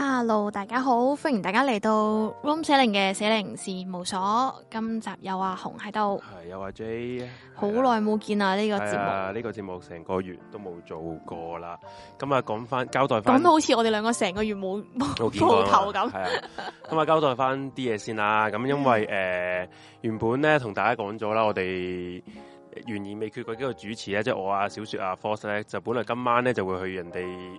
hello，大家好，歡迎大家嚟到 Room 410嘅410事務所，今集有阿紅喺度，係有阿 J，好耐冇見啊呢的個節目，呢、這個節目成個月都冇做過啦，咁啊講翻交代翻，講到好似我哋兩個成個月冇冇舖頭咁，咁啊的 交代翻啲嘢先啦，咁因為誒、 呃、原本咧同大家講咗啦，我哋懸而未決嗰幾個主持咧，即、就、係、是、我啊，小雪啊 Force 咧，就本來今晚咧就會去人哋。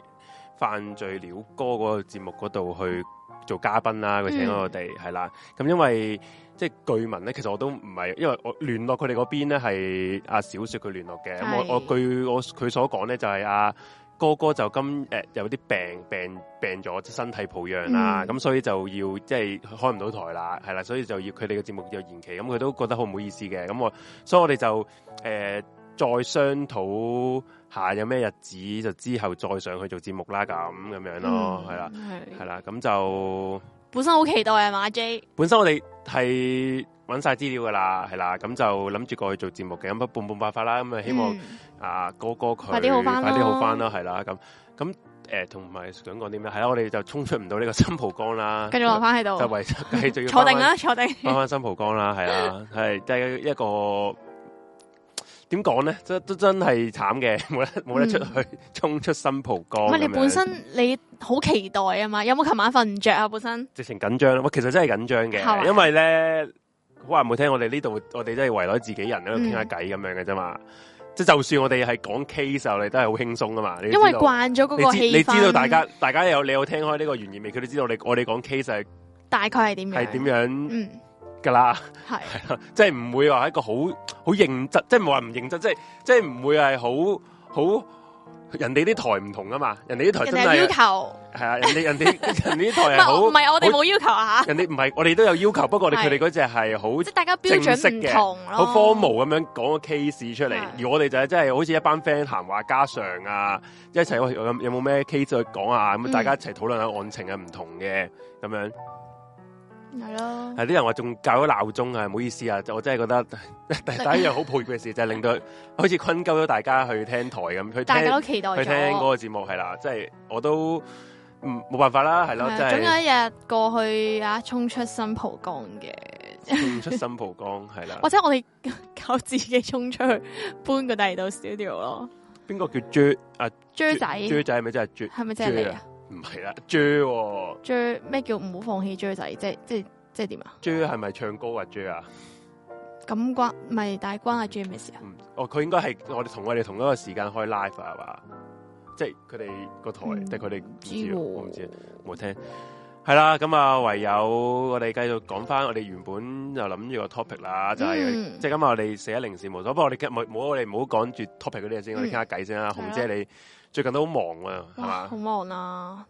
犯罪了哥嗰個節目嗰度去做嘉賓啦，佢請我哋係、嗯、啦。咁因為即係據聞咧，其實我都唔係，因為我聯絡佢哋嗰邊咧係阿小雪佢聯絡嘅。咁是 我我據我佢所講咧就係、是、阿、啊、哥哥就今誒、呃、有啲病病病咗，即身體抱恙啦。咁、嗯、所以就要即係開唔到台啦，係啦，所以就要佢哋嘅節目要延期。咁、嗯、佢都覺得好唔好意思嘅。咁、嗯、我所以我哋就誒。呃再商討下有咩日子，就之後再上去做節目啦，咁咁樣咯，係啦，係啦，咁就本身好期待啊嘛，阿 J，本身我哋係搵晒資料噶啦，係啦，咁就諗住過去做節目嘅，咁啊半半辦法啦，咁啊希望、嗯、啊哥哥佢快啲好翻，快啲好翻啦，係啦，咁咁誒，同埋想講啲咩？係啦、呃，我哋就衝出唔到呢個新浦江啦，繼續落翻喺度，就為繼續要慢慢坐定啦，坐定翻翻新浦江啦，係啦，係即係一個。點講咧真都真係慘嘅，冇得冇得出去衝、嗯、出新蒲崗。唔係你本身你好期待啊嘛，有冇琴晚瞓唔着啊？本身直情緊張。其實真係緊張嘅，是啊、因為咧好話唔好聽我，我哋呢度我哋真係圍內自己人喺度傾下偈咁樣嘅啫嘛。即就算我哋係講 case 嘅時候，你都係好輕鬆㗎嘛。因為慣咗嗰個氣氛你，你知道大家大家有你有聽開呢個原意未？佢哋知道我我哋講 case 大概係點樣，係點樣、嗯噶啦，係，即係唔會話係一個好好認真，即係唔係話唔認真，即係即係唔會係好好人哋啲台唔同啊嘛，人哋啲台真係要求係啊，人哋人哋 人哋啲台係好，唔係我哋冇要求啊，人哋唔係，我哋都有要求，不過佢哋嗰隻係好即係大家標準嘅好 formal 咁樣講個 case 出嚟，是的 而我哋就係即係好似一班 friend 閒話家常啊，一齊有有冇咩 case 去講啊咁，大家一齊討論下案情係唔同嘅咁樣。係咯，係啲對人話仲教咗鬧鐘啊！唔好意思啊，我真係覺得第一樣好抱歉嘅事，對 就係令到好似坤鳩咗大家去聽台咁，去大家都期待咗去聽嗰個節目係啦，即係、就是、我都冇辦法啦，係咯，即係對總有一日過去啊，衝出新蒲崗嘅，還出新蒲崗係啦，或者我哋靠自己衝出去搬個第二度 studio 咯，邊個叫 Jer 啊？Jer 仔，Jer 仔係咪真係 Jer？係咪真係你啊？唔係啦，J 咩、哦、叫唔好放棄 J 仔？即即即係點啊？J 係咪唱歌啊？J 啊？咁關咪大關阿 J 咩事啊、嗯？嗯，哦，佢應該係我哋同我哋同一個時間開 live 係嘛？即係佢哋個台定佢哋？唔、嗯、知、知、哦、我唔知冇聽。係啦，咁啊唯有我哋繼續講翻我哋原本就諗住個 topic 啦，就係、是嗯、即係今日我哋寫零時無所不過我哋冇冇我哋唔好講住 topic 嗰啲嘢，先我哋傾下偈先啦。嗯、紅姐你。最近都好忙啊，係嘛？哇，好忙啊！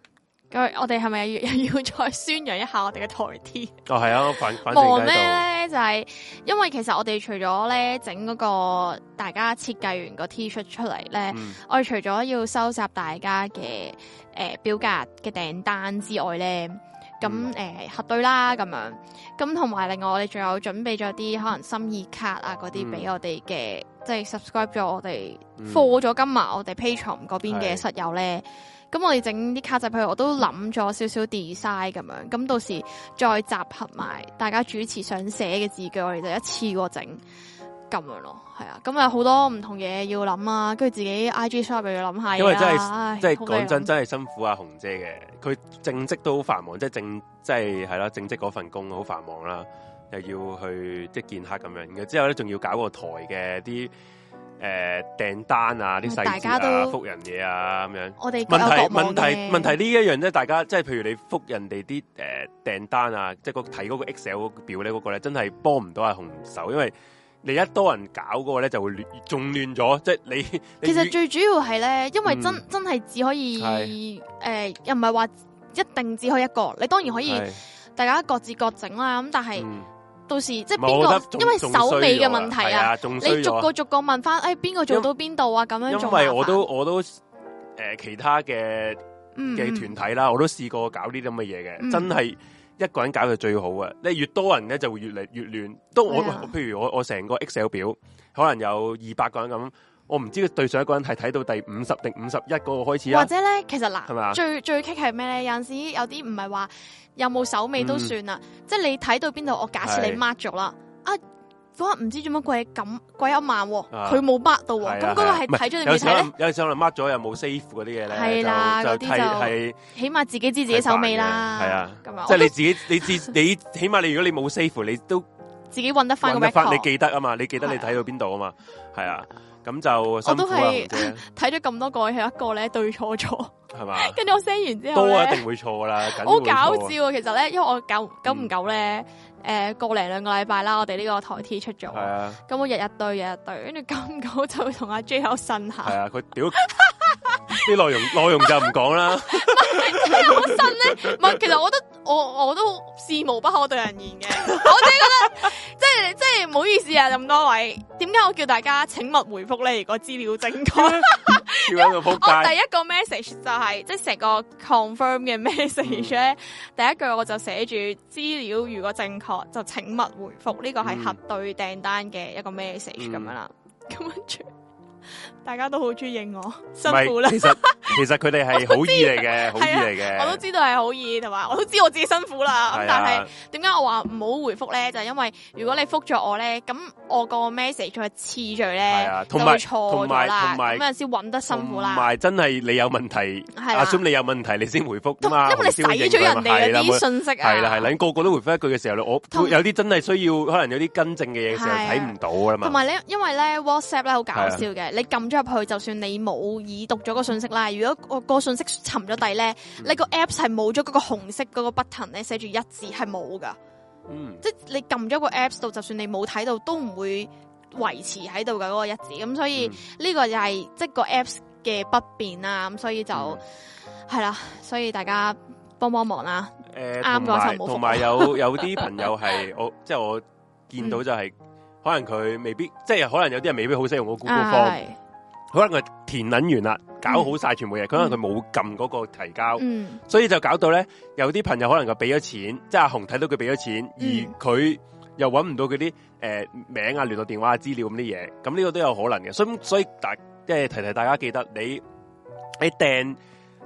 咁我哋係咪要又要再宣揚一下我哋嘅台 T？哦，係啊，反忙咩咧就係、是、因為其實我哋除咗咧整嗰個大家設計完個 T 恤出嚟咧，嗯、我哋除咗要收集大家嘅誒、呃、表格嘅訂單之外咧，咁誒、嗯呃、核對啦，咁樣咁同埋另外我哋仲有準備咗啲可能心意卡啊嗰啲俾我哋嘅。即係 subscribe 咗我哋課咗今日我哋 patron 嗰邊嘅室友咧，咁是我哋整啲卡仔，譬如我都諗咗少少 design 咁樣，咁到時再集合埋大家主持想寫嘅字句，我哋就一次過整咁樣咯。係啊，咁啊好多唔同嘢要諗啊，跟住自己 IG shop 又要諗下、啊，因為真係，唉真係講真，真係辛苦阿、啊、紅姐嘅，佢正職都好繁忙，即係正即係係啦，正職嗰、就是、份工好繁忙啦、啊。又要去即係見客咁樣嘅，之後咧仲要搞個台嘅啲誒訂單啊，啲細節啊，復家人嘢啊咁樣。我哋問題望問題問題呢一樣咧，大家即係譬如你復人哋啲誒訂單啊，即係個睇嗰、那個 Excel 表咧，嗰、那個咧真係幫唔到阿紅手，因為你一多人搞嗰、那個咧就會亂，仲亂咗。即係你，你其實最主要係咧，因為真、嗯、真係只可以誒是的、呃，又唔係話一定只可以一個，你當然可以是的 大家各自各整啦、啊。咁但係。嗯到時不即係邊個，還因為手尾嘅問題啊，你逐個逐個問翻，誒邊個做到邊度啊，咁樣做。因為我都我都誒、呃、其他嘅嘅、嗯、團體啦，我都試過搞呢啲咁嘅嘢嘅，嗯、真係一個人搞就最好啊。你越多人咧就會越嚟越亂。都我、哎、呀譬如我我成個 Excel 表，可能有二百個人咁。我唔知佢對上一個人係睇到第五十定五十一嗰個開始啊，或者咧，其實嗱，最最棘係咩咧？有陣時有啲唔係話有冇手尾都算啦，即係你睇到邊度，我假設你 mark 咗啦，啊，嗰刻唔知做乜鬼咁貴一萬，佢冇 mark 到，咁嗰個係睇咗你未？有陣有陣可能 mark 咗又冇 save 嗰啲嘢咧，係啦，嗰啲就係起碼自己知自己手尾啦，係啊，咁即係你自己，你知你起碼你如果你冇 save 你都自己搵得翻，搵得翻你記得啊嘛，你記得你睇到邊度啊嘛，係啊。咁就辛苦啦。睇咗咁多個，有一個咧對錯咗，係嘛？跟住我 send 完之後咧，都一定會錯啦。好搞笑啊！其實咧，因為我久唔久咧，誒，過嚟兩個禮拜啦，我哋呢個台 T 出咗，咁我日日對日日對，跟住咁唔久就同阿 J 喺度呻下。係啊，佢屌。啲內容內容就唔講啦。真係我信咧，唔係 其實我覺得我我都事無不可對人言嘅。 我自己覺得，即係即係唔好意思啊，咁多位。點解我叫大家請勿回覆咧？如果資料正確， 我第一個 message 就係即係成個 confirm 嘅 message 咧、就是，嗯、第一句我就寫住資料如果正確就請勿回覆。呢、這個係核對訂單嘅一個 message 咁、嗯、樣啦。咁跟住。大家都好中意應我，辛苦啦。其實其實佢哋係好意嚟嘅，好意嚟嘅。我都知道係好意，同埋我都知我自己辛苦啦。咁但係點解我話唔好回覆咧？就係因為如果你覆咗我咧，咁我個 message 係次序咧就錯咗啦，咁樣先揾得辛苦啦。同埋真係你有問題，assume 你有問題你先回覆嘛，因為你洗咗人哋嗰啲信息啊，係啦，係啦，個個都回覆一句嘅時候咧，我有啲真係需要，可能有啲更正嘅嘢時候睇唔到啊嘛。同埋咧，因為咧 WhatsApp 咧好搞笑嘅，你撳咗，入去就算你冇已讀咗個信息啦，如果個個信息沉咗底咧，你個 apps 係冇咗嗰個紅色嗰個 button 咧，寫住一字係冇噶，嗯，即係你撳咗個 apps 度，就算你冇睇到，都唔會維持喺度噶嗰個一字，咁所以呢、嗯、個就係即係個 apps 嘅不便啦，咁所以就係啦、嗯，所以大家幫幫忙啦。誒啱，講就冇錯，同埋有有啲朋友係 我即係我見到就係、是嗯、可能佢未必即係可能有啲人未必好識用我 Google Form。哎可能佢填捻完啦，搞好晒全部嘢，嗯、可能佢冇撳嗰個提交，嗯、所以就搞到咧，有啲朋友可能佢俾咗錢，即係阿紅睇到佢俾咗錢，嗯、而佢又揾唔到佢啲誒名啊、聯絡電話啊、資料咁啲嘢，咁呢個都有可能嘅，所以所以大即係提提大家記得，你你訂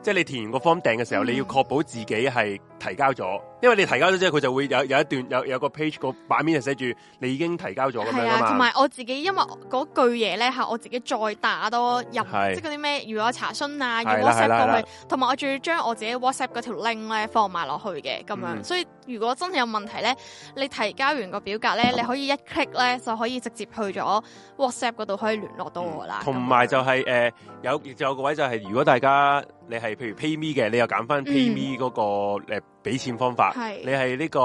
即係你填完個 form 訂嘅時候，嗯、你要確保自己係。提交咗，因為你提交咗之後，佢就會有有一段有有個 page 個版面就寫住你已經提交咗咁啊，同埋我自己因為嗰句嘢咧，係我自己再打多入，啊、即係嗰啲咩，如果查詢啊，啊，WhatsApp 過去，同埋、啊啊、我仲要將我自己 WhatsApp 嗰條 link 咧放埋落去嘅咁樣。嗯、所以如果真係有問題咧，你提交完個表格咧，你可以一 click 咧就可以直接去咗 WhatsApp 嗰度可以聯絡到我啦。同埋、嗯、就係、是、誒、呃、有仲有個位就係、是，如果大家你係譬如 Pay Me 嘅，你又揀翻 Pay Me 嗰、那個、嗯俾錢方法，是你係呢個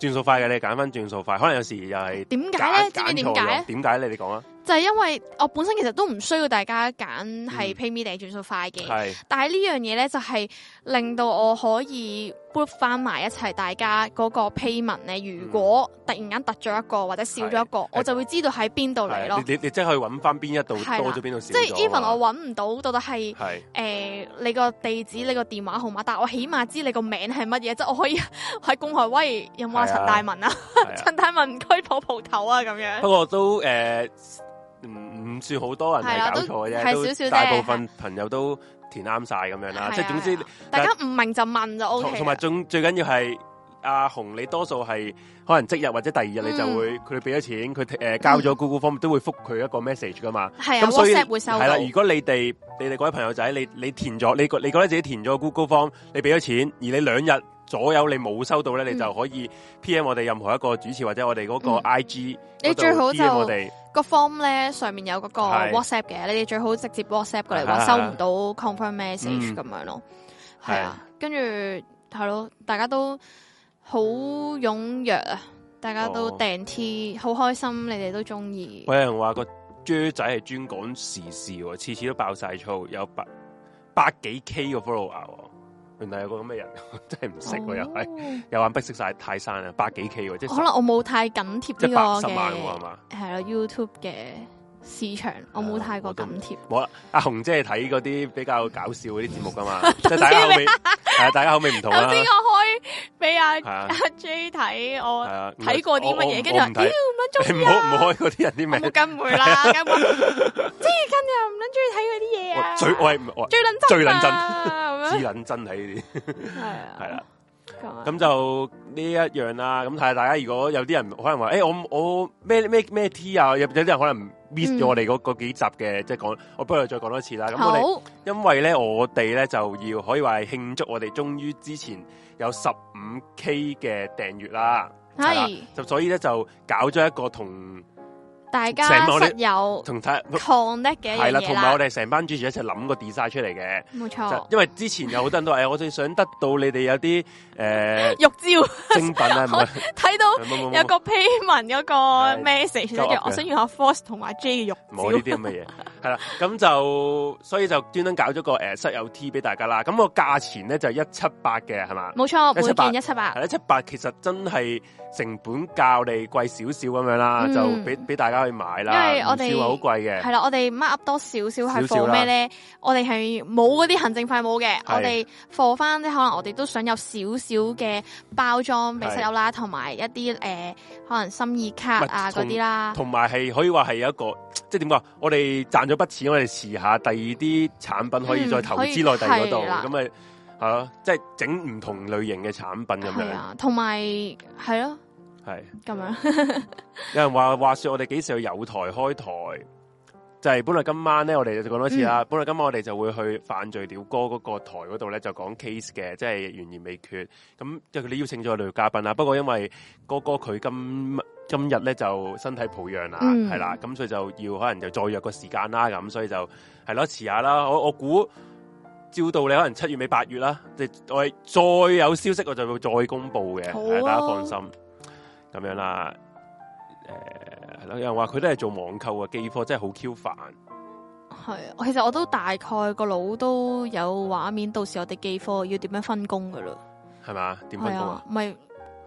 轉數快嘅，你揀翻轉數快。可能有時又係點解咧？知唔知點解咧？點解你哋講啊！就係因為我本身其實都唔需要大家揀係 PayMe 定轉數快嘅，嗯、但係呢樣嘢咧就係令到我可以，book 翻埋一齊，大家嗰個批文咧，如果突然間突咗一個或者少咗一個，一個的我就會知道喺邊度嚟咯。你，你的即係去揾翻邊一度多咗邊度少咗即係 even 我揾唔到，到底係誒你個地址、你個電話號碼，但我起碼知你個名係乜嘢，即係的我可以喺公海威有冇、啊、陳陳大文啊？陳 大文拘捕鋪頭啊？咁樣。不過都誒，唔、呃、唔算好多人係啊，都係少少，大部分朋友都。填啱晒咁樣啦，即係、啊、總之，啊、是大家唔明就問就 O K。同埋仲最緊要係阿紅，你多數係可能即日或者第二日你就會佢俾咗錢，佢誒、呃、交咗 Google 方都會復佢一個 message 噶嘛。係咁、啊，嗯、所以會收係啦。如果你哋你哋嗰位朋友仔，你你填咗你你覺得自己填咗 Google 方，你俾咗錢，而你兩日。左右你冇收到咧，你就可以 P. M 我哋任何一個主持或者我哋嗰個 I. G、嗯。裡你最好就我哋個們 form 咧上面有嗰個 WhatsApp 嘅，是的 你哋最好直接 WhatsApp 過嚟話是的 收唔到 confirm message 咁是的 樣咯。係啊，跟住係咯，大家都好踴躍啊，大家都訂 T 好、哦、開心，你哋都中意。有人話個 J、er、仔係專講時事，次次都爆晒粗，有百百幾 K 個 follower。原來有個咁嘅人，真係唔識我又，又眼不識晒泰山啊，百幾 K 喎，即係可能我冇太緊貼呢個嘅，係咯 YouTube 嘅市場，我冇太過緊貼。冇啦，阿紅姐係睇嗰啲比較搞笑嗰啲節目噶嘛，即係大家口味，大家口味唔同啦。頭先我開俾阿阿 J 睇，我睇過啲乜嘢，跟住屌，唔係做咩唔好，唔好開嗰啲人啲名，唔好跟會啦，即係我唔捻中意睇佢啲嘢啊！最我係最捻真，最捻真，最捻真喺呢啲，係啊，係啦。咁就呢一樣啦。咁但係大家如果有啲人可能話，誒，我我咩咩咩 T 啊，有有啲人可能 miss 咗我哋嗰嗰幾集嘅，即係講，我不如再講多次啦。咁我哋因為咧，我哋咧就要可以話係慶祝我哋終於之前有十五 K 嘅訂閱啦，係就所以咧就搞咗一個同。大家室友同睇創立嘅，係啦，同埋我哋成班主持一齊諗個 design 出嚟嘅，冇錯。因為之前有好多人都話、 哎，我最想得到你哋有啲誒、呃、玉招精品啊。Ment, age, 對」睇到有個 payment，有個 message 我想要下 Force 同埋 J 嘅玉照。冇呢啲咁嘅嘢。係啦，咁就所以就專登搞咗個、呃、室友 T 俾大家啦。咁、那個價錢咧就一七八嘅，係嘛？冇錯，每件一七八。一七八，其實真係成本較你貴少少咁樣啦，嗯、就俾俾大家去買啦。因為我哋唔好話好貴嘅。係啦，我哋 mark 多少少係 for 咩咧？我哋係冇嗰啲行政費冇嘅。是我哋貨翻即可能我哋都想有少少嘅包裝俾室友啦，同埋是一啲、呃、可能心意卡啊嗰啲啦。同埋係可以話係有一個，即係點講？我哋賺咗，不一筆錢，我哋試下第二啲產品可以再投資內地嗰度，咁咪係咯，即係整唔同類型嘅產品咁樣。同埋係咯，係咁樣。有人話 話說我哋幾時去有台開台，就係、是、本來今晚咧，我哋就講多次啦。嗯、本來今晚我哋就會去犯罪鳥哥嗰個台嗰度咧，就講 case 嘅，即係懸而未決。咁即係佢哋邀請咗女嘉賓啦。不過因為哥哥佢今。今日咧就身體抱恙啦，係啦、嗯，咁所以就要可能就再約個時間啦，咁所以就係咯遲下啦。我我估照到你可能七月尾八月啦，即係我再有消息我就會再公布嘅好、啊，大家放心咁樣啦。誒、呃、有人話佢都係做網購嘅寄貨，寄貨真係好 Q 煩。係啊，其實我都大概個腦都有畫面，到時我哋寄貨要點樣分工嘅啦。係嘛？點分工啊？唔係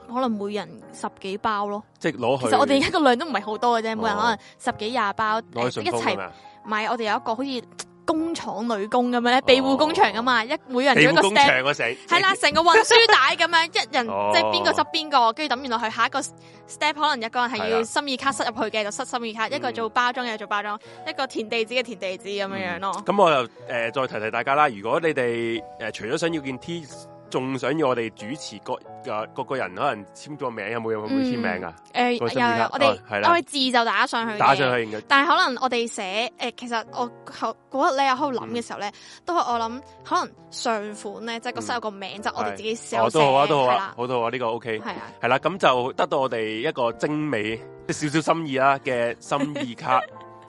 可能每人十幾包咯，即係拿攞去。其實我哋一個量都唔係好多嘅啫，每人可能十幾廿包，一齊買。我哋有一個好似工廠女工咁樣咧，哦、庇護工場噉嘛，一每人一個 step。庇護工場成係啦，成對個運輸帶咁樣，哦、一人即係邊個執邊個，跟住抌完落去。下一個 step 可能一個人係要心意卡塞入去嘅，就塞心意卡；一個做包裝嘅做包裝，一個填地址嘅填地址咁樣樣咯、嗯。咁我又誒再提提大家啦，如果你哋誒、呃、除咗想要件 T。仲想要我哋主持各誒各個人可能簽咗名，有冇有冇簽名啊？誒，有我哋係啦，我哋字就打上去，打上去嘅。但係可能我哋寫誒，其實我後嗰一刻又喺度諗嘅時候咧，都係我諗可能上款咧，即係個衫有個名，就我哋自己寫。我都好啊，都好啊，好啊，呢個 OK。係啊，係啦，咁就得到我哋一個精美、少少心意啦嘅心意卡。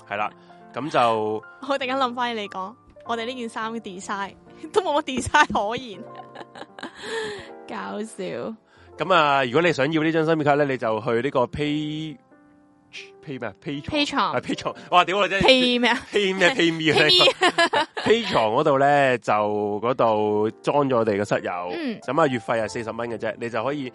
係啦，咁就我突然間諗翻起你講，我哋呢件衫嘅 design。都冇乜 design 可言， 搞笑。咁啊，如果你想要這張呢張身份卡咧，你就去呢個 pay pay 咩啊 Patreon t Patreon。哇，屌我真 pay 咩 pay 咩 pay Patreon 嗰度咧，就嗰度裝咗我哋個室友，咁啊、嗯、月費係四十蚊嘅啫，你就可以，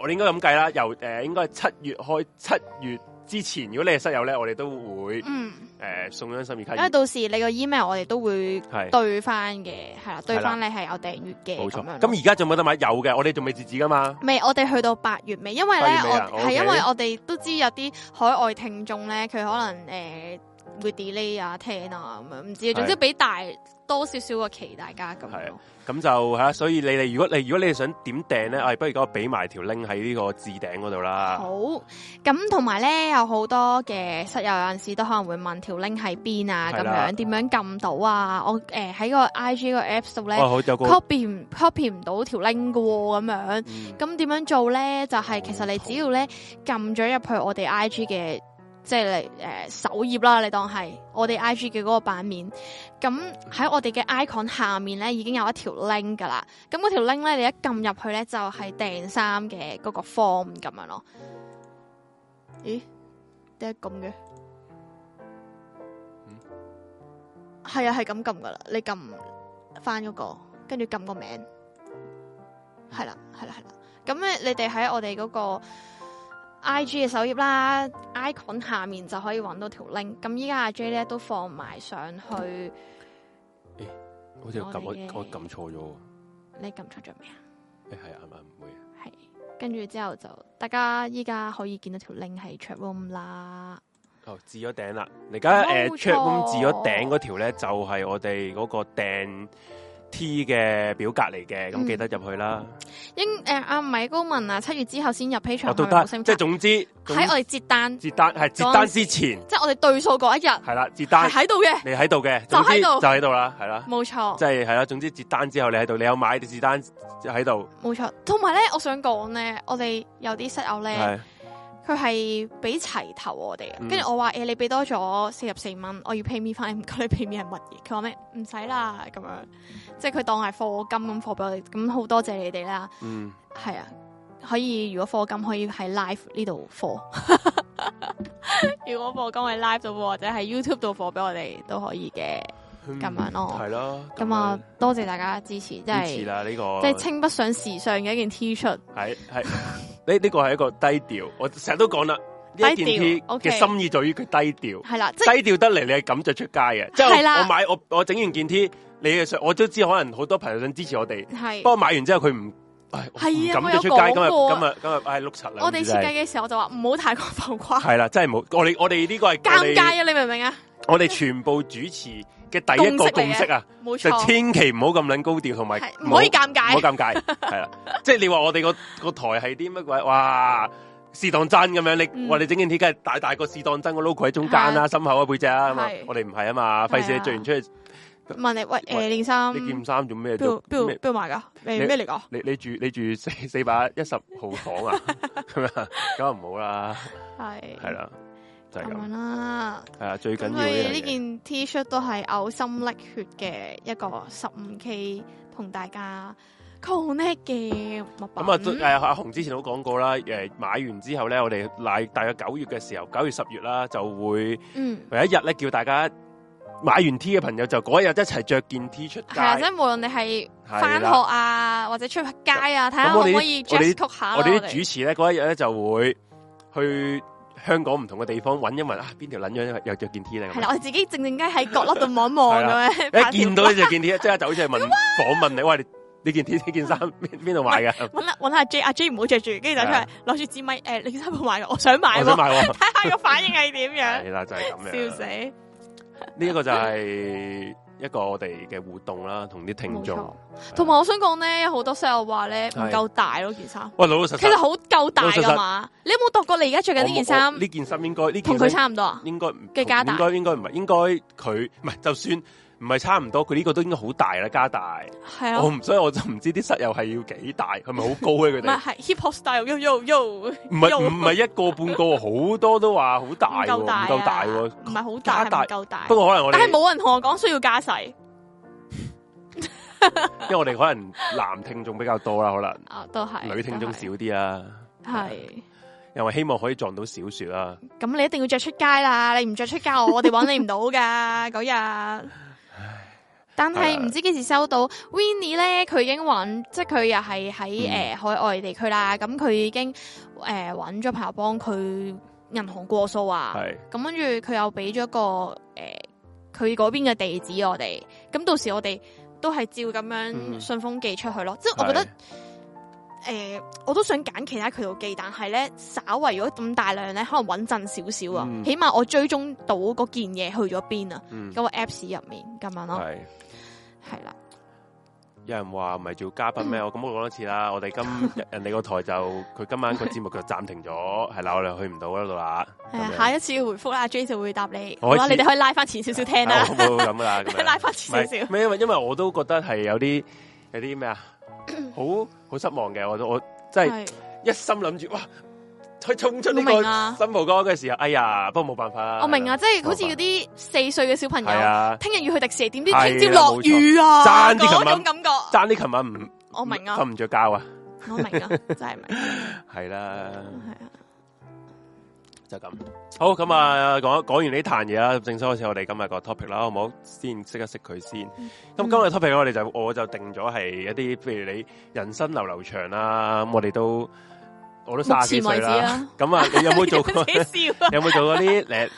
我哋應該咁計啦，由誒、呃、應該係七月開七月。之前如果你係室友咧，我哋都會，誒、嗯呃、送張心意卡。因為到時你個 email 我哋都會對翻嘅，係啦是對翻你係有訂閱嘅。冇的錯。咁而家仲有冇得買？有嘅，我哋仲未截止噶嘛。未，我哋去到八月尾，因為咧係因為我哋都知有啲海外聽眾咧，佢可能誒。呃會 delay 啊，聽啊，咁樣唔知，總之俾大是的 多少少個期大家咁樣。咁就吓，所以你哋如，如，如果你如果你哋想點訂咧，哎，不如我俾埋條 link 喺呢個置頂嗰度啦。好，咁同埋咧有好多嘅室友有陣時都可能會問條 link 喺邊啊，咁是的 樣點樣撳到啊？我誒喺、呃、個 I G 個 apps 度咧，copy copy 唔到條 link 噶咁樣？咁點、嗯、樣做咧？就係、是、其實你只要咧撳咗入去我哋 I G 嘅。即係嚟誒首頁啦，你當係我哋 I G 嘅嗰個版面。咁喺我哋嘅 icon 下面咧，已經有一條 link 噶啦。咁嗰條 link 咧，你一撳入去咧，就係訂衫嘅嗰個 form 咁樣咯。咦？點解咁嘅？係啊、嗯，係咁撳噶啦。你撳翻嗰個，跟住撳個名。係啦，係啦，係啦。咁咧，你哋喺我哋嗰、嗰個。I G 嘅首頁啦，icon 下面就可以揾到條 link。咁依家阿 J 咧都放埋上去，誒、欸，好似我撳我我撳錯咗，你撳錯咗未啊？誒係咪唔會，係跟住之後就大家依家可以見到條 link 喺 chat room 啦。哦，置咗頂啦，而家誒 chat room 置咗頂嗰條咧就係、是、我哋嗰個訂。T 嘅表格嚟嘅，咁記得入去啦。應誒阿米高文啊，七月之後先入 Patreon 都得，即係總之喺我哋接單，接單係接單之前，即係我哋對數嗰一日係啦，接單係喺度嘅，你喺度嘅，就喺度，就喺度啦，係啦，冇錯。即係係啦，總之接單之後你喺度，你有買是單喺度，冇錯。同埋咧，我想講咧，我哋有啲室友咧，佢係俾齊頭我哋，跟住我話誒，你俾多咗四十四蚊，我要 pay me 翻，唔該，pay me 係乜嘢？佢話咩？唔使啦，咁樣。即係佢當係課金咁課俾我哋，咁好多謝你哋啦。嗯，係啊，可以如果課金可以喺 live 呢度課，如果課金喺 live 度或者喺 YouTube 度課俾我哋都可以嘅，咁樣咯。係咯，咁啊多謝大家支持，即係。支持啦呢個，即係稱不上時尚嘅一件 T 恤。係係呢，呢個係一個低調，我成日都講啦，呢件 T 嘅心意在於佢低調。係啦，低調得嚟你係咁就出街嘅，即係我買我我整完件 T。你嘅我都知，可能好多朋友想支持我哋。係，不過買完之後佢唔，係啊，我哋講過今日今日今日唉碌柒啦！我哋設計嘅時候我就話唔好太過浮誇。係啦，真係冇我哋我哋呢個係尷尬啊！你明唔明啊？我哋全部主持嘅第一個共識啊，就千祈唔好咁捻高調，同埋唔可以尷尬，唔好尷尬。係啦，即係你話我哋個個台係啲乜鬼？哇，試當真咁樣？你話你整件 Tee 大大個試當真，logo 喺中間啦，心口啊背脊啊嘛，我哋唔係啊嘛，費事你着完出去。問你喂，誒、呃，你件衫，件衫做咩？邊邊度邊度買噶？咩咩嚟噶？你你住你住四四百一十號房啊？咁啊唔好啦 的。係係啦，就係咁樣啦。係啊，最緊要呢件。呢件 t 恤都係嘔心瀝血嘅一個十五 K 同大家 connect 嘅物品。咁啊，阿紅之前都講過啦。誒，買完之後咧，我哋喺大約九月嘅時候，九月十月啦，就會有，嗯，一日咧叫大家。買完 T 嘅朋友就嗰一日一齊着件 T 出街，係即係無論你係翻學啊，或者出街啊，睇下可唔可以 dress 下。我哋啲主持咧嗰一日咧就會去香港唔同嘅地方揾一揾啊，邊條撚樣又着件 T 咧？係啦，我自己靜靜雞喺角落度望一望咁樣，一見到呢件 T，即刻走出嚟問訪問你，喂，你件 T、你件衫邊度買噶？揾下揾 J，阿 J 唔好着住，跟住就出嚟攞住支咪。誒，你件衫邊度買噶？我想買，我想買，睇下個反應係點樣。係啦，就係咁樣，笑死。呢一 個就係一個我哋嘅互動啦，同啲聽眾。同埋錯，是我想講咧，好多室友話咧唔夠大咯，件衫。喂，老老實實，其實好夠大噶嘛？你有冇度過你而家着緊呢件衫？呢件衫應該呢件同佢差唔多啊？應該嘅加大，應該應該唔係，應該佢唔係，就算。唔係差唔多，佢呢個都應該好大啦，加大。係啊，我所以我就唔知啲室友係要幾大，係咪好高咧？佢哋唔係 Hip Hop Style，Yo Yo Yo 唔係唔係一個半個，好多都話好大，夠大，夠大，唔係好大，夠大。不過可能我但係冇人同我講需要加細，因為我哋可能男聽眾比較多啦，可能都係女聽眾少啲呀。係又係希望可以撞到小說啦。咁你一定要着出街啦，你唔着出街，我我哋揾你唔到噶嗰日。但係唔知幾時收到、啊、，Winnie 咧，佢已經揾，即係佢又係喺誒海外地區啦。咁佢已經誒揾咗、呃、朋友幫佢銀行過數啊。咁跟住佢又俾咗個誒佢嗰邊嘅地址我哋。咁到時我哋都係照咁樣順豐寄出去咯。嗯、即係我覺得。誒，我都想揀其他渠道寄，但係咧，稍為如果咁大量咧，可能穩陣少少啊。起碼我追蹤到嗰件嘢去咗邊啊。咁個 apps 入面咁樣咯，係啦。有人話唔係做嘉賓咩？我咁我講多次啦。我哋今日人哋個台，就佢今晚個節目就暫停咗，係啦，我哋去唔到嗰度啦。係下一次回覆啦，阿 J 就會答你。好啦，你哋可以拉翻前少少聽啦。好咁啦，拉翻前少少。咩？因為因為我都覺得係有啲有啲咩啊？好好 失望嘅，我我真係是一心諗住哇，去衝出呢個新蒲崗嘅時候，啊、哎呀，不過冇辦法啦。我明啊，吧即係好似嗰啲四歲嘅小朋友，聽日要去迪士尼，點知聽朝落雨啊？嗰種感覺，爭啲琴晚唔，我明啊，瞓唔着覺啊， 我明啊，真係明，係啦、 啊.。 就咁好咁啊！講講完呢壇嘢啦，正所謂似我哋今日個 topic 啦，好唔好？先識一識佢先。咁、嗯、今日 topic 我哋就我就定咗係一啲，譬如你人生流流長啦，咁我哋都我都三十幾歲啦。咁啊，啊，你有冇做過？啊你啊、 你有冇做過啲誒、呃、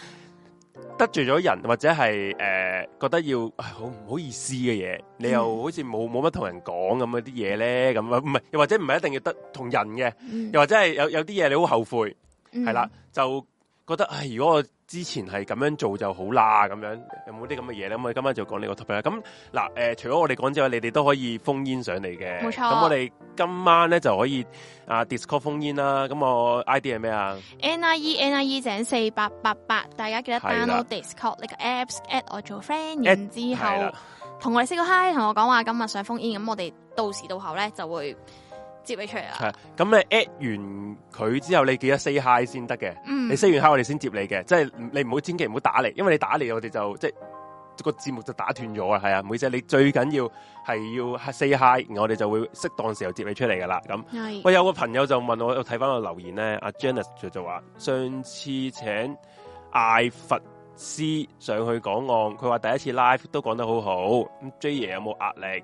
得罪咗人，或者係誒、呃、覺得要好唔好意思嘅嘢？你又好似冇冇乜同人講咁嗰啲嘢咧？咁啊，唔係又或者唔係一定要得同人嘅，又或者係有有啲嘢你好後悔。係啦、嗯，就覺得唉、哎，如果我之前係咁樣做就好啦，咁樣有冇啲咁嘅嘢咧？我哋今晚就講呢個 topic 啦。咁嗱、呃，除咗我哋講之外，你哋都可以 phone in 上嚟嘅。冇錯、啊。咁我哋今晚咧就可以啊，Discord phone in 啦。咁我 ID 係咩啊？NIE NIE 井四八八八，N IE, N IE 400, 800, 800, 大家記得 download 對了 Discord 呢個、like、apps，add 我做 friend，然 Ad, 之後同對了 我哋 say 個 hi，同我講話今日想 phone in，咁我哋到時到後咧就會。接你出嚟啊！係咁你 at 完佢之後，你記得 say hi 先得嘅。嗯、你 say 完 hi，我哋先接你嘅。即係你唔好千祈唔好打嚟，因為你打嚟我哋就即係、個節目就打斷咗啊！係啊，妹者你最緊要係要 say hi，我哋就會適當時候接你出嚟噶啦。咁我是的 有個朋友就問我，我睇翻個留言咧，阿、啊、Janice 就就話上次請艾佛斯上去講案，佢話第一次 live 都講得好好。咁 J 爺有冇壓力？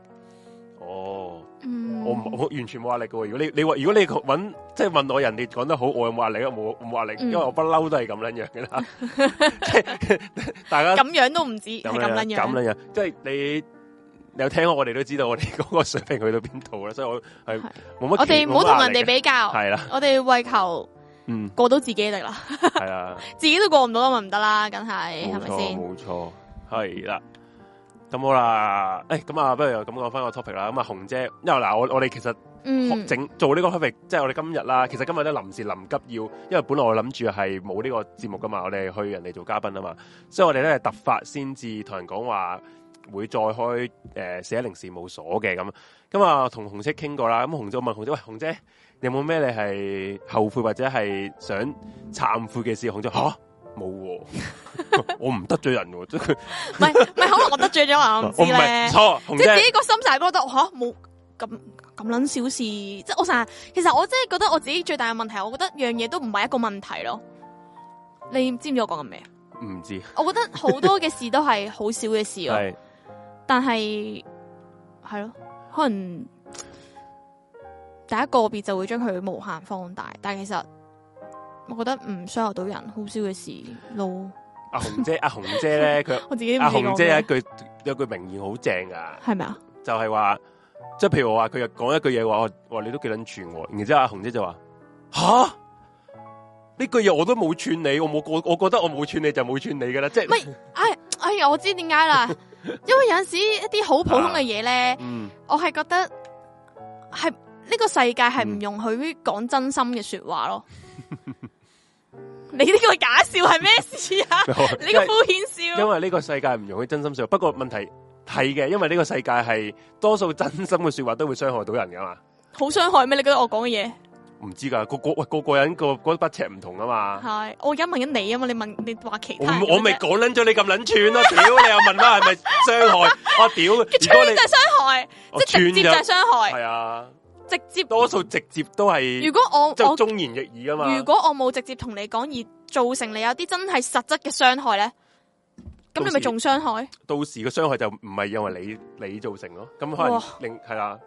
哦，我完全冇壓力噶。如果你你話如果你搵，即係問我人哋講得好，我有冇壓力？冇冇壓力，因為我不嬲都係咁樣樣嘅啦。即係大家咁樣都唔止係咁樣樣，即係你有聽過我，我哋都知道我哋嗰個水平去到邊度啦。所以我係冇乜，我哋唔好同人哋比較，係啦，我哋為求嗯，過到自己力啦，係啦，自己都過唔到咪唔得啦，梗係，係咪先？冇錯，係啦。咁好啦，誒、哎，咁啊，不如又咁講翻個 topic 啦。咁啊，紅姐，因為嗱，我我哋其實學整做呢個 topic，嗯、即係我哋今日啦。其實今日咧臨時臨急要，因為本來我諗住係冇呢個節目噶嘛，我哋去人哋做嘉賓啊嘛。所以我哋咧係突發先至同人講話會再開誒、呃、四一零事務所嘅咁。咁啊，同紅姐傾過啦。咁紅姐我問紅姐：喂，紅姐你有冇咩你係後悔或者係想懺悔嘅事？紅姐：啊，嚇。冇、哦，我唔得罪人嘅，即係唔係唔係可能我得罪咗我唔知咧， 即係自己個心晒覺得，吓冇咁咁撚小事，即係我成日其實我真係覺得我自己最大嘅問題，我覺得樣嘢都唔係一個問題咯。你知唔知我講緊咩？唔知，我覺得好多嘅事都係好少嘅事咯，是但係係咯，可能第一個別就會將佢無限放大，但係其實。我覺得唔傷害到人，好少嘅事咯。阿紅姐，阿、啊、紅姐咧，佢 我自己阿紅、啊、姐有一句有句名言好正啊，係咪啊？就係話，即係譬如我話佢又講一句嘢話，、啊句話我，我話你都幾捻串喎，然之後阿紅姐就話：吓呢句嘢我都冇串你，我冇我覺得我冇串你就冇串你噶啦。即係唔係？哎哎呀，我知點解啦， 因為有陣時候一啲好普通嘅嘢咧，啊嗯、我係覺得係呢、這個世界係唔容許講真心嘅說話咯。嗯 你呢個假笑係咩事啊？ 你個敷衍笑，因為呢個世界唔容許真心笑，不過問題係嘅，因為呢個世界係多數真心嘅說話都會傷害到人噶嘛。好傷害咩？你覺得我講嘅嘢？唔知噶，個個喂個個人個嗰筆尺唔同啊嘛。係，我而家問緊你啊嘛，你問你話其我咪講捻咗你咁捻串咯，屌 你又問翻係咪傷害？我、 啊、屌，絕對係傷害，啊、即係直接就係傷害了。係啊。直接多數直接都係，如果我,我就忠言逆耳啊嘛。如果我冇直接同你講而造成你有啲真係實質嘅傷害咧，咁時你咪仲傷害。到時個傷害就唔係因為你你造成咯，咁可能令係啦。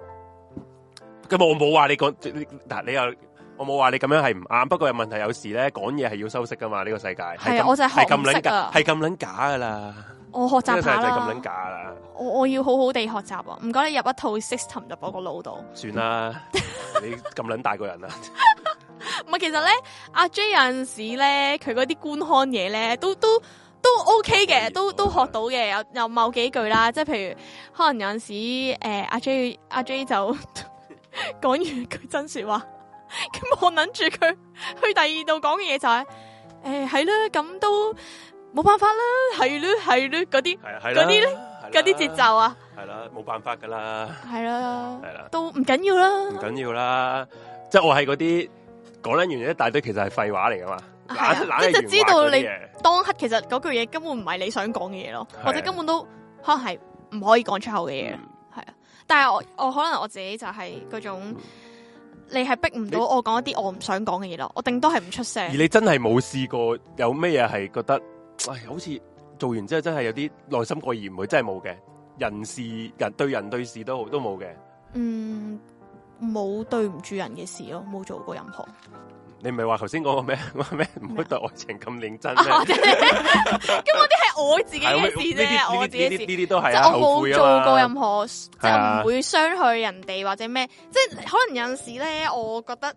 咁哇、啊、我冇話你講，嗱你又我冇話你咁樣係唔啱，不過有問題有事咧，講嘢係要修飾噶嘛。呢、這個世界係、啊、我就係咁捻假，係咁捻假噶啦。我學習下，真係咁撚假啦。我我要好好地學習啊！唔該，你入一套 system 入我個腦度。算啦，你咁撚大個人啦。唔係，其實咧，阿 J a 有陣時咧，佢嗰啲官腔嘢咧，都都都 OK 嘅，都都學到嘅，有有某幾句啦。即係譬如，可能有陣時，誒、呃，阿 J 阿 J 就講 完句真說話，咁我諗住佢去第二度講嘅嘢就係、是，誒、欸，係啦，咁都。冇辦法啦，係咯，係咯，嗰啲嗰啲咧，嗰啲節奏啊，係啦，冇辦法噶啦，係啦，係啦，都唔緊要啦，唔緊要啦，即係我係嗰啲講緊完一大堆，其實係廢話嚟噶嘛，即就知道你當刻其實嗰句嘢根本唔係你想講嘅嘢咯，或者根本都可能係唔可以講出口嘅嘢，係啊，但係我我可能我自己就係嗰種，你係逼唔到我講一啲我唔想講嘅嘢咯，我定都係唔出聲。而你真係冇試過有咩嘢係覺得。唉、哎，好似做完之後真係有啲內心過意唔去，真係冇嘅。人事人對人對事都好，都冇嘅。嗯，冇對唔住人嘅事咯，冇做過任何。你唔係話頭先講個咩？咩唔好對愛情咁認真？咁嗰啲係我自己嘅事啫，呢啲我自己嘅事，呢啲都係我冇做過任何，啊、即就唔會傷害人哋或者咩。即係可能有陣時咧，我覺得。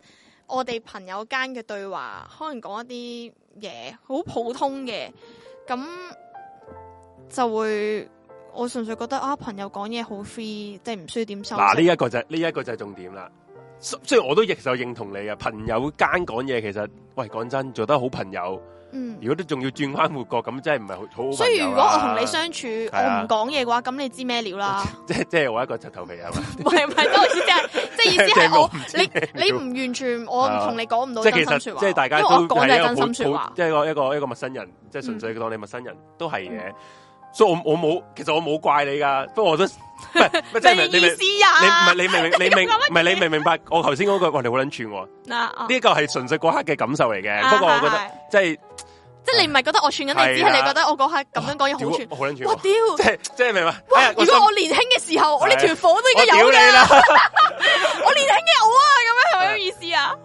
我哋朋友間嘅對話，可能講一啲嘢，好普通嘅，咁就會我純粹覺得啊，朋友講嘢好 free，即係唔需要點收。嗱，啊，呢一個就呢一個就係重點啦。雖然我都亦就認同你啊，朋友間講嘢其實，喂，講真，做得好朋友。嗯，如果都仲要轉彎抹角咁，真係唔係好好。所以如果我同你相處，我唔講嘢嘅話，咁你知咩料啦？即係即係我一個柒頭皮係嘛？唔係唔係，唔好意思，即係意思係我你你唔完全，我唔同你講唔到真心說話。即係大家要講嘅真心說話。即係一個一個陌生人，即係純粹當你陌生人，都係嘅。所以我我冇，其實我冇怪你噶。不過我都唔係，唔係，你明唔明？你唔係你明唔明？你明唔係你明唔明白？我頭先嗰句話，你好捻串喎。嗱，呢個係純粹嗰刻嘅感受嚟嘅。不過我覺得，即係。即係你唔係覺得我串緊你，只係你覺得我嗰下咁樣講嘢好串，好捻串。我屌，即係即係明白。如果我年輕嘅時候，我呢條火都已經有嘅啦。我年輕嘅我啊，咁樣係咩意思啊？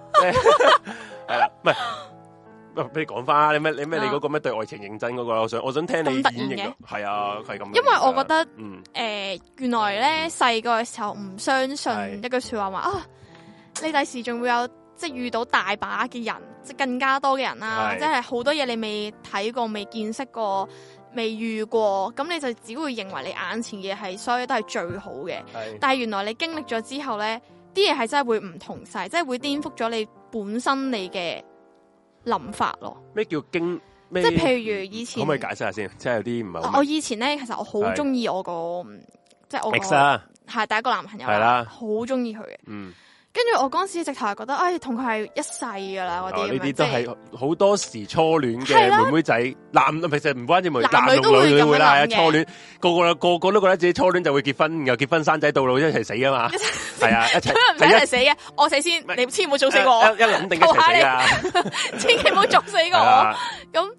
係啦，唔係，俾你講翻。啊？你咩？你咩？你嗰個咩對愛情認真嗰個？我想我想聽你演繹。係啊，係咁。因為我覺得，嗯，誒，原來咧細個嘅時候唔相信一句說話話啊，你第時仲會有。即係遇到大把嘅人，即係更加多嘅人啦，是 即係好多嘢你未睇過、未見識過、未遇過，咁你就只會認為你眼前嘅嘢係所有都係最好嘅。是 但係原來你經歷咗之後咧，啲嘢係真係會唔同晒，即係會顛覆咗你本身你嘅諗法咯。咩叫經？即係譬如以前，可唔、嗯、可以解釋下先？即係有啲唔係。我以前咧，其實我好中意我個，是 即係我係 X、啊、第一個男朋友啦，好中意佢嘅。嗯跟住我嗰時直頭係覺得，哎，同佢係一世噶啦嗰啲。呢啲都係好多時初戀嘅妹妹仔，男唔係其實唔關啲女，男女都會咁樣嘅。初戀個個個個都覺得自己初戀就會結婚，然後結婚生仔，到老一齊死啊嘛。係啊，一齊一齊死嘅，我死先，你千唔好早死我。一諗，定一齊先啊，千祈唔好早死我。咁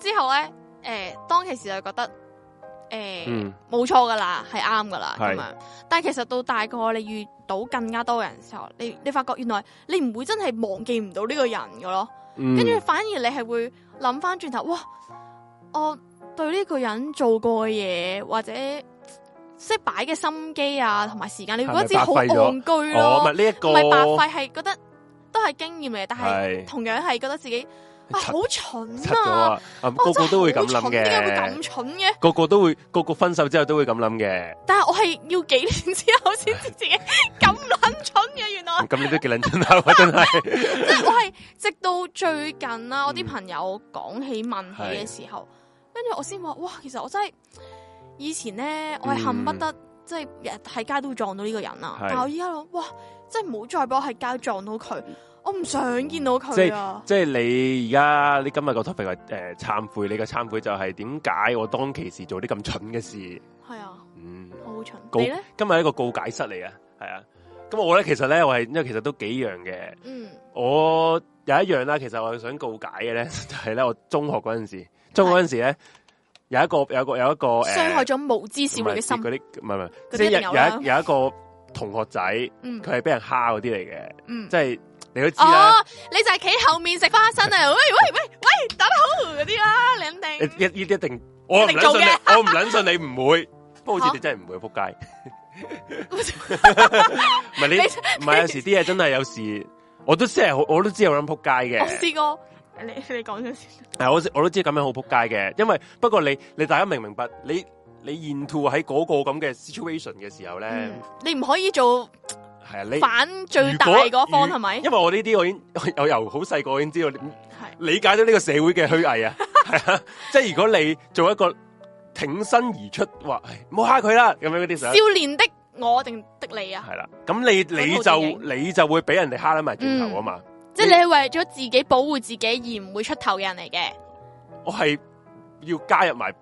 之後咧，誒，當其時就覺得。誒，冇錯噶啦，係啱噶啦。咁是 樣，但係其實到大個你遇到更加多嘅人嘅時候，你你發覺原來你唔會真係忘記唔到呢個人噶咯。跟住、嗯、反而你係會諗翻轉頭，哇！我對呢個人做過嘅嘢或者即係擺嘅心機啊，同埋時間，你會覺得自己好戇居咯。唔係呢一個，唔係白費，係覺得都係經驗嚟，但係同樣係覺得自己。是好、啊、蠢啊，啊，個個，個都會咁諗嘅，點解、哦、會咁蠢嘅？個個都會，個個分手之後都會咁諗嘅。但係我係要幾年之後先知自己咁卵 蠢嘅，原來。咁 你都幾卵蠢啊？真係，即係我係直到最近啦，我啲朋友講起問佢嘅時候，跟住、嗯、我先話，哇！其實我真係以前咧，嗯、我係恨不得即係日日喺街都會撞到呢個人啊。是但我依家諗，哇！即係唔好再俾我喺街撞到佢。我唔想見到佢，即係即係你而家你今日個 topic 誒懺悔，你個懺悔就係點解我當其時做啲咁蠢嘅事？係啊，嗯，好蠢。你咧今日係一個告解室嚟嘅，係啊。咁我咧其實咧我係因為其實都幾樣嘅。我有一樣啦，其實我想告解嘅咧，就係咧我中學嗰陣時，中學嗰陣時咧有一個有個有一個傷害咗無知少女嘅心嗰啲，唔係唔係，即係有有一有一個同學仔，佢係俾人蝦嗰啲嚟嘅，即係。你都知啦，你就係企後面食花生啊！喂喂喂喂，打得好嗰啲啦，你肯定一依一定我唔我唔忍信你唔會，不過好似你真係唔會扑街。唔係你唔係有時啲嘢真係有時，我都真係我都知有諗扑街嘅。我試過，你你講咗先。係我我都知咁樣好扑街嘅，因為不過你你大家明唔明白？你你沿途喺嗰個咁嘅 situation 嘅時候咧，你唔可以做。係啊，反最大嗰方係咪？因為我呢啲我已經我由好細個已經知道理是的 解咗呢個社會嘅虛偽啊！ 即係如果你做一個挺身而出，話唔好蝦佢啦，咁樣嗰啲就少年的我定的你啊？係啦，咁你你就你就會俾人哋蝦喺埋轉頭啊嘛！嗯、你即係你係為咗自己保護自己而唔會出頭嘅人嚟嘅，我係要加入埋。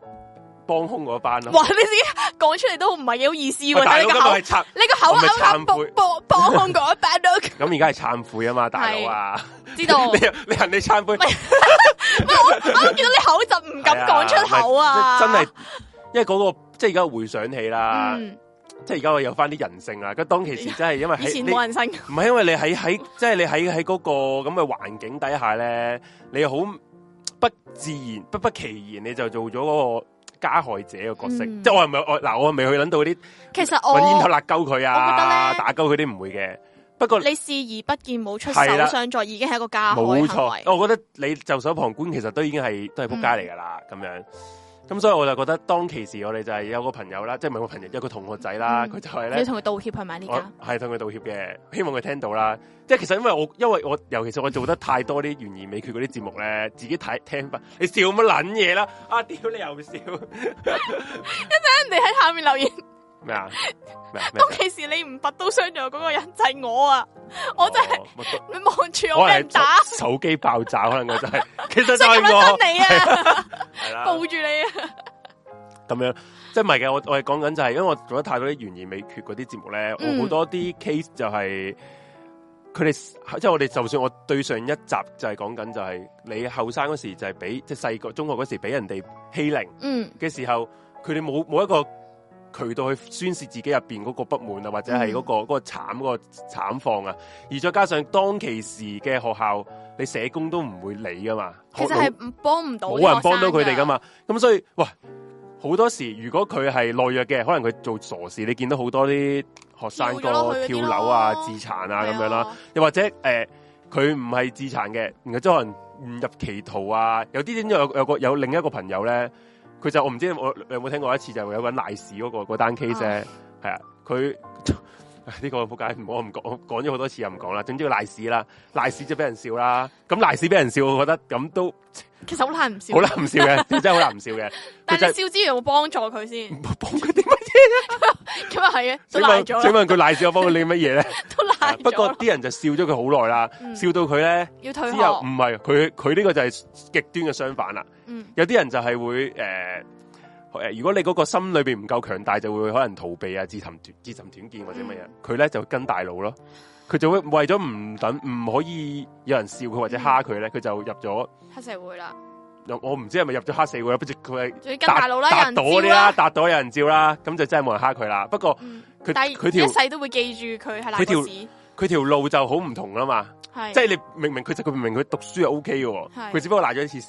幫兇嗰班咯，話咩先？講出嚟都唔係幾好意思喎。哥你個口，呢個口啊，唔係懺悔，幫幫兇嗰班都。咁而家係懺悔啊嘛，大佬啊，知道？ 你你行你懺悔，唔 係 我，我見到你口就唔敢講出口啊！啊真係，因為嗰、那個即係而家回想起啦，嗯、即係而家我有翻啲人性啊。咁當其時真係因為以前冇人性，唔係因為你喺喺即係你喺喺嗰個咁嘅環境底下咧，你好不自然、不不其然，你就做咗嗰、那個。加害者嘅角色，嗯，即係我係咪我嗱，我係咪去諗到啲，其實我搵煙頭焫鳩佢啊，我覺得打鳩佢啲唔會嘅。不過你視而不見，冇出手相助，已經係一個加害行為。冇錯。我覺得你袖手旁觀，其實都已經係都係撲街嚟噶啦，咁樣，嗯。咁所以我就覺得，當其時我哋就係有個朋友啦，即係唔個個朋友，有個同學仔啦，佢、嗯、就係咧，你同佢道歉係咪呢家？係同佢道歉嘅，希望佢聽到啦。即係其實因為我因為我尤其是我做得太多啲懸疑、美缺嗰啲節目咧，自己睇聽你笑乜撚嘢啦？啊屌你又笑，一陣人哋喺下面留言。 咩啊？咩？咩？當其時你唔拔刀相助嗰個人就係我啊！我就係你望住我俾人打手機爆炸， 可能就係、是，其實就係我抱住你啊！咁樣即係唔係嘅，我我係講緊就係，因為我做得太多啲懸疑未決嗰啲節目咧，我好多啲 case 就係佢哋即係我哋，就算我對上一集就係講緊就係你後生嗰時就係俾即係細個中學嗰時俾人哋欺凌，嗯嘅時候，佢哋冇冇一個。渠道去宣泄自己入邊嗰個不滿啊，或者係嗰、嗰個嗰、嗯、個慘嗰、嗰個慘況啊，而再加上當其時嘅學校，你社工都唔會理噶嘛，其實係幫唔到，冇人幫到佢哋噶嘛，咁所以，喂，好多時如果佢係懦弱嘅，可能佢做傻事，你見到好多啲學生個跳樓啊、自殘啊咁的樣啦、啊，又或者誒，佢唔係自殘嘅，然後即係可能誤入歧途啊，有啲點有有個有另一個朋友咧。佢就我唔知我有冇聽過一次，就有一搵賴屎嗰個嗰單 case 啫，係、那、啊、個，佢呢、嗯個撲街唔好，我唔講，我講咗好多次又唔講啦，總之要賴屎啦，賴屎就俾人笑啦，咁賴屎俾人笑，我覺得咁都，其實好難唔笑嘅，好難唔笑嘅，真係好難唔笑嘅。但係你笑之餘有冇幫助佢先幫佢。幫佢啲 咁又係啊，都賴，請問佢賴之後幫佢理乜嘢咧？呢 都賴了、啊。不過啲人就笑咗佢好耐啦，嗯、笑到佢咧要退學，唔係，佢、佢呢個就係極端嘅相反啦。嗯、有啲人就係會誒誒、呃，如果你嗰個心裏邊唔夠強大，就會可能逃避啊，自尋短自尋短見或者乜嘢。佢咧、嗯、就跟大佬咯，佢就會為咗唔等唔可以有人笑佢或者蝦佢咧，佢、嗯、就入咗黑社會啦。我唔知係咪入咗黑社會，不如佢係，跟大佬啦，有人照啦，達到有人照啦，咁就真係冇人蝦佢啦。不過佢佢一世都會記住佢係。佢條佢條路就好唔同啦嘛，即係你明明佢就佢明明佢讀書係 O K 嘅，佢只不過瀨咗一次屎，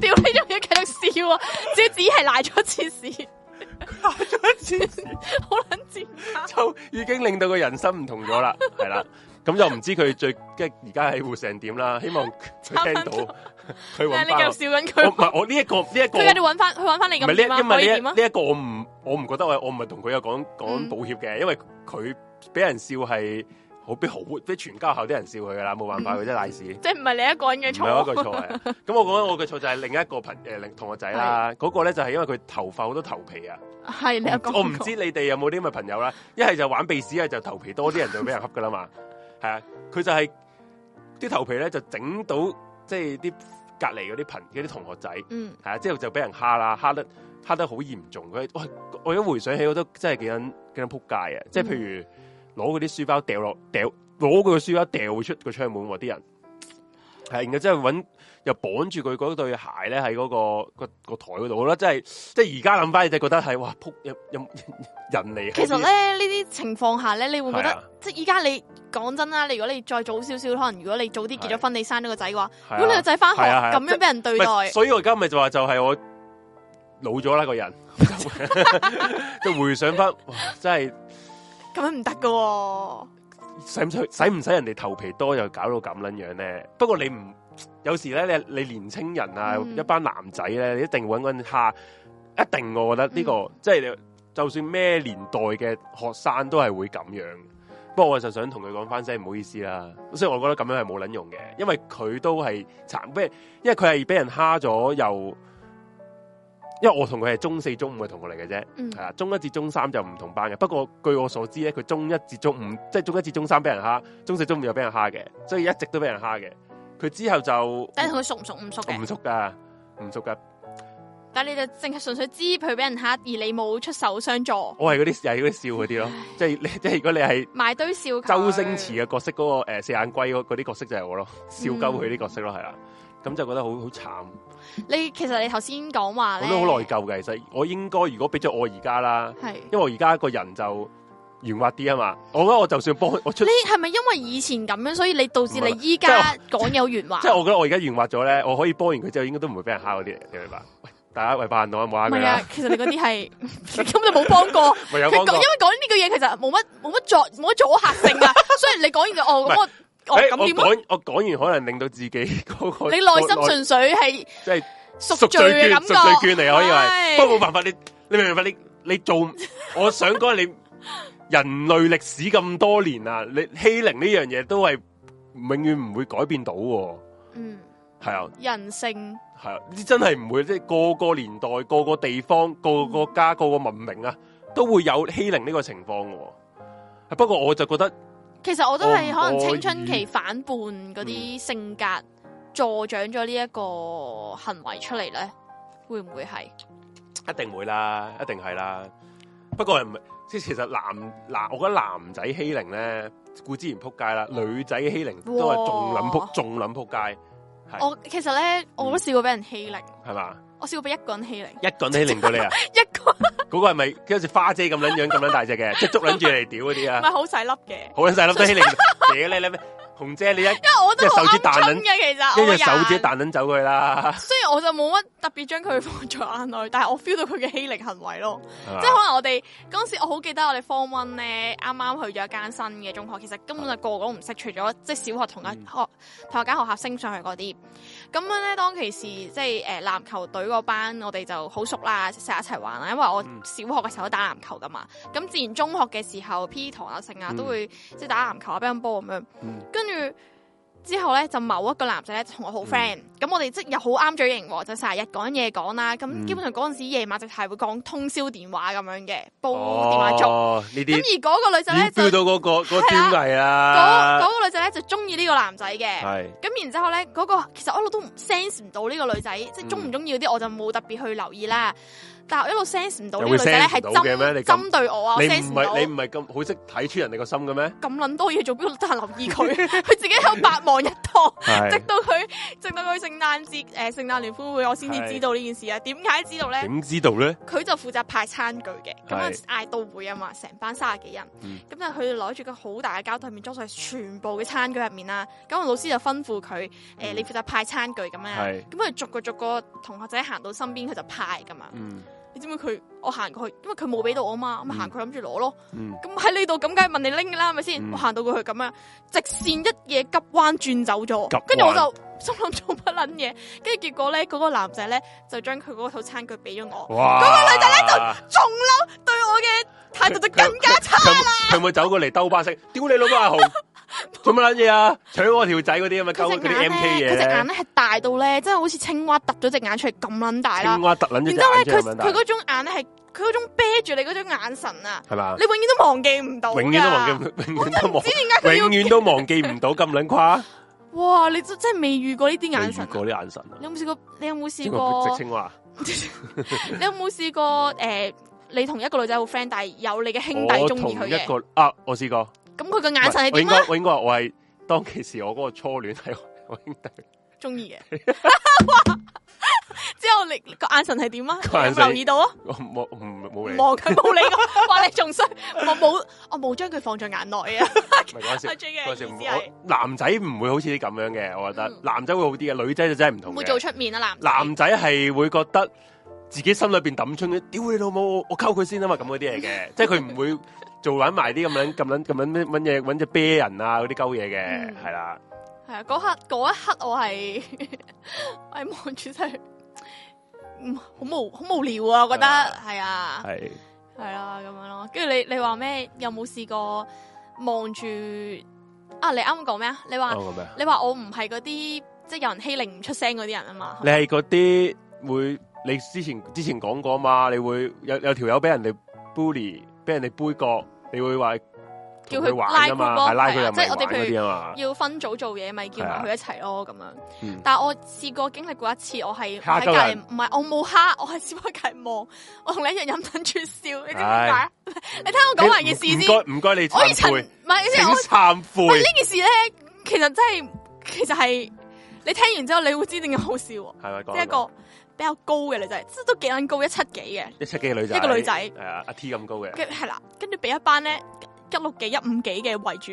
掉喺入面繼續笑，只只係瀨咗一次屎，瀨咗一次屎好撚賤，就已經令到個人生唔同咗啦，係啦。咁就唔知佢最即係而家喺活成點啦！希望聽到佢話我唔係我呢一個呢一個，翻佢翻嚟咁，呢，因為呢一呢個我唔我唔覺得我唔係同佢有講講抱歉嘅，因為佢俾人笑係好俾好啲全家校啲人笑佢噶啦，冇辦法佢即係賴事，即係唔係你一個人嘅錯，我一個錯嚟。咁我講我嘅錯就係另一個朋誒同學仔啦，嗰個咧就係因為佢頭髮好多頭皮啊，係你講我唔知你哋有冇啲咁嘅朋友啦，一係就玩鼻屎，一係就頭皮多啲人就俾人恰噶啦嘛。係佢、啊、就係、是、啲頭皮咧，就整到即係啲隔籬嗰啲朋嗰啲同學仔，係、嗯、啊，之後就俾人蝦啦，蝦得蝦得好嚴重。佢，我我一回想起，我都真係幾驚，幾驚撲街啊！嗯、即係譬如攞嗰啲書包掉落掉，攞嗰個書包掉出個窗門，啲人係、啊，然後真係搵。又綁住佢嗰對鞋咧喺嗰個、個、個台嗰度，我覺得真係，即係而家諗翻，就覺得係哇，扑有有人嚟。其實咧，這些況呢啲情況下咧，你會覺得，是啊、即係而家你講真啦，你如果你再早少少，可能如果你早啲結咗婚，是啊、你生咗個仔嘅話，咁是、啊、你個仔翻學咁、啊啊、樣俾人對待、啊是是，所以我今日就話就係我老咗啦個人， 就回想翻，真係咁樣唔得噶，使唔使使唔使人哋頭皮多又搞到咁捻樣咧？不過你唔。有時咧，你你年青人啊，一班男仔咧，你一定搵搵蝦，一定我覺得呢、呢個即係、嗯你就，就算咩年代嘅學生都係會咁樣。不過我就想同佢講翻聲，唔好意思啦。所以我覺得咁樣係冇卵用嘅，因為佢都係慘，因為因為佢係俾人蝦咗，又因為我同佢係中四、中五嘅同學嚟嘅啫，係啦，中一至中三就唔同班嘅。不過據我所知咧，佢中一至中五，即係中一至中三俾人蝦，中四、中五又俾人蝦嘅，所以一直都俾人蝦嘅。佢之後就但，但係佢熟唔熟？唔熟嘅，唔熟噶，唔熟噶。但係你就淨係純粹知佢俾人蝦，而你冇出手相助。我係嗰啲又係嗰啲笑嗰啲咯，即係你即係如果你係埋堆笑。周星馳嘅角色嗰個四眼龜嗰啲角色就係我咯，笑鳩佢啲角色咯，係啦，咁就覺得好好慘。你其實你頭先講話，我都好內疚嘅。其實我應該如果俾咗我而家啦，是 因為我而家個人就。圓滑啲啊嘛，我覺得我就算幫我出，你係咪因為以前咁樣，所以你導致你依家講有圓滑？即係我覺得我而家圓滑咗咧，我可以幫完佢之後，應該都唔會俾人蝦嗰啲，你明白？大家喂，扮到啊冇啊？唔係啊，其實你嗰啲係根本就冇幫過。因為講呢句嘢其實冇乜冇乜阻冇乜阻嚇性噶，雖然你講完哦，我我咁點我講完可能令到自己嗰個你內心純粹係即係贖贖罪嘅感覺，你，熟可以係，不過冇辦法，你你明唔明白？你你做我想講你。人類歷史咁多年啦、啊，你欺凌呢樣嘢都係永遠唔會改變到、啊。嗯，係啊，人性係啊，呢真係唔會，即係個個年代、個個地方、個個國家、個、嗯、個文明啊，都會有欺凌呢個情況嘅、啊。不過我就覺得，其實我都係可能青春期反叛嗰啲性格助長咗呢一個行為出嚟咧，會唔會係？一定會啦，一定係啦。不過唔係。即係其實男，男我覺得男仔欺凌咧，固之然撲街啦，女仔欺凌都係仲撚撲，仲撚撲街。我其實咧，我都試過俾人欺凌，係嘛、嗯？我試過俾一個人欺凌，一個人欺凌過你啊？ 一個，人 那個是不是，嗰個係咪好似花姐咁撚樣咁撚大隻嘅，即係 捉撚住嚟屌嗰啲啊？唔係好細粒嘅，好細粒都欺凌你你咩？ 紅姐你一，因為我都好鵪鶉嘅其實，因為手指彈捻走佢啦。雖然我就冇乜特別將佢放在眼內，但係我 feel 到佢嘅欺凌行為咯吧。即係可能我哋嗰時我好記得我哋 form one 咧，啱啱去咗一間新嘅中學，其實根本就個個都唔識，除咗即係小學同一學同間學校升上去嗰啲。咁樣咧，當其時即係誒、呃、籃球隊嗰班，我哋就好熟啦，成日一齊玩啦。因為我小學嘅時候都打籃球㗎嘛，咁自然中學嘅時候 P 堂啊、成啊，都會、嗯、即係打籃球啊、乒乓波咁樣，跟住、嗯。之後咧就某一個男仔咧同我好 friend，咁我哋即又好啱嘴型，就成日日講嘢講啦。咁基本上嗰陣時夜晚就係會講通宵電話咁樣嘅煲電話粥。咁這些 而嗰個女仔咧、那個、就跳到嗰個嗰、啊那個表嗰、那個女仔咧就中意呢個男仔嘅。咁是的 然之後咧嗰、那個其實我一路都 sense 的唔到呢個女仔，即係中唔中意啲，我就冇特別去留意啦。但我一路 sense 唔到呢個女仔係針針對我啊！sense 唔到，你唔係咁好識睇出人哋個心嘅咩？咁捻多嘢做，邊度得閒留意佢？佢自己喺度百忙一拖，直到佢直到佢聖誕節誒，聖誕聯歡會我先至知道呢件事啊！點解知道咧？點知道咧？佢就負責派餐具嘅，咁啊嗌到會啊嘛，成班卅幾人，咁啊佢攞住個好大嘅膠袋，面裝晒全部嘅餐具入面啦。咁我老師就吩咐佢誒，你負責派餐具咁樣，咁佢逐個逐個同學仔行到身邊，佢就派噶嘛。你知唔知佢？我行過去，因為佢冇俾到我嘛，咁行過去諗住攞咯。咁喺呢度咁梗係問你拎噶啦，係咪先？嗯、我行到過去咁樣，直線一嘢急彎轉走咗，跟住彎我就心諗做乜捻嘢？跟住結果咧，嗰、嗰個男仔咧就將佢嗰套餐具俾咗我，嗰哇個女仔咧就仲嬲對我嘅態度就更加差啦。佢會走過嚟兜巴式，丟 你老母啊？ 做乜捻嘢啊？搶我條仔嗰啲啊嘛！佢啲 mk 嘢咧，佢隻眼咧係大到咧，真係好似青蛙突咗隻眼出嚟咁捻大。青蛙突捻隻，然後咧，佢嗰種眼咧係，佢嗰種啤住你嗰種眼神啊，係嘛？你永遠都忘記唔到，永遠都忘記，永遠都忘記唔到咁捻誇。哇！你真真係未遇過呢啲眼神，過眼神。你有冇試過？你有冇試過？直青蛙。你有冇試過？誒，你同一個女仔好 friend，但係有你嘅兄弟中意佢嘅。啊，我試過。咁佢個眼神係點啊？我應該我應該我係當其時我嗰個初戀係我兄弟中意嘅。之後個眼神係點啊？有冇留意到啊？我冇唔冇嚟？望佢冇理佢，話你仲衰。我冇我冇將佢放在眼內啊。唔係唔男仔唔會好似你咁樣嘅，我覺得男仔會好啲嘅。女仔就真係唔同。會做出面啊男男仔係會覺得自己心裏邊抌春嘅，屌你老母，我我溝佢先啊嘛，咁嗰啲嘢嘅，即係佢唔會。做搵埋啲咁搵咁搵咁搵搵嘢搵隻啤人啊，嗰啲鳩嘢嘅係啦，係啊，嗰刻嗰一刻我係，係望住真係，好無好無聊啊是的我覺得係的啊係係啦咁樣咯，跟住你說什麼，你話咩，有冇試過望住啊，你啱講咩啊？你話你話我唔係嗰啲即係有人欺凌唔出聲嗰啲人啊嘛，是你係嗰啲會你之前之前講過嘛，你會有有條友俾人哋 bully 俾人哋杯葛。你會話叫佢拉嘛？係即係我哋佢要分組做嘢，咪叫埋佢一齊咯咁樣。但係我試過經歷過一次，我係喺隔籬唔係我冇蝦，我係燒一隔望，我同你一樣飲緊住笑。你知點解？你聽我講埋件事先，唔該唔你，我懺悔唔係，即係我，呢件事咧，其實真係，其實係你聽完之後你會知點解好笑。係咪講一個？比較高嘅女仔，即係都幾撚高，一七幾嘅。一七幾嘅女仔，一個女仔，係啊，阿 T 咁高嘅。係啦，跟住俾一班咧一六幾一五幾嘅圍住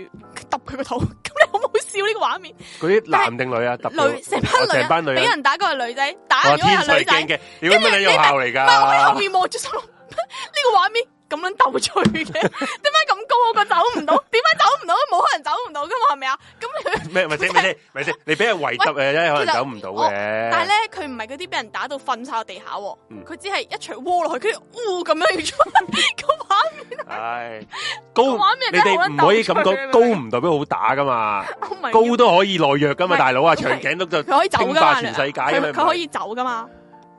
揼佢個肚。咁你好唔好笑呢個畫面？嗰啲男定女啊？揼成班女，俾人打個係女仔，打咗女仔。天雷驚嘅，呢啲咩內容嚟噶？唔係我喺後面望住呢個畫面。咁樣鬥趣嘅，點解咁高佢走唔到？點解走唔到？冇可能走唔到噶嘛？係咪啊？咁你唔係先，唔你俾人圍執，誒，因為佢走唔到嘅。但係咧，佢唔係嗰啲俾人打到瞓晒地下，佢只係一錘窩落去，佢嗚咁樣要出個畫面。係高，你哋唔可以咁講，高唔代表好打噶嘛？高都可以內弱噶嘛，大佬啊，長頸鹿就天下全世界，佢可以走噶嘛？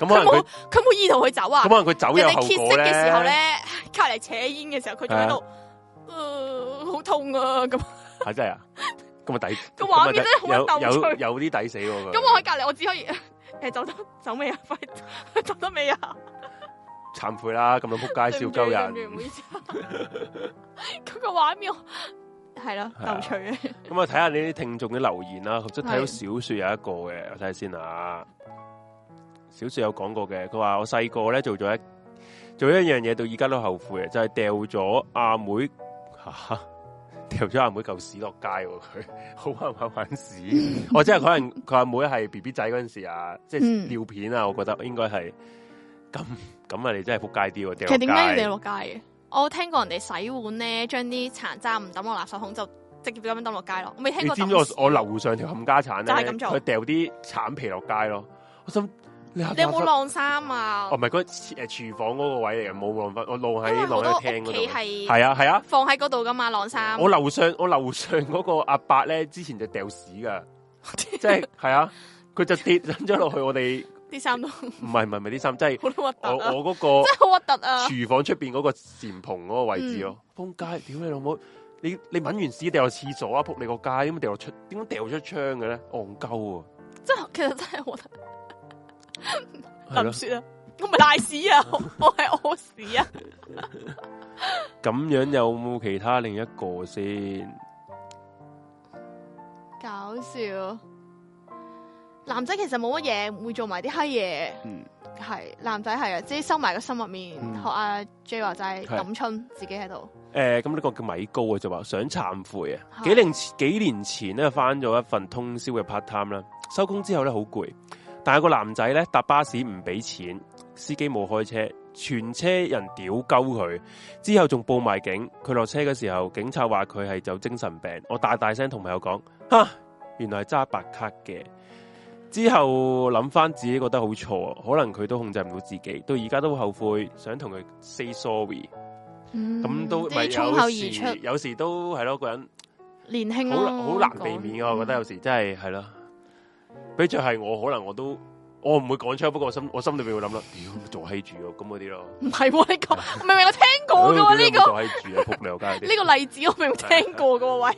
佢冇佢冇意圖去走啊。咁可能佢走嘅後果咧？入去歇息嘅時候咧，隔籬扯煙嘅時候，佢仲喺度，呃，好痛啊！咁啊真係啊，咁咪抵，個畫面真係好逗趣，有有啲抵死喎！咁我喺隔籬，我只可以誒，走得走未啊？快走得未啊？懺悔啦！咁樣仆街笑鳩人，唔好意思。佢個畫面係咯，逗趣。咁我睇下你啲聽眾嘅留言啦，或者睇到小說有一個嘅，我睇下先啊。小説有講過嘅，佢話我細個咧，做咗一做咗一樣嘢，到而家都後悔嘅，就係掉咗阿妹掉咗、啊、阿妹嚿屎落街喎佢，好啊玩，玩玩屎， 我即係可能佢阿 妹係 B B 仔嗰陣時啊，即、就、係、係、尿片啊， 我覺得應該係咁咁啊，你真係撲街啲喎掉。其實點解要掉落街嘅？我聽過人哋洗碗咧，將啲殘渣唔抌落垃圾桶，就直接咁樣抌落街咯。我未聽過。我我樓上條冚家鏟就鏟咧，佢掉啲橙皮落街咯，我心。你，你有冇晾衫啊？哦，唔係嗰誒廚房嗰個位嚟，冇晾翻，我晾喺晾喺廳嗰度。企係係啊係啊，係啊放喺嗰度噶嘛晾衫。我樓上我樓上嗰個阿伯咧，之前就掉屎噶，即係係啊，佢就跌撚咗落去我哋。啲衫都唔係唔係唔係啲衫，即係核突。我嗰個，真係好核突啊！廚、 啊、房出邊嗰個禪蓬嗰個位置哦、嗯，仆街，屌你老母？你你揾完屎掉落廁所、哦、啊？仆你個街，咁樣掉出，點解掉出窗嘅咧？戇鳩啊！真係，其實真係好核突。林雪啊，我唔係賴屎啊，我係屙屎啊 ！咁 樣有冇其他另一個先？搞笑，男仔其實冇乜嘢，會做埋啲嗨嘢。嗯，係男仔係啊，即係收埋個心入面，學阿 J 華仔係諗春，自己喺度。誒、嗯啊，咁呢個叫米高啊，就話想懺悔啊。幾年前呢，幾年前咧翻咗一份通宵嘅 part time 啦，收工之後咧好攰。但係個男仔咧搭巴士唔俾錢，司機冇開車，全車人屌鳩佢，之後仲報埋警。佢落車嘅時候，警察話佢係就精神病。我大大聲同朋友講：吓，原來係揸白卡嘅。之後諗翻自己覺得好錯，可能佢都控制唔到自己，到而家都好後悔，想同佢 say sorry。咁、嗯、都唔係衝口而出，有時都係咯，個人年輕好好難避免嘅，嗯、我覺得有時真係係咯。俾著係我，可能我都我唔會講出來，不過我心我心裏邊會諗啦。屌，坐喺住咁嗰啲咯，唔係喎，你講吧明明我聽過噶喎，呢個坐喺住仆兩間嗰呢個例子我明明聽過噶喎，喂。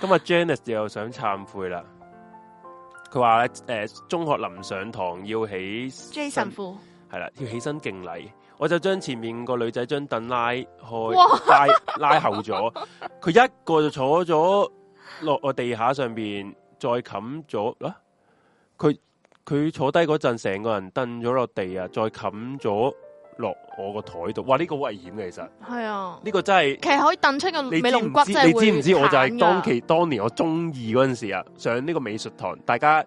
咁啊，Janice 又想懺悔啦。佢話誒，中學臨上堂要起 J 神父係啦，要起身敬禮，我就將前面個女仔將凳拉開，哇拉拉後咗，佢 一個就坐咗落個地下上邊。再冚咗啦！佢佢坐低嗰陣，成個人蹬咗落地啊！再冚咗落我個台度，哇！呢個好危險嘅，其實係啊，呢個真係其實可以蹬出個尾龍骨。你知唔知？我就係當期當年我中二嗰陣時啊，上呢個美術堂，大家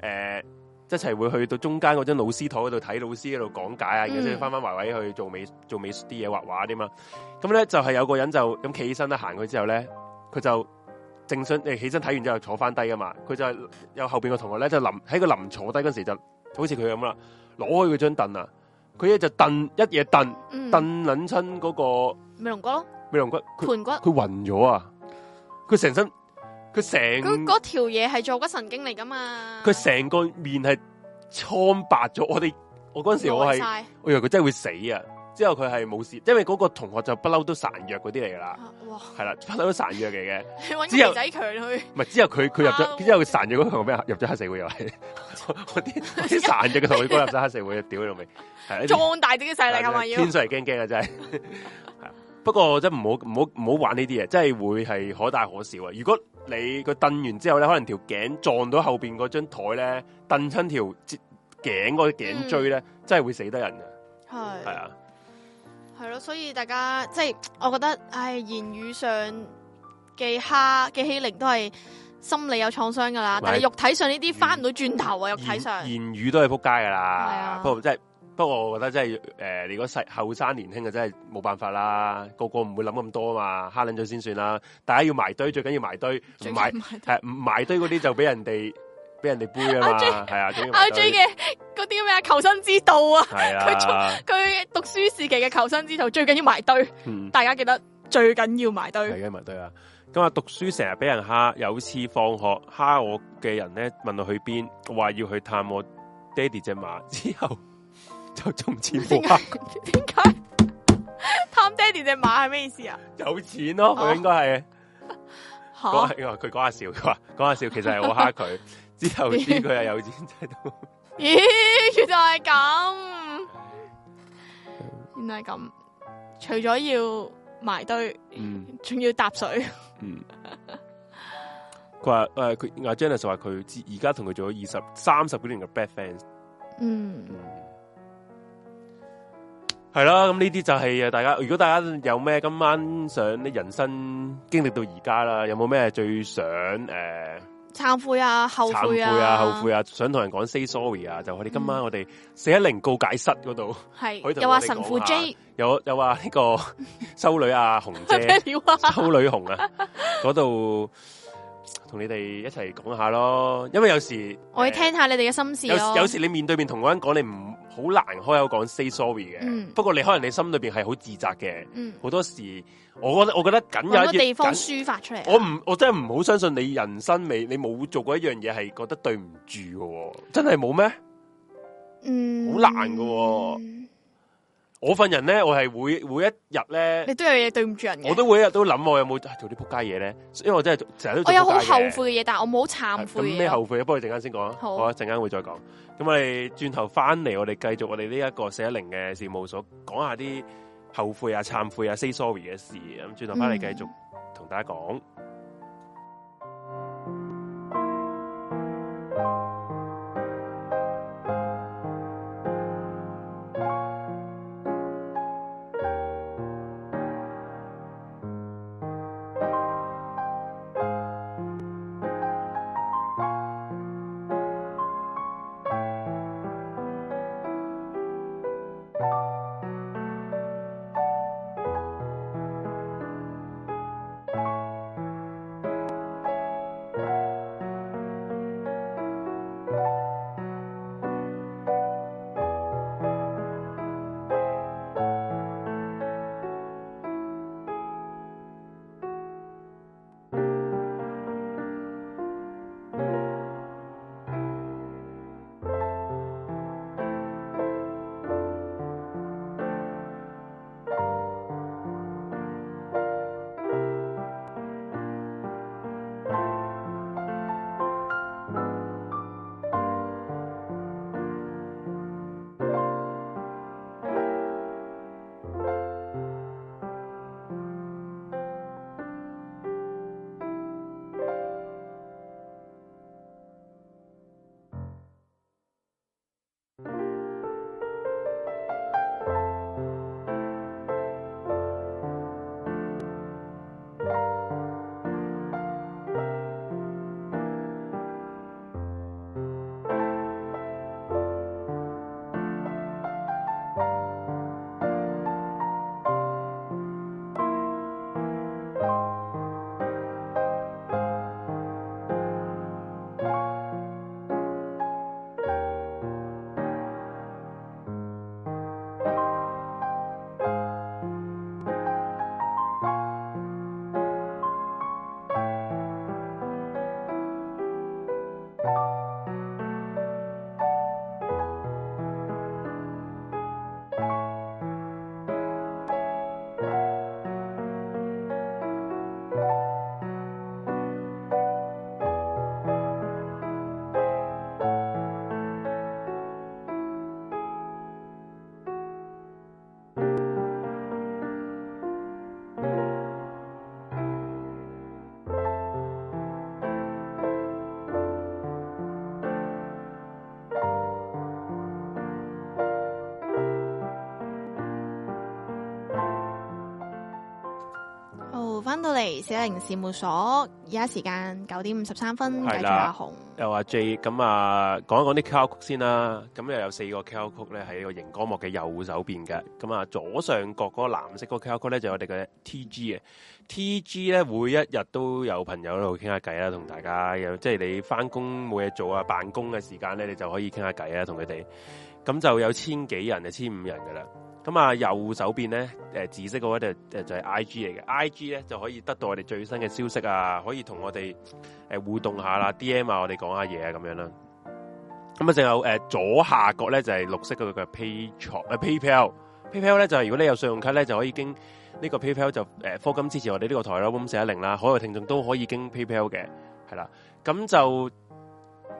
誒一齊會去到中間嗰張老師台嗰度睇老師喺度講解啊，然之後翻翻埋位去做美做美啲嘢畫畫啲嘛。咁咧就係有個人就咁企起身啦，行佢之後咧，佢就。正常，你起身睇完之後坐翻低噶嘛？佢就係有後邊個同學咧，就臨喺、嗯、個臨坐低嗰時，就好似佢咁啦，攞開佢張凳啊！佢一就蹬，一嘢凳，凳捻親嗰個尾龍骨咯，尾龍骨，盆骨、骨，佢暈咗啊！佢成身，佢成，嗰條嘢係坐骨神經嚟噶嘛？佢成個面係蒼白咗，我哋，我嗰時候我係，掉我以為佢真係會死啊！之後佢係冇事，因為嗰個同學就不嬲都孱弱嗰啲嚟噶啦，係啦 不嬲都孱弱嚟嘅。之後佢佢入咗， 之後佢孱弱嗰個咩入咗黑社會又係，嗰啲孱弱嘅同佢哥入咗黑社會屌你老味，壯大自己勢力係咪要？天嚟驚驚啊真係，不過真唔好唔好唔好玩呢啲嘢，真係會係可大可小啊！如果你個凳，完之後咧，可能條頸撞到後邊嗰張台咧，蹬親條頸嗰啲頸椎咧，真係會死得人嘅，係啊的。係咯，所以大家即係，我覺得唉，言語上嘅蝦嘅欺凌都係心理有創傷噶啦，但係是肉體上呢啲翻唔到轉頭啊，肉體上言語都係撲街噶啦。是啊、不過即係，不過我覺得即係，誒、呃，你如果細後生年輕就真係冇辦法啦，個個唔會諗咁多嘛，蝦撚咗先算啦。大家要埋堆，最緊要埋堆，埋埋堆嗰啲埋是就俾人哋。 俾人哋背啊嘛 A G，係啊，阿 J 嘅嗰啲咩求生之道啊，是啊他，佢中佢讀書時期嘅求生之道最緊要埋堆，嗯、大家記得最緊要埋堆。係啊埋堆啊，咁啊讀書成日俾人蝦，有次放學蝦我嘅人咧問我去邊，話要去探我爹哋隻馬，之後就從錢復蝦。點解 探爹哋隻馬係咩意思他啊？有錢咯，佢應該係。佢講下笑，佢話講下笑，其實係我蝦佢。哈哈之後知佢係有錢制度， 咦、就是這樣？原來係咁，原來咁，除咗要埋堆，嗯，仲要搭水，嗯。佢話誒，佢阿 Jennifer 話佢而家同佢做咗二十、三十幾年嘅 bad fans，嗯，係啦。 咁呢啲就係誒，大家如果大家有咩今晚想啲人生經歷到而家啦，有冇咩最想誒？呃懺悔啊，後悔啊，懺悔啊後悔啊，想同人講 say sorry 啊，就我哋今晚我哋四一零告解室嗰度、嗯 是，係又話神父 J，又又話呢個修女啊，紅姐，修 女紅啊，嗰度同你哋一齊講下咯，因為有時我要聽下你哋嘅心事有時，有時你面對面同嗰人講你唔。好難開口講 say sorry 嘅，嗯、不過你可能你心裏邊係好自責嘅，好、嗯、多時我覺得我覺得僅有一啲地方抒發出嚟，我唔我真係唔好相信你人生未你冇做過一樣嘢係覺得對唔住嘅，真係冇咩？嗯，好難嘅、哦。我份人咧，我係每每一日咧，你都有嘢對唔住人嘅，我都每一日都諗我有冇、哎、做啲扑街嘢咧，因為我真係成日都做我有好後悔嘅嘢，但係我冇好懺悔。有咩後悔啊？不過陣間先講，好，我一陣間會再講。咁我哋轉頭翻嚟，我哋繼續我哋呢一個四一零嘅事務所，講下啲後悔啊、懺悔啊、say sorry 嘅事。咁轉頭翻嚟繼續同大家講。嗯翻到嚟410事務所，而家時間九點五十三分，繼續了阿紅，又阿 J，咁啊，講一講啲 QR Code 先啦。咁又有四個 QR Code 咧，喺個熒光幕嘅右手邊嘅。咁啊，左上角嗰個藍色嗰個 QR Code 咧，就係我哋嘅 TG 啊。TG 咧，每一日都有朋友喺度傾下偈啊，同大家有，即係你翻工冇嘢做啊，辦公嘅時間咧，你就可以傾下偈啊，同佢哋。咁就有千幾人，就千五人噶啦。咁啊，右手邊咧，誒、呃，紫色嗰位就就係 I G 嚟嘅，I G 咧就可以得到我哋最新嘅消息啊，可以同我哋誒、呃、互動一下啦，D M 啊，我哋講下嘢啊，咁樣啦。咁啊，仲有誒，左下角咧就係、是、綠色嗰個嘅 p a、呃、y p p a l p a y p a l 咧就如果你有信用卡咧，就可以經呢個 PayPal 就誒，課金支持我哋呢個台、嗯、啦，咁四一零啦，海外聽眾都可以經 PayPal 嘅，係啦，咁就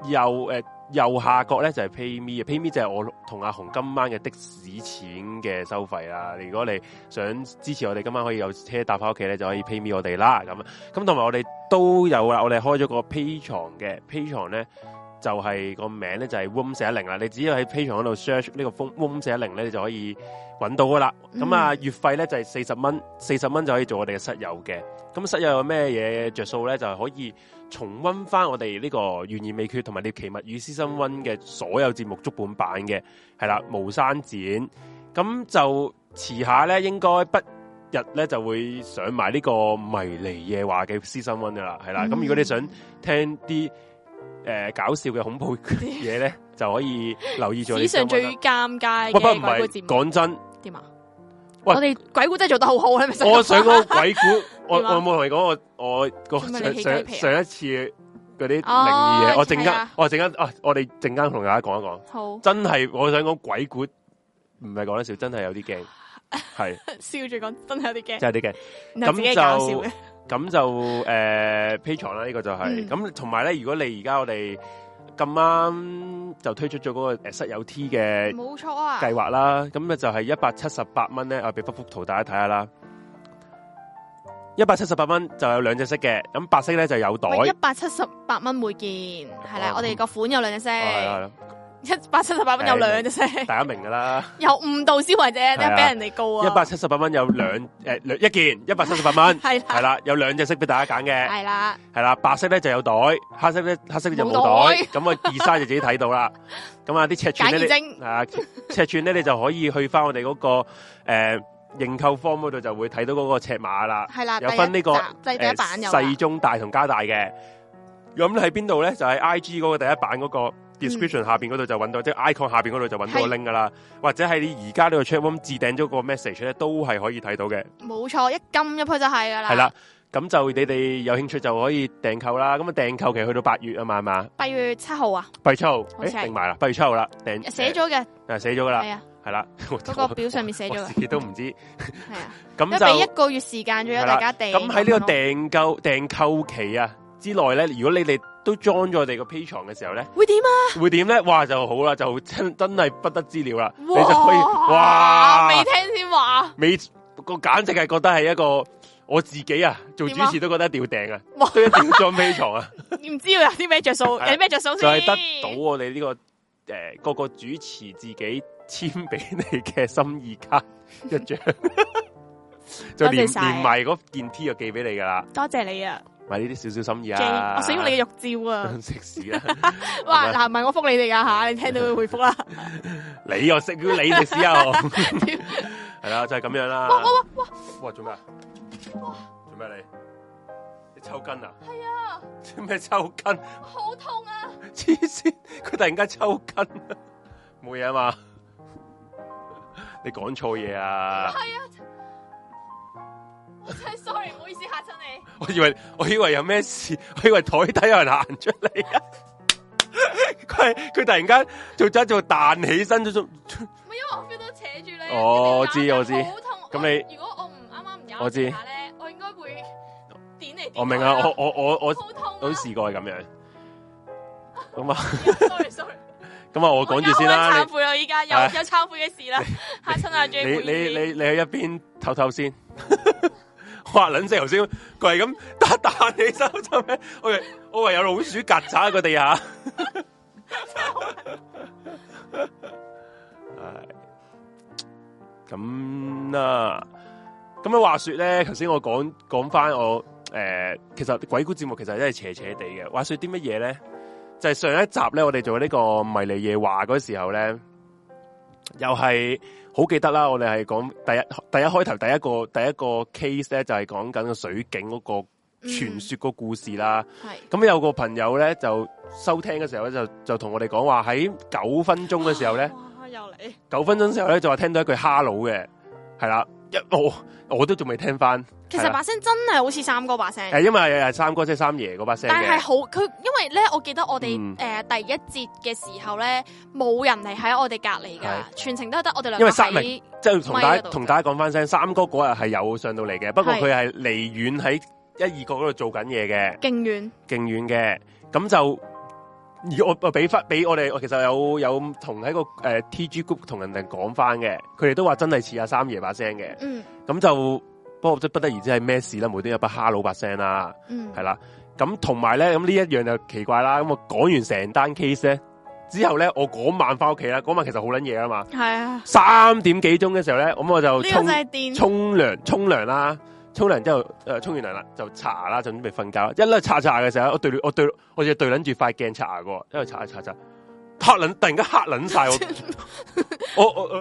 又。誒、呃。右下角咧就係 pay me，pay me 就係我同阿紅今晚嘅的，的士錢嘅收費啦。如果你想支持我哋今晚可以有車搭翻屋企咧，就可以 pay me 我哋啦。咁咁同埋我哋都有啦，我哋開咗個 Patreon 嘅 Patreon 咧，就係個名咧就係 room 四一零啦。你只要喺 Patreon 嗰度 search 呢個 room room 四一零咧，你就可以揾到噶啦。咁啊月費咧就係四十蚊，四十蚊就可以做我哋嘅室友嘅。咁室友有咩嘢着數咧？就係可以。重溫翻我哋呢個懸疑未決同埋呢奇物與私心溫嘅所有節目足本版嘅係啦無刪剪。咁就遲下咧應該不日咧就會上埋呢個迷離夜話嘅私心溫噶啦，係啦，咁、嗯、如果你想聽啲誒、呃、搞笑嘅恐怖嘢咧， 就可以留意咗史上最尷尬嘅鬼故節目。講真，點啊樣？喂我哋鬼故真係做得好好係咪？我想講鬼故。 我我有冇同你講我我上上一次嗰啲靈異嘢？我陣間我陣間啊，我哋陣間同大家講一講。好，真係我想講鬼故，唔係講得笑，真係有啲驚，係笑住講，真係有啲驚，真係啲驚。咁就咁就誒，Patreon 啦，呢個就係咁。同埋咧，如果你而家我哋咁啱就推出咗嗰個誒室友 T 嘅，冇錯啊計劃啦。咁就係一百七十八蚊咧，我俾幅幅圖大家睇下啦。一百七十八蚊就有兩隻色嘅，咁白色咧就有袋。一百七十八蚊每件，係啦，我哋個款有兩隻色，一百七十八蚊有兩隻色，大家明噶啦。有誤導消費者，真係俾人哋告啊！一百七十八蚊有兩誒，一件一百七十八蚊，係係啦，有兩隻色俾大家揀嘅，係啦，係啦，白色咧就有袋，黑色咧黑色就冇袋。咁啊，二三就自己睇到啦。咁啊，啲尺寸咧，啊，尺寸咧，你就可以去翻我哋嗰個誒。認購方嗰度就會睇到嗰個尺碼啦第，係啦，有分呢、這個誒細、啊、中大同加大嘅。咁喺邊度咧？就喺 IG 嗰個第一版嗰個 description、嗯、下邊嗰度就揾到，即、就、係、是、icon 下邊嗰度就揾到個 link 噶啦。是 或者係你而家呢個 check o o m 自訂咗個 message 咧，都係可以睇到嘅。冇錯，一撳入去就係噶啦。係啦，咁就你哋有興趣就可以訂購啦。咁啊，訂購其實去到八月啊嘛，係嘛像、欸？八月七號了啊？八月七號定埋啦，八月七號啦，訂寫咗嘅，寫咗噶啦。係啦，嗰個表上面寫咗自己都唔知。係啊，咁就一個月時間仲有大家訂。咁喺呢個訂購訂購期啊之內咧，如果你哋都裝咗我哋個 Patreon 嘅時候咧，會點啊？會點咧？哇，就好啦，就真真係不得之了啦。你就可以哇！未聽先話，未個簡直係覺得係一個我自己啊，做主持都覺得一定要訂啊，一定要裝 Patreon 啊！唔知要有啲咩着數，有咩着數先？就係得到我哋呢個。誒，個個主持自己簽俾你嘅心意卡一張，就連連埋嗰件 T 又寄俾你噶啦。多謝你啊！買呢啲少少心意啊！我想要你嘅玉照啊！食屎啊！哇嗱，唔係我覆你哋噶吓，你聽到佢回復啦。你又食咗你歷史啊？係啦，就係咁樣啦。哇哇哇哇！做咩？哇！做咩你？抽筋啊！係啊！做咩抽筋？我好痛啊！黐線，佢突然間抽筋，冇嘢啊嘛？你講錯嘢啊！係啊！我真係 sorry，唔好意思吓親你。我以為，我以為有咩事，我以為台底有人行出嚟啊！佢佢突然間做咗做彈起身咗咗。唔係因為我 feel 到扯住你。我知我知。好痛！咁你如果我唔啱啱唔有呢，我應該會。我明啊！我我我我我都試過係咁樣咁啊！Sorry sorry！咁啊！我講住先啦，懺悔啊！依家有有懺悔嘅事啦，嚇親啊！J 你你你你去一邊透透先，哇卵聲頭先，係咁打打起身，我我唯有老鼠曱甴喺個地下，咁啦。咁樣話說咧，頭先我講講翻我。誒、呃，其實鬼故節目其實真係邪邪哋嘅。話說啲乜嘢咧？就係、是、上一集咧，我哋做呢、這個迷離夜話嗰時候咧，又係好記得啦。我哋係講第一第一開頭第一個第一個 case 咧，就係講緊個水警嗰個傳說個故事啦。係咁、嗯、有個朋友咧，就收聽嘅時候咧，就就同我哋講話喺九分鐘嘅時候咧，哇，又嚟九分鐘時候咧就話聽到一句哈佬嘅，係啦。一我我都仲未聽翻，其實把聲真係好似三哥把聲，因為係三哥即係三爺嗰把聲，但係好佢因為咧，我記得我哋誒第一節嘅時候咧，冇人嚟喺我哋隔籬噶，全程都係得我哋兩，因為三明即係同大同大家講翻聲，三哥嗰日係有上到嚟嘅，不過佢係離遠喺一二角嗰度做緊嘢嘅，勁遠勁遠嘅，咁就。而我比比我俾翻俾我哋，我其實有有同喺個誒、呃、T G Group 同人哋講翻嘅，佢哋都話真係似阿三爺把聲嘅。嗯，咁就不過即不得而知係咩事啦，無端有把哈佬把聲啦。嗯，係啦。咁同埋咧，咁呢一樣就奇怪啦。咁我講完成單 case 咧之後咧，我嗰晚翻屋企啦。嗰晚其實好撚夜啊嘛。係是啊。三點幾鐘嘅時候咧，咁我就沖沖涼，沖涼啦。沖涼之後，誒，沖完涼啦，就刷牙啦，準備瞓覺。一粒刷牙嘅時候，我對，我對，我對捻住塊鏡刷牙嘅，一路刷刷刷，拍撚，突然間黑捻晒我。我我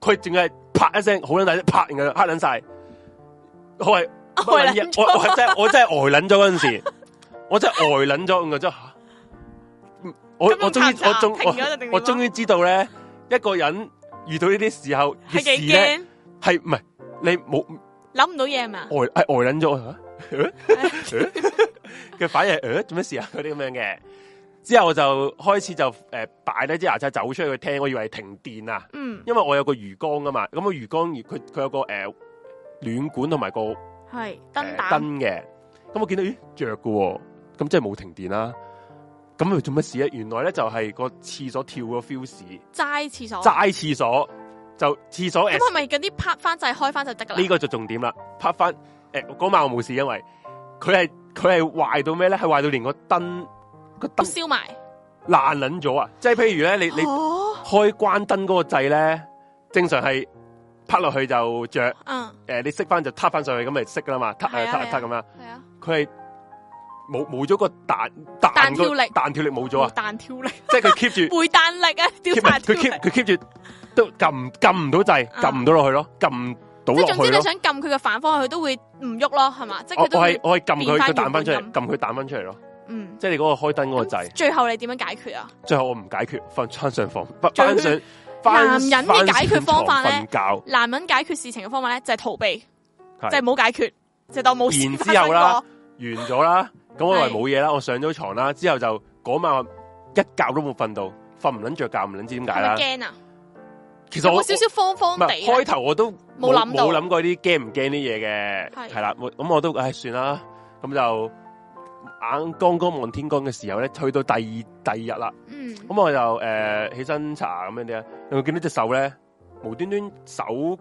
佢淨係拍一聲，好捻大聲，拍然佢黑捻晒。我係我我真係我真係呆捻咗嗰陣時，我真係呆捻咗咁樣啫。我我終於我終我終於知道咧，一個人遇到呢啲時候嘅事咧，係唔係你冇。諗唔到嘢係嘛？呆係呆諗咗佢反係誒，做、呃、咩事啊？嗰啲咁樣嘅，之後我就開始就誒擺低支牙刷走出去，去聽，我以為係停電啊！嗯，因為我有個魚缸啊嘛，咁個魚缸佢佢有個誒、呃、暖管同埋個係燈燈嘅，咁、呃嗯、我見到咦着嘅，咁、哦嗯、即係冇停電啦。咁佢做乜事啊？原來咧就係、是、個廁所跳個 feel 屎，齋廁所，齋廁所。就廁所咁係咪嗰啲拍翻掣開翻就得噶啦？呢個就重點啦！拍翻呃，嗰晚我冇事，因為佢係佢係壞到咩咧？係壞到連燈個燈個燈燒埋爛撚咗啊！即係譬如咧，你你開關燈嗰個掣咧，啊、正常係拍落去就着，嗯、呃、你熄翻就撻翻上去咁咪熄啦嘛，撻、呃、啊撻啊撻咁、啊、樣。係啊，佢係冇冇咗個彈彈跳力，彈跳力冇咗啊！了彈跳力即係佢 keep 住回彈力啊！佢 keep 住。都撳撳唔到掣，撳唔到落去咯，撳唔到落去。即總之，你想撳佢嘅反方，佢都會唔喐咯，係嘛？即係都變我係撳佢彈翻出嚟，撳佢彈翻出嚟咯。嗯，即係你嗰個開燈嗰個掣。最後你點樣解決啊？最後我唔解決，瞓床上瞓，上男人嘅解決方法咧，男人解決事情嘅方法咧就係逃避，就係冇解決，就當冇。然之後啦，完咗啦，咁我以為冇嘢啦，我上咗床啦，之後就嗰晚一覺都冇瞓到，瞓唔捻着覺，唔捻知點解啦。其實我少少方方地，開頭我都冇諗冇諗過啲驚唔驚啲嘢嘅，係啦，咁是的 我都唉算啦，咁就眼光光望天光嘅時候咧，去到第二第二日啦，咁、嗯、我就誒、呃、起身查咁樣啲咧，又見到隻手咧，無端端手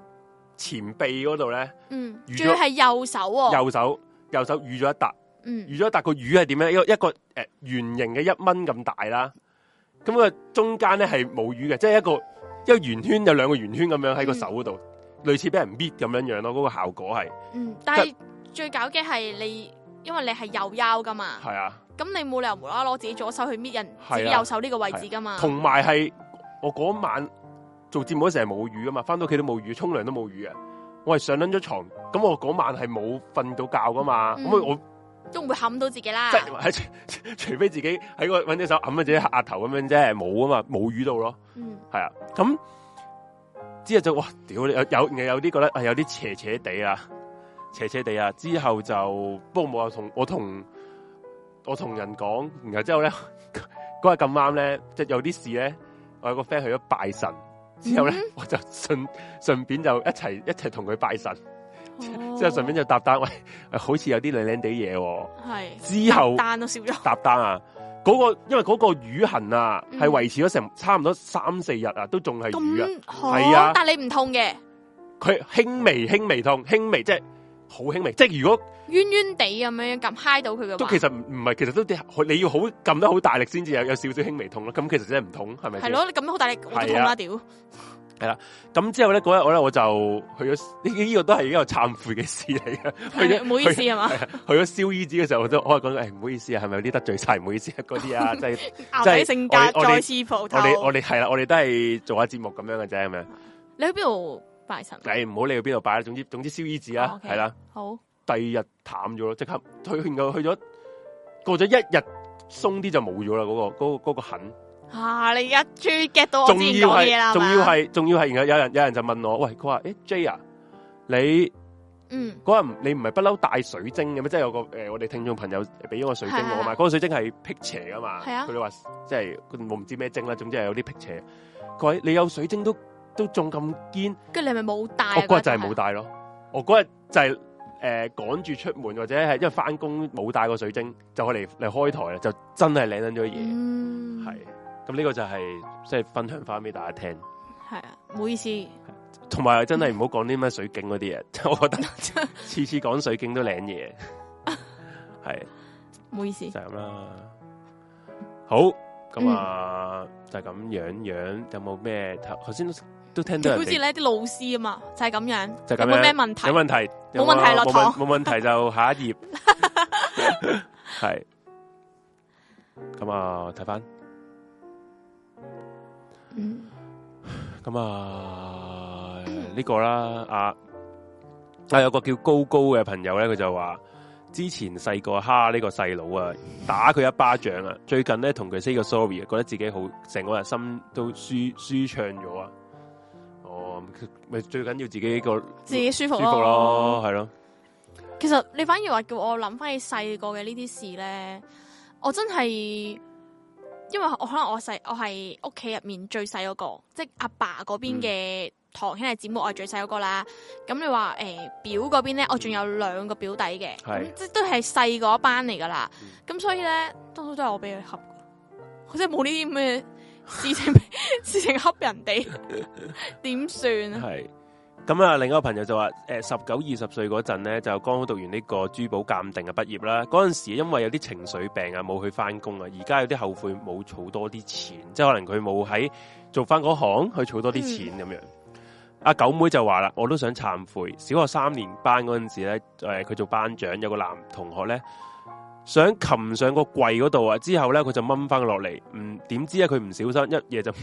前臂嗰度咧，嗯，仲要係右手喎、啊，右手右手瘀咗一笪，瘀咗一笪個瘀係點咧？一個誒圓、呃、形嘅一蚊咁大啦，咁、那個中間咧係冇瘀嘅，即係一個。一個圓圈有兩個圓圈咁樣喺個手度，嗯、類似俾人搣咁樣樣咯，嗰、那個效果係。嗯，但係、就是、最搞嘅係你，因為你係右腰噶嘛。係啊。咁你冇理由無啦啦攞自己左手去搣人，啊、自己右手呢個位置噶嘛。同埋係我嗰晚做節目成日冇雨噶嘛，返到屋企都冇雨，沖涼都冇雨啊！我係上捻咗床，咁我嗰晚係冇瞓到覺噶嘛，咁、嗯、我都唔會冚到自己啦。即係、就是、除，除非自己喺個揾隻手冚下自己額頭咁樣啫，冇啊嘛，冇雨到咯。嗯係啊，咁之後就哇，屌你有有有啲覺得有啲邪邪地啊，邪邪地啊。之後就不過冇話同我同我同，我同人講，然後之後咧嗰日咁啱咧，即係有啲事咧，我有個 friend 去咗拜神，之後咧、嗯、我就順順便就一齊一齊同佢拜神，哦、之後順便就搭單喂，好似有啲靚靚地嘢。係之後單都少咗，搭單啊。那個因為嗰個瘀痕啊，係維、嗯、持咗成差唔多三四日啊，都仲係淤嘅，係啊，但係你唔痛嘅，佢輕微輕微痛，輕微即係好輕微，即係如果冤冤地咁樣樣撳嗨到佢嘅話，都其實唔唔係，其實都啲你要好撳得好大力先至有，有少少輕微痛咯，咁其實真係唔痛，係咪？係咯、啊，你撳得好大力，我都痛了啊屌！係啦，咁之後咧嗰日我咧我就去咗呢個都係一個懺悔嘅事嚟嘅，去咗唔好意思係嘛，去咗燒衣紙嘅時候我都我係講誒唔好意思啊，係咪有啲得罪晒唔好意思嗰啲啊，即係即性格再次我哋我哋係啦，我哋都係做下節目咁樣嘅啫，係咪？你去邊度拜神？誒唔好理去邊度拜啦，總之總之燒衣紙啊係啦，好。第二日淡咗咯，即刻去然後去咗過咗一日鬆啲就冇咗啦，嗰個嗰個痕。吓、啊、你一 jump get 到我先講嘢啦，仲要係仲要係，然後有人有人就問我，喂，佢話誒 J 啊，你嗯嗰日你唔係不嬲帶水晶嘅咩？即、就、係、是、有個誒、呃，我哋聽眾朋友俾咗個水晶我嘛，嗰個水晶係辟邪噶嘛，佢哋話即係我唔知咩晶啦，總之係有啲辟邪。」佢話你有水晶都都仲咁堅，跟住你係咪冇帶？我嗰日就係冇帶咯。是啊、我嗰日就係誒趕住出門或者係因為翻工冇帶個水晶，就去嚟嚟開台啦，就真係領緊咗嘢，係。嗯咁呢個就係即係分享翻俾大家聽，係啊，唔好意思。同埋真係唔好講啲咩水警嗰啲嘢，我覺得次次講水警都靚嘢，係，唔好意思。就咁啦，好，咁啊就咁樣樣，有冇咩頭先都都聽到好似你啲老師啊嘛，就係咁樣，有冇咩問題？有問題，冇問題落台，冇問題就下一頁，係，咁啊睇翻。嗯這、啊，咁啊呢個啦，阿、啊、阿、啊、有個叫高高嘅朋友咧，佢就話之前細個蝦呢個細佬啊，打佢一巴掌啊，最近咧同佢 say 個 sorry，啊，覺得自己好成個人心都舒舒暢咗啊。哦，咪最緊要自己、這個自己舒服，舒服咯，係咯。其實你反而話叫我諗翻起細個嘅呢啲事咧，我真係。因為我可能我細我係屋企入面最細嗰個，即係阿爸嗰邊嘅堂兄弟姊妹我係最細嗰個啦。咁、嗯、你話誒、呃、表嗰邊咧，我仲有兩個表弟嘅、嗯，即都係細嗰班嚟噶啦。咁、嗯、所以咧，多數都係我俾佢恰，即係冇呢啲咁嘅事情， 事情恰人哋點 算啊？咁啊、嗯，另一個朋友就話：誒、呃，十九二十歲嗰陣咧，就剛好讀完呢個珠寶鑑定嘅畢業啦。嗰陣時因為有啲情緒病啊，冇去翻工啊。而家有啲後悔冇儲多啲錢，即係可能佢冇喺做翻嗰行去儲多啲錢咁樣。阿、啊、九妹就話啦：我都想懺悔。小學三年班嗰陣時咧，佢、呃、做班長，有個男同學咧想擒上個櫃嗰度啊，之後咧佢就掹翻落嚟，唔點知咧佢唔小心一嘢就掹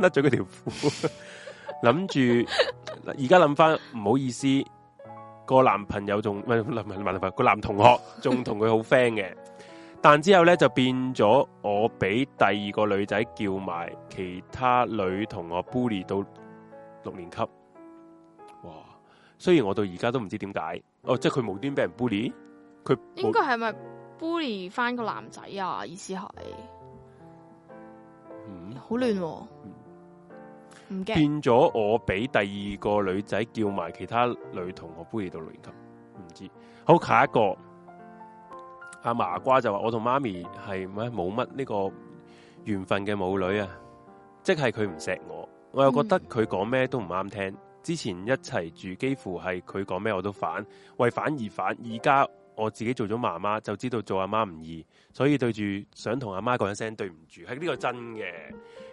甩咗佢條褲。 諗住，而家諗翻唔好意思，個男朋友仲唔係唔係唔係個男同學仲同佢好 friend 嘅，但之後咧就變咗我俾第二個女仔叫埋其他女同學 bully 到六年級。哇！雖然我到而家都唔知點解，哦，即係佢無端俾人 bully，佢應該係咪 bully 翻個男仔啊？意思係，嗯，好亂喎。變咗我俾第二個女仔叫埋其他女同學搬嚟到六年級，唔知，不知好下一個阿、啊、麻瓜就話我同媽咪係咩冇乜呢個緣分嘅母女啊，即係佢唔錫我，我又覺得佢講咩都唔啱聽，嗯、之前一齊住幾乎係佢講咩我都反，為反而反，而家。我自己做咗媽媽就知道做阿媽唔易，所以對住想同阿媽講聲對唔住，係、這、呢個真嘅。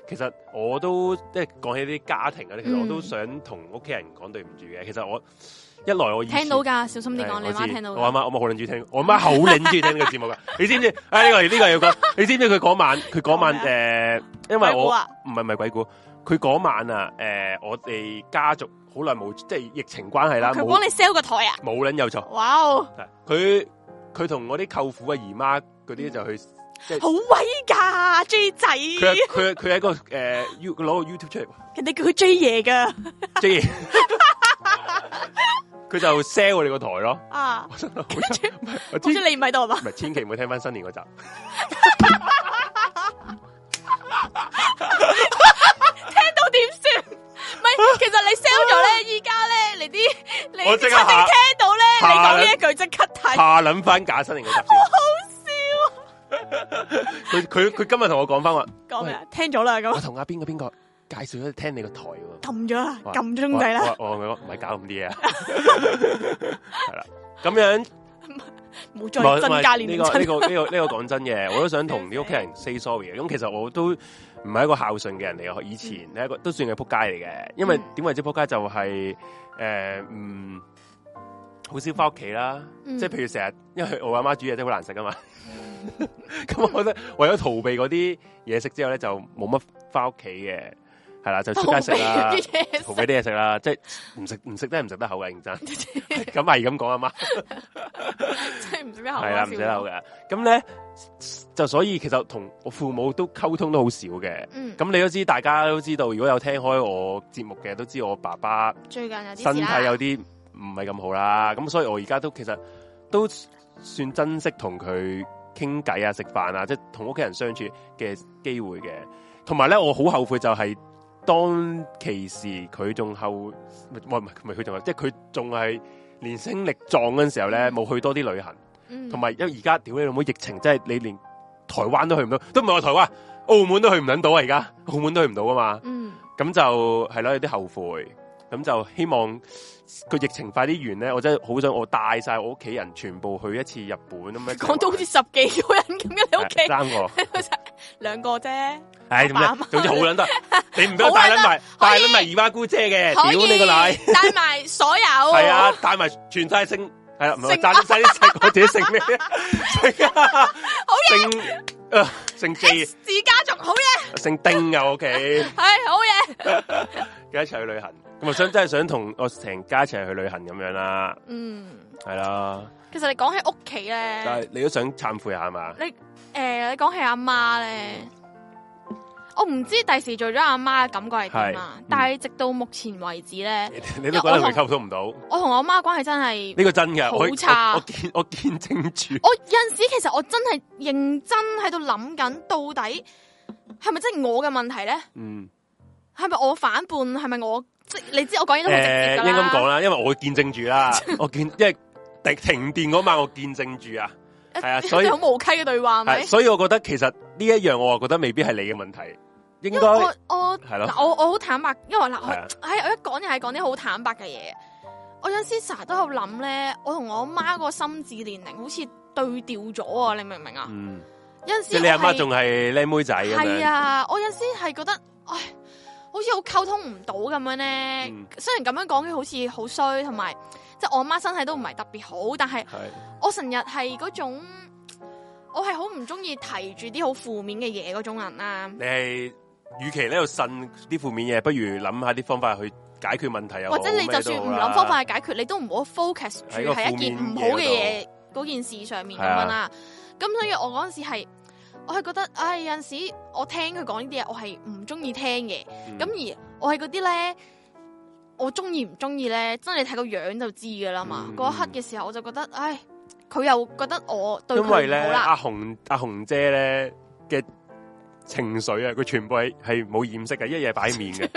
其實我都即係講起啲家庭嗰，其實我都想同屋企人講對唔住嘅。其實我一來我聽到噶，小心啲講，阿媽聽到我媽。我阿媽我冇令住聽，我阿媽好諗住聽呢 個節目噶。你知唔知？哎呢、這個呢、這個要講，你知唔知佢嗰晚佢嗰晚誒、呃？因為我唔係唔係鬼故。佢嗰晚啊，誒，我哋家族好耐冇，即係疫情關係啦。佢幫你 sell 個台啊？冇捻有錯。哇哦！佢佢同我啲舅父啊、姨媽嗰啲就去，好威噶 J 仔。佢佢佢係一個誒 y o u 攞個 YouTube 出嚟。人哋叫佢 J 爺噶，J 爺。佢就 sell 我哋個台咯。啊！我真係好，我知你唔喺度係嘛？唔係，千祈唔好聽翻新年嗰集。點算？唔係，其實你 sell 咗咧，依家咧，嚟啲你啲肯定聽到咧，你講呢一句即刻睇。下諗翻假新年嘅。好好笑。佢佢佢今日同我講翻話。講咩？聽咗啦，咁。我同阿邊個邊個介紹咗聽你個台。撳咗啦，撳咗鐘仔啦。我唔係搞咁啲嘢。係啦，咁樣。冇再真假連篇。呢個呢個呢個呢個講真嘅，我都想同啲屋企人 say sorry。咁其實我都。唔係一個孝順嘅人嚟嘅，以前咧一個、嗯、都算係撲街嚟嘅，因為點為之撲街就係、是、誒、呃，嗯，好少翻屋企啦，嗯、即係譬如成日，因為我阿媽煮嘢都好難食啊嘛，咁、嗯、 我覺得為咗逃避嗰啲嘢食之後咧，就冇乜翻屋企嘅。係啦，就出街食啦，同俾啲嘢食啦，即係唔食唔食真唔食得口嘅，認真咁係咁講啊嘛，即係唔食得口。係啦， 唔食得口嘅。咁咧就所以，其實同我父母都溝通都好少嘅。咁、嗯、你都知，大家都知道，如果有聽開我節目嘅，都知我爸爸最近有、啊、身體有啲唔係咁好啦。咁所以我而家都其實都算珍惜同佢傾偈啊、食飯啊，即係同屋企人相處嘅機會嘅。同埋咧，我好後悔就係、是。當其時佢仲後，唔係唔係唔係佢仲即係佢仲係後生力壯嗰陣時候咧，冇、嗯、去多啲旅行，同埋因為而家屌你老母，疫情真係你連台灣都去唔到，都唔係話台灣，澳門都去唔捻到啊！而家澳門都去唔到啊嘛，咁、嗯、就係啦，有啲後悔，咁就希望個疫情快啲完咧。我真係好想我帶晒我屋企人全部去一次日本咁樣，講到好似十幾個人咁樣你屋企，三個，兩 個啫。唉，總之好捻得，你唔俾我帶撚埋，帶撚埋姨媽姑姐嘅，屌你個奶！帶埋所有，係啊，帶埋全世姓，係啊，唔好細細個自己姓咩？姓啊，好嘢！姓啊，姓自家族，好嘢！姓丁嘅屋企，係好嘢。一齊去旅行，咁啊想真係想同我成家一齊去旅行咁樣啦，嗯，係啦。其實你講起屋企咧，但係你都想懺悔下嘛？你誒，你講起阿媽咧？我唔知第時做咗阿媽嘅感覺係點啊！嗯、但係直到目前為止咧， 你都覺得佢溝通唔到。我同我阿媽關係真係呢個真嘅，好很差我我。我見我見證住。 我有陣時其實我真係認真喺度諗緊，到底係咪真係我嘅問題咧？嗯，係咪我反叛？係咪我即、就是、你知？我講嘢都唔識嘅。應該咁講啦，因為我見證住啦， 我見因為停電嗰晚我見證住啊，係 啊，所以好無稽嘅對話是是。所以我覺得其實呢一樣我覺得未必係你嘅問題。應該我我係咯，我我好坦白，因為嗱我一講又係講啲好坦白嘅嘢。我有陣時成日都有諗咧，我同我阿媽個心智年齡好似對調咗啊！你明唔明啊？有陣時你阿媽仲係靚妹仔，係啊！我有陣時係覺得，唉，好似好溝通唔到咁樣咧。雖然咁樣講，佢好似好衰，同埋即係我阿媽身體都唔係特別好，但係我成日係嗰種，我係好唔中意提住啲好負面嘅嘢嗰種人啦。你係。與其呢度呻啲負面嘢，不如諗下啲方法去解決問題啊！或者你就算唔諗方法去解決，啊、你都唔好 focus 住喺一件唔好嘅嘢嗰件事上面咁啦。咁、啊、所以我嗰陣時係，我係覺得，唉、哎，有陣時候我聽佢講呢啲嘢，我係唔中意聽嘅。咁、嗯、而我係嗰啲咧，我中意唔中意咧，真係你睇個樣就知噶啦嘛。嗰、嗯、一刻嘅時候，我就覺得，唉、哎，佢又覺得我對佢唔好啦。阿紅阿紅姐咧嘅。情緒啊，佢全部係係冇掩飾嘅，一夜擺面嘅，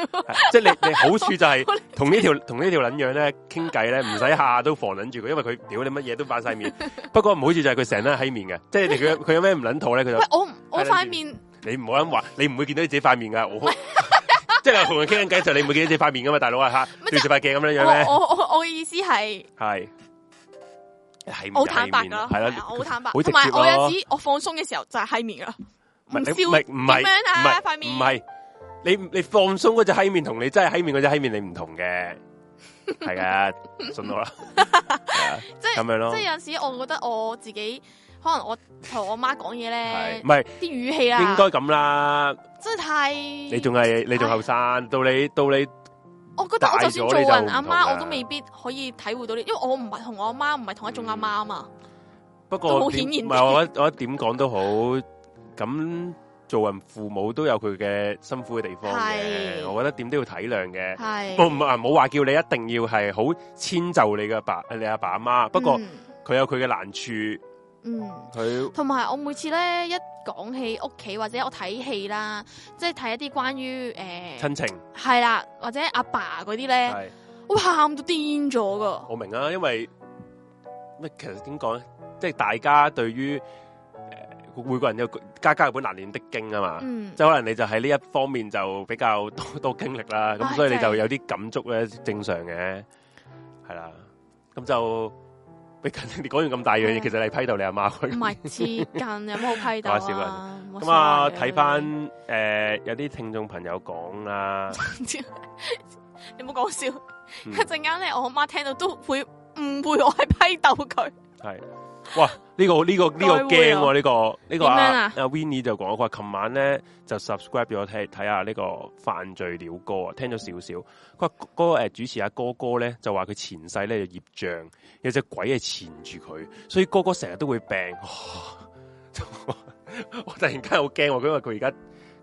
即係你你好處就係同呢條同呢條捻樣咧傾偈咧，唔使下下都防捻住佢，因為佢屌你乜嘢都擺晒面。不過唔好處就係佢成日都喺面嘅，即係佢有咩唔捻妥咧，佢就喂我我塊面，你唔好咁話，你唔會見到你自己塊面噶，即係同人傾緊偈就你唔會見到自己塊面噶嘛，大佬啊吓，對住塊鏡咁樣樣咩？我我我嘅意思係係好坦白係好坦白，同埋我有時我放鬆嘅時候就係喺面噶。唔係笑面，唔係你你放鬆嗰隻嬉面，同你真係嬉面嗰隻嬉面，你唔同嘅，係啊，信我啦。即係咁樣咯。即係有陣時，我覺得我自己可能我同我媽講嘢咧，唔係啲語氣啊，應該咁啦。真係太，你仲係你仲後生，到你到你，我覺得我就算做人阿媽，我都未必可以體會到你，因為我唔係同我阿媽唔係同一種阿媽嘛。不過唔係我我點講都好。咁、嗯、做人父母都有佢嘅辛苦嘅地方是我覺得點都要體諒嘅。唔唔唔，冇話叫你一定要係好遷就你嘅爸、你阿爸阿媽。不過佢、嗯、有佢嘅難處，嗯，佢同埋我每次咧一講起屋企或者我睇戲啦，即係睇一啲關於誒親情係啦，或者阿爸嗰啲咧，是我喊到癲咗噶。我明啊，因爲咩？其實點講咧，即係大家對於。每個人有，家家有本難念的經啊嘛，即係、嗯、可能你就喺呢一方面就比較多，多經歷啦，咁是所以你就有啲感觸咧，正常嘅係啦。咁就最近你講完咁大樣嘢，嗯、其實你批鬥你阿媽佢，唔係接近有冇批鬥啊？咁 啊，睇翻誒有啲聽眾朋友講啊， 你冇講笑，一陣間咧我阿媽聽到都會誤會我係批鬥佢，係。哇！呢個呢個呢個驚喎，呢個呢個阿阿 Vinnie 就講佢話，琴晚咧就 subscribe 俾我睇睇下呢個犯罪鳥歌啊，聽咗少少，佢話嗰個誒、呃、主持阿哥哥咧就話佢前世咧就業障，有隻鬼係纏住佢，所以哥哥成日都會病。我 我突然間好驚，因為佢而家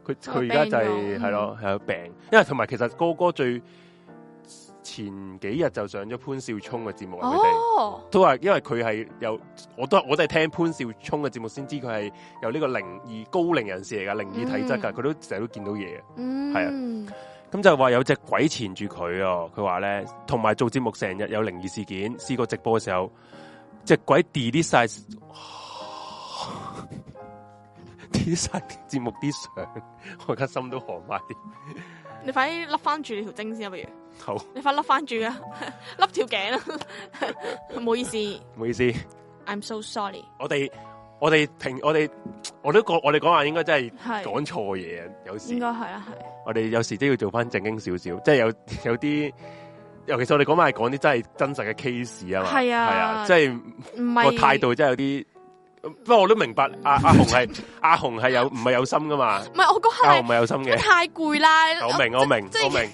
佢佢而家就係係咯，病用 係有病。因為同埋其實哥哥最。前幾日就上咗潘少聰嘅節目，哦，佢哋都話，因為佢係有，我都我都係聽潘少聰嘅節目先知佢係有呢個靈異高靈人士嚟噶，靈異體質噶，佢都成日都見到嘢，係啊，咁就話有隻鬼纏住佢啊。佢話咧，同埋做節目成日有靈異事件，試過直播嘅時候隻，隻鬼 delete 晒、delete 晒節目啲相，我而家心都寒埋， 你快啲笠翻住你條精先啊，不如。好，你快笠翻住啊！笠條頸，唔好意思，唔好意思。I'm so sorry。我哋我哋平我哋我都覺我哋講話應該真係講錯嘢，有時應該係啊，係。我哋有時都要做翻正經少少，即係有有啲。尤其是我哋講話係講啲真係真實嘅 case 啊嘛，係啊，係啊，即係唔係個態度真係有啲。不過我都明白，阿阿紅係阿紅係有唔係有心噶嘛。唔係我嗰刻係唔係有心嘅，太攰啦。我明，我明，我明。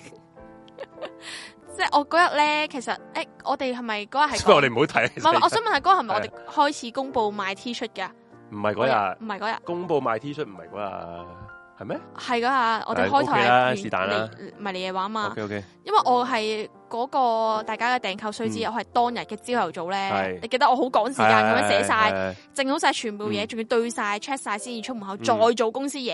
即係我嗰日咧，其實誒、欸，我哋係咪嗰日係？不如我哋唔好睇。唔係，我想問下，嗰日係咪我哋開始公布賣 T 恤㗎？唔係嗰日，唔係嗰日公布賣 T 恤，唔係嗰日，係咩？係嗰日我哋開台。是但、OK、啦，唔係你嘢玩嘛。OK OK，因為我係。嗰個大家嘅訂購須知，我係當日嘅朝頭早咧，你記得我好趕時間咁樣寫晒，整好晒全部嘢，仲要對晒、check 晒，先至出門口再做公司嘢。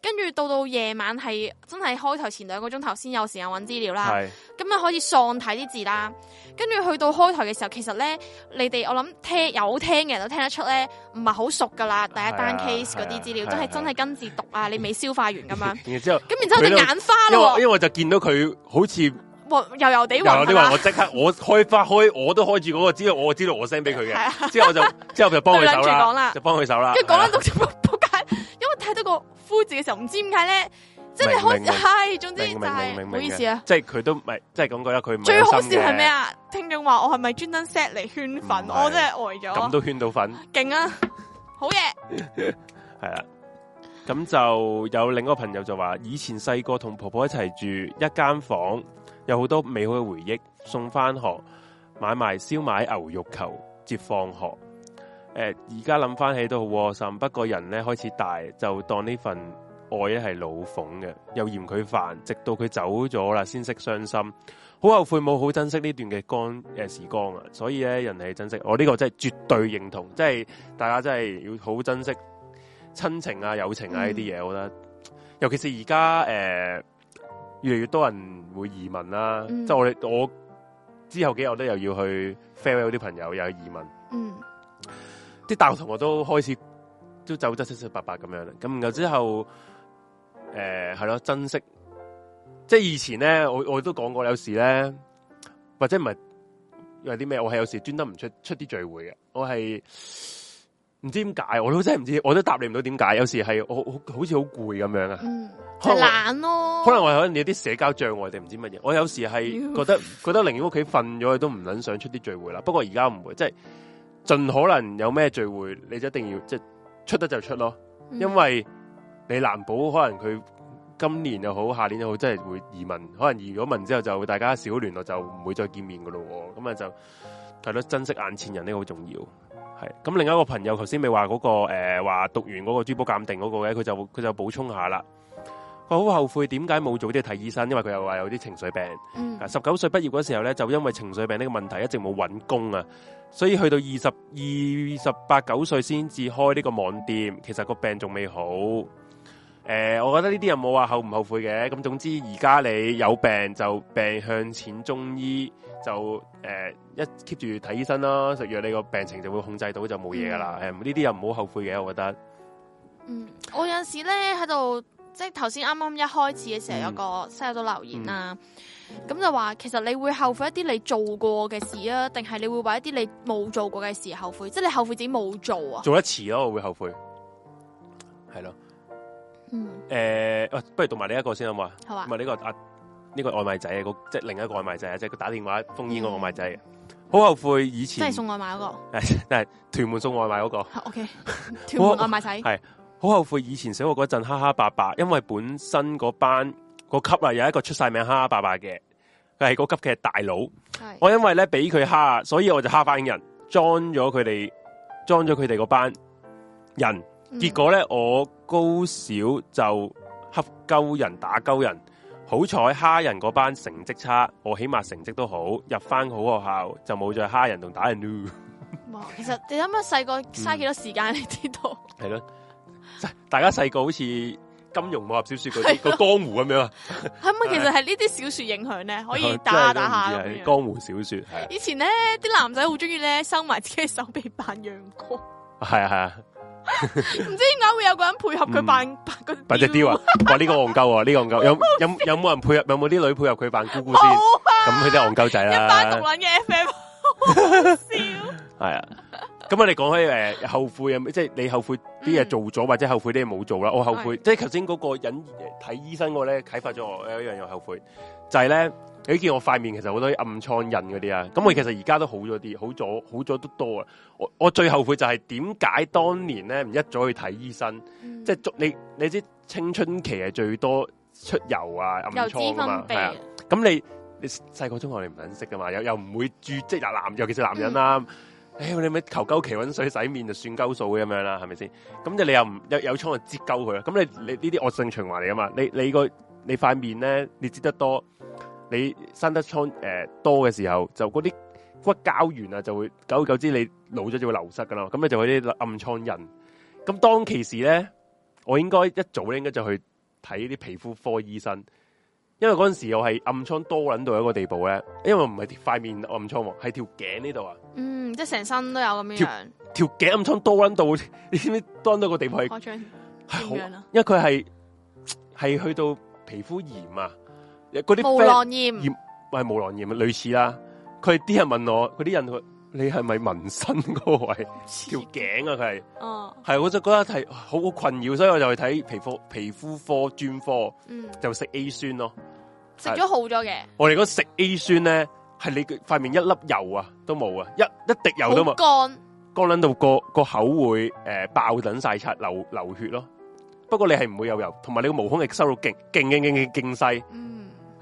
跟住到到夜晚係真係開台前兩個鐘頭先有時間搵資料啦。咁啊開始喪睇啲字啦，跟住去到開台嘅時候，其實咧你哋我諗聽有聽嘅人都聽得出咧，唔係好熟噶啦，第一單 case 嗰啲資料都係真係跟字讀啊，你未消化完噶嘛。然之後咁，然之後眼花咯，因為我就見到佢好似。油油地話，我即刻我開花開，我都開住嗰個，只要我知道我 send 俾佢嘅，之後就之後就幫佢手啦，就幫佢手啦。跟住講啦，因為睇到個呼字嘅時候，唔知點解咧，即係你開唉，總之就係好意思啊，即係佢都唔係，即係咁覺得佢最好笑係咩啊？聽眾話我係咪專登 set 嚟圈粉？我真係呆咗，咁都圈到粉，勁啊！好嘢，係啊！咁就有另一個朋友就話，以前細個同婆婆一齊住一間房。有好多美好嘅回憶，送翻學，買埋燒賣、牛肉球，接放學。誒、呃，而家諗翻起都好窩心，不過人咧開始大，就當呢份愛咧係老馮嘅，又嫌佢煩，直到佢走咗啦，先識傷心，好後悔冇好珍惜呢段嘅光誒、呃、時光啊！所以咧，人哋珍惜我呢個真係絕對認同，即係大家真係要好珍惜親情啊、友情啊呢啲嘢，嗯、我覺得，尤其是而家誒。呃越嚟越多人會移民啦、啊，嗯、就我我之後幾日都又要去 farewell 啲朋友，又去移民，啲大學同學都開始都走得七七八八咁樣啦。咁之後，誒係咯，珍惜，即係以前咧，我我都講過，有時咧，或者唔係因為啲咩，我係有時專登唔出出啲聚會嘅，我係。唔知點解，我都真係唔知，我都答你唔到點解。有時係我好似好攰咁樣啊，好懶咯。可能我有啲社交障礙定唔知乜嘢，我有時係覺得要 覺得寧願屋企瞓咗都唔捻想出啲聚會啦。不過而家唔會，即係盡可能有咩聚會，你就一定要即係出得就出咯。嗯、因為你難保可能佢今年又好，下年又好，真係會移民。可能移咗民之後就，就大家少聯絡，就唔會再見面噶咯。咁啊就睇到、就是、珍惜眼前人呢，好、呢個、重要。咁另外一個朋友，頭先咪話嗰個誒、話讀完嗰個珠寶鑑定嗰個嘅，佢就佢就補充下啦。佢好後悔點解冇早啲去睇醫生，因為佢又話有啲情緒病。十九、嗯、歲畢業嗰時候咧，就因為情緒病呢個問題一直冇揾工啊，所以去到二十二十八九歲先至開呢個網店。其實個病仲未好。誒、呃，我覺得呢啲又冇話後唔後悔嘅。咁總之而家你有病就病向淺中醫。就誒、呃，一 keep 住睇醫生啦，食藥，你個病情就會控制到就冇嘢噶啦。誒、嗯，呢啲又唔好後悔嘅，我覺得。嗯，我有陣時咧喺度，即係頭先啱啱一開始嘅時候、嗯、有個收到留言啦、啊、咁、嗯、就話其實你會後悔一啲你做過嘅事啊，定係你會為一啲你冇做過嘅事後悔？即、就、係、是、你後悔自己冇做啊？做一次咯，我會後悔。係咯。誒、嗯呃，不如讀埋呢一個先好嘛？好啊。唔係呢個、啊呢個外賣仔即係佢另一個外賣仔即係佢打電話封煙個外賣仔，好、嗯、後悔以前。即係送外賣嗰、那個，係，係屯門送外賣嗰、那個。o、okay. K，屯門外賣仔係， 好後悔,後悔以前小學嗰陣，哈哈伯伯，因為本身嗰班個級啊有一個出晒名，哈哈伯伯嘅，佢係嗰級嘅大佬。是我因為咧俾佢蝦，所以我就蝦班人，裝咗佢哋，裝咗佢哋嗰班人，結果咧我高小就恰鳩人打鳩人。好彩蝦人嗰班成績差，我起碼成績都好，入翻好學校就冇再蝦人同打人咯。冇， 其實你諗下細個嘥幾多時間、啊，嗯、你知道？係咯，大家細個好似金融武俠小說嗰啲是的 個江湖咁樣啊？係咪 其實係呢啲小說影響咧，的可以打打下。江湖小說係。的的以前咧，啲男仔好中意咧，收埋自己手臂扮楊過。係啊係啊。唔知點解會有個人配合佢扮扮嗰隻雕啊！話，呢個憨鳩啊，呢個憨鳩有有有冇人配合？有冇啲女配合佢扮姑姑先？咁佢啲憨鳩仔啦，一班毒撚嘅 F M 笑係啊！咁我哋講起誒，後悔有咩？即係你後悔啲嘢做咗，或者後悔啲嘢冇做啦。我後悔，即係頭先嗰個引睇醫生個咧，啟發咗我有一樣嘢後悔，就係咧。你見我塊面其實好多暗瘡印嗰啲啊，咁我其實而家都好咗啲，好咗好咗得多啊！我我最後悔就係點解當年咧唔一早去睇醫生，嗯、即係你你知青春期係最多出油啊，暗瘡啊嘛，咁、啊、你你細個中學你唔肯識噶嘛，又又唔會住即男，尤其是男人啦、啊嗯哎，你咪求鳩其搵水洗面就算鳩數咁樣啦、啊，係咪先？咁即你又唔又有，有瘡就擠鳩佢，咁你你呢啲惡性循環嚟噶嘛？你你個你塊面咧你擠得多。你生得瘡誒、呃、多嘅時候，就嗰啲骨膠原啊，就會久而久之你老咗就會流失噶啦，咁咧就嗰啲暗瘡印。咁當其時咧，我應該一早咧應該就去睇啲皮膚科醫生，因為嗰陣時我係暗瘡多撚到一個地步咧，因為唔係塊面暗瘡，係條頸呢度啊。嗯，即係成身都有咁樣。條頸暗瘡多撚到，你知唔知道多撚到個地步係？係好誇張，是啊、因為佢係係去到皮膚炎啊。嗯無浪炎，唔係無浪炎，咪類似啦。佢啲人問我，佢啲人佢你係咪紋身嗰位？條頸啊，佢係哦，係我就覺得係好困擾，所以我就去睇皮膚皮膚科專科，就食 A 酸咯，食咗好咗嘅。我哋嗰食 A 酸咧，係你塊面一粒油啊，都冇啊，一一滴油都冇，乾乾捻到個個口會誒爆等晒擦流流血咯。不過你係唔會有油，同埋你個毛孔係收到勁勁勁勁勁細。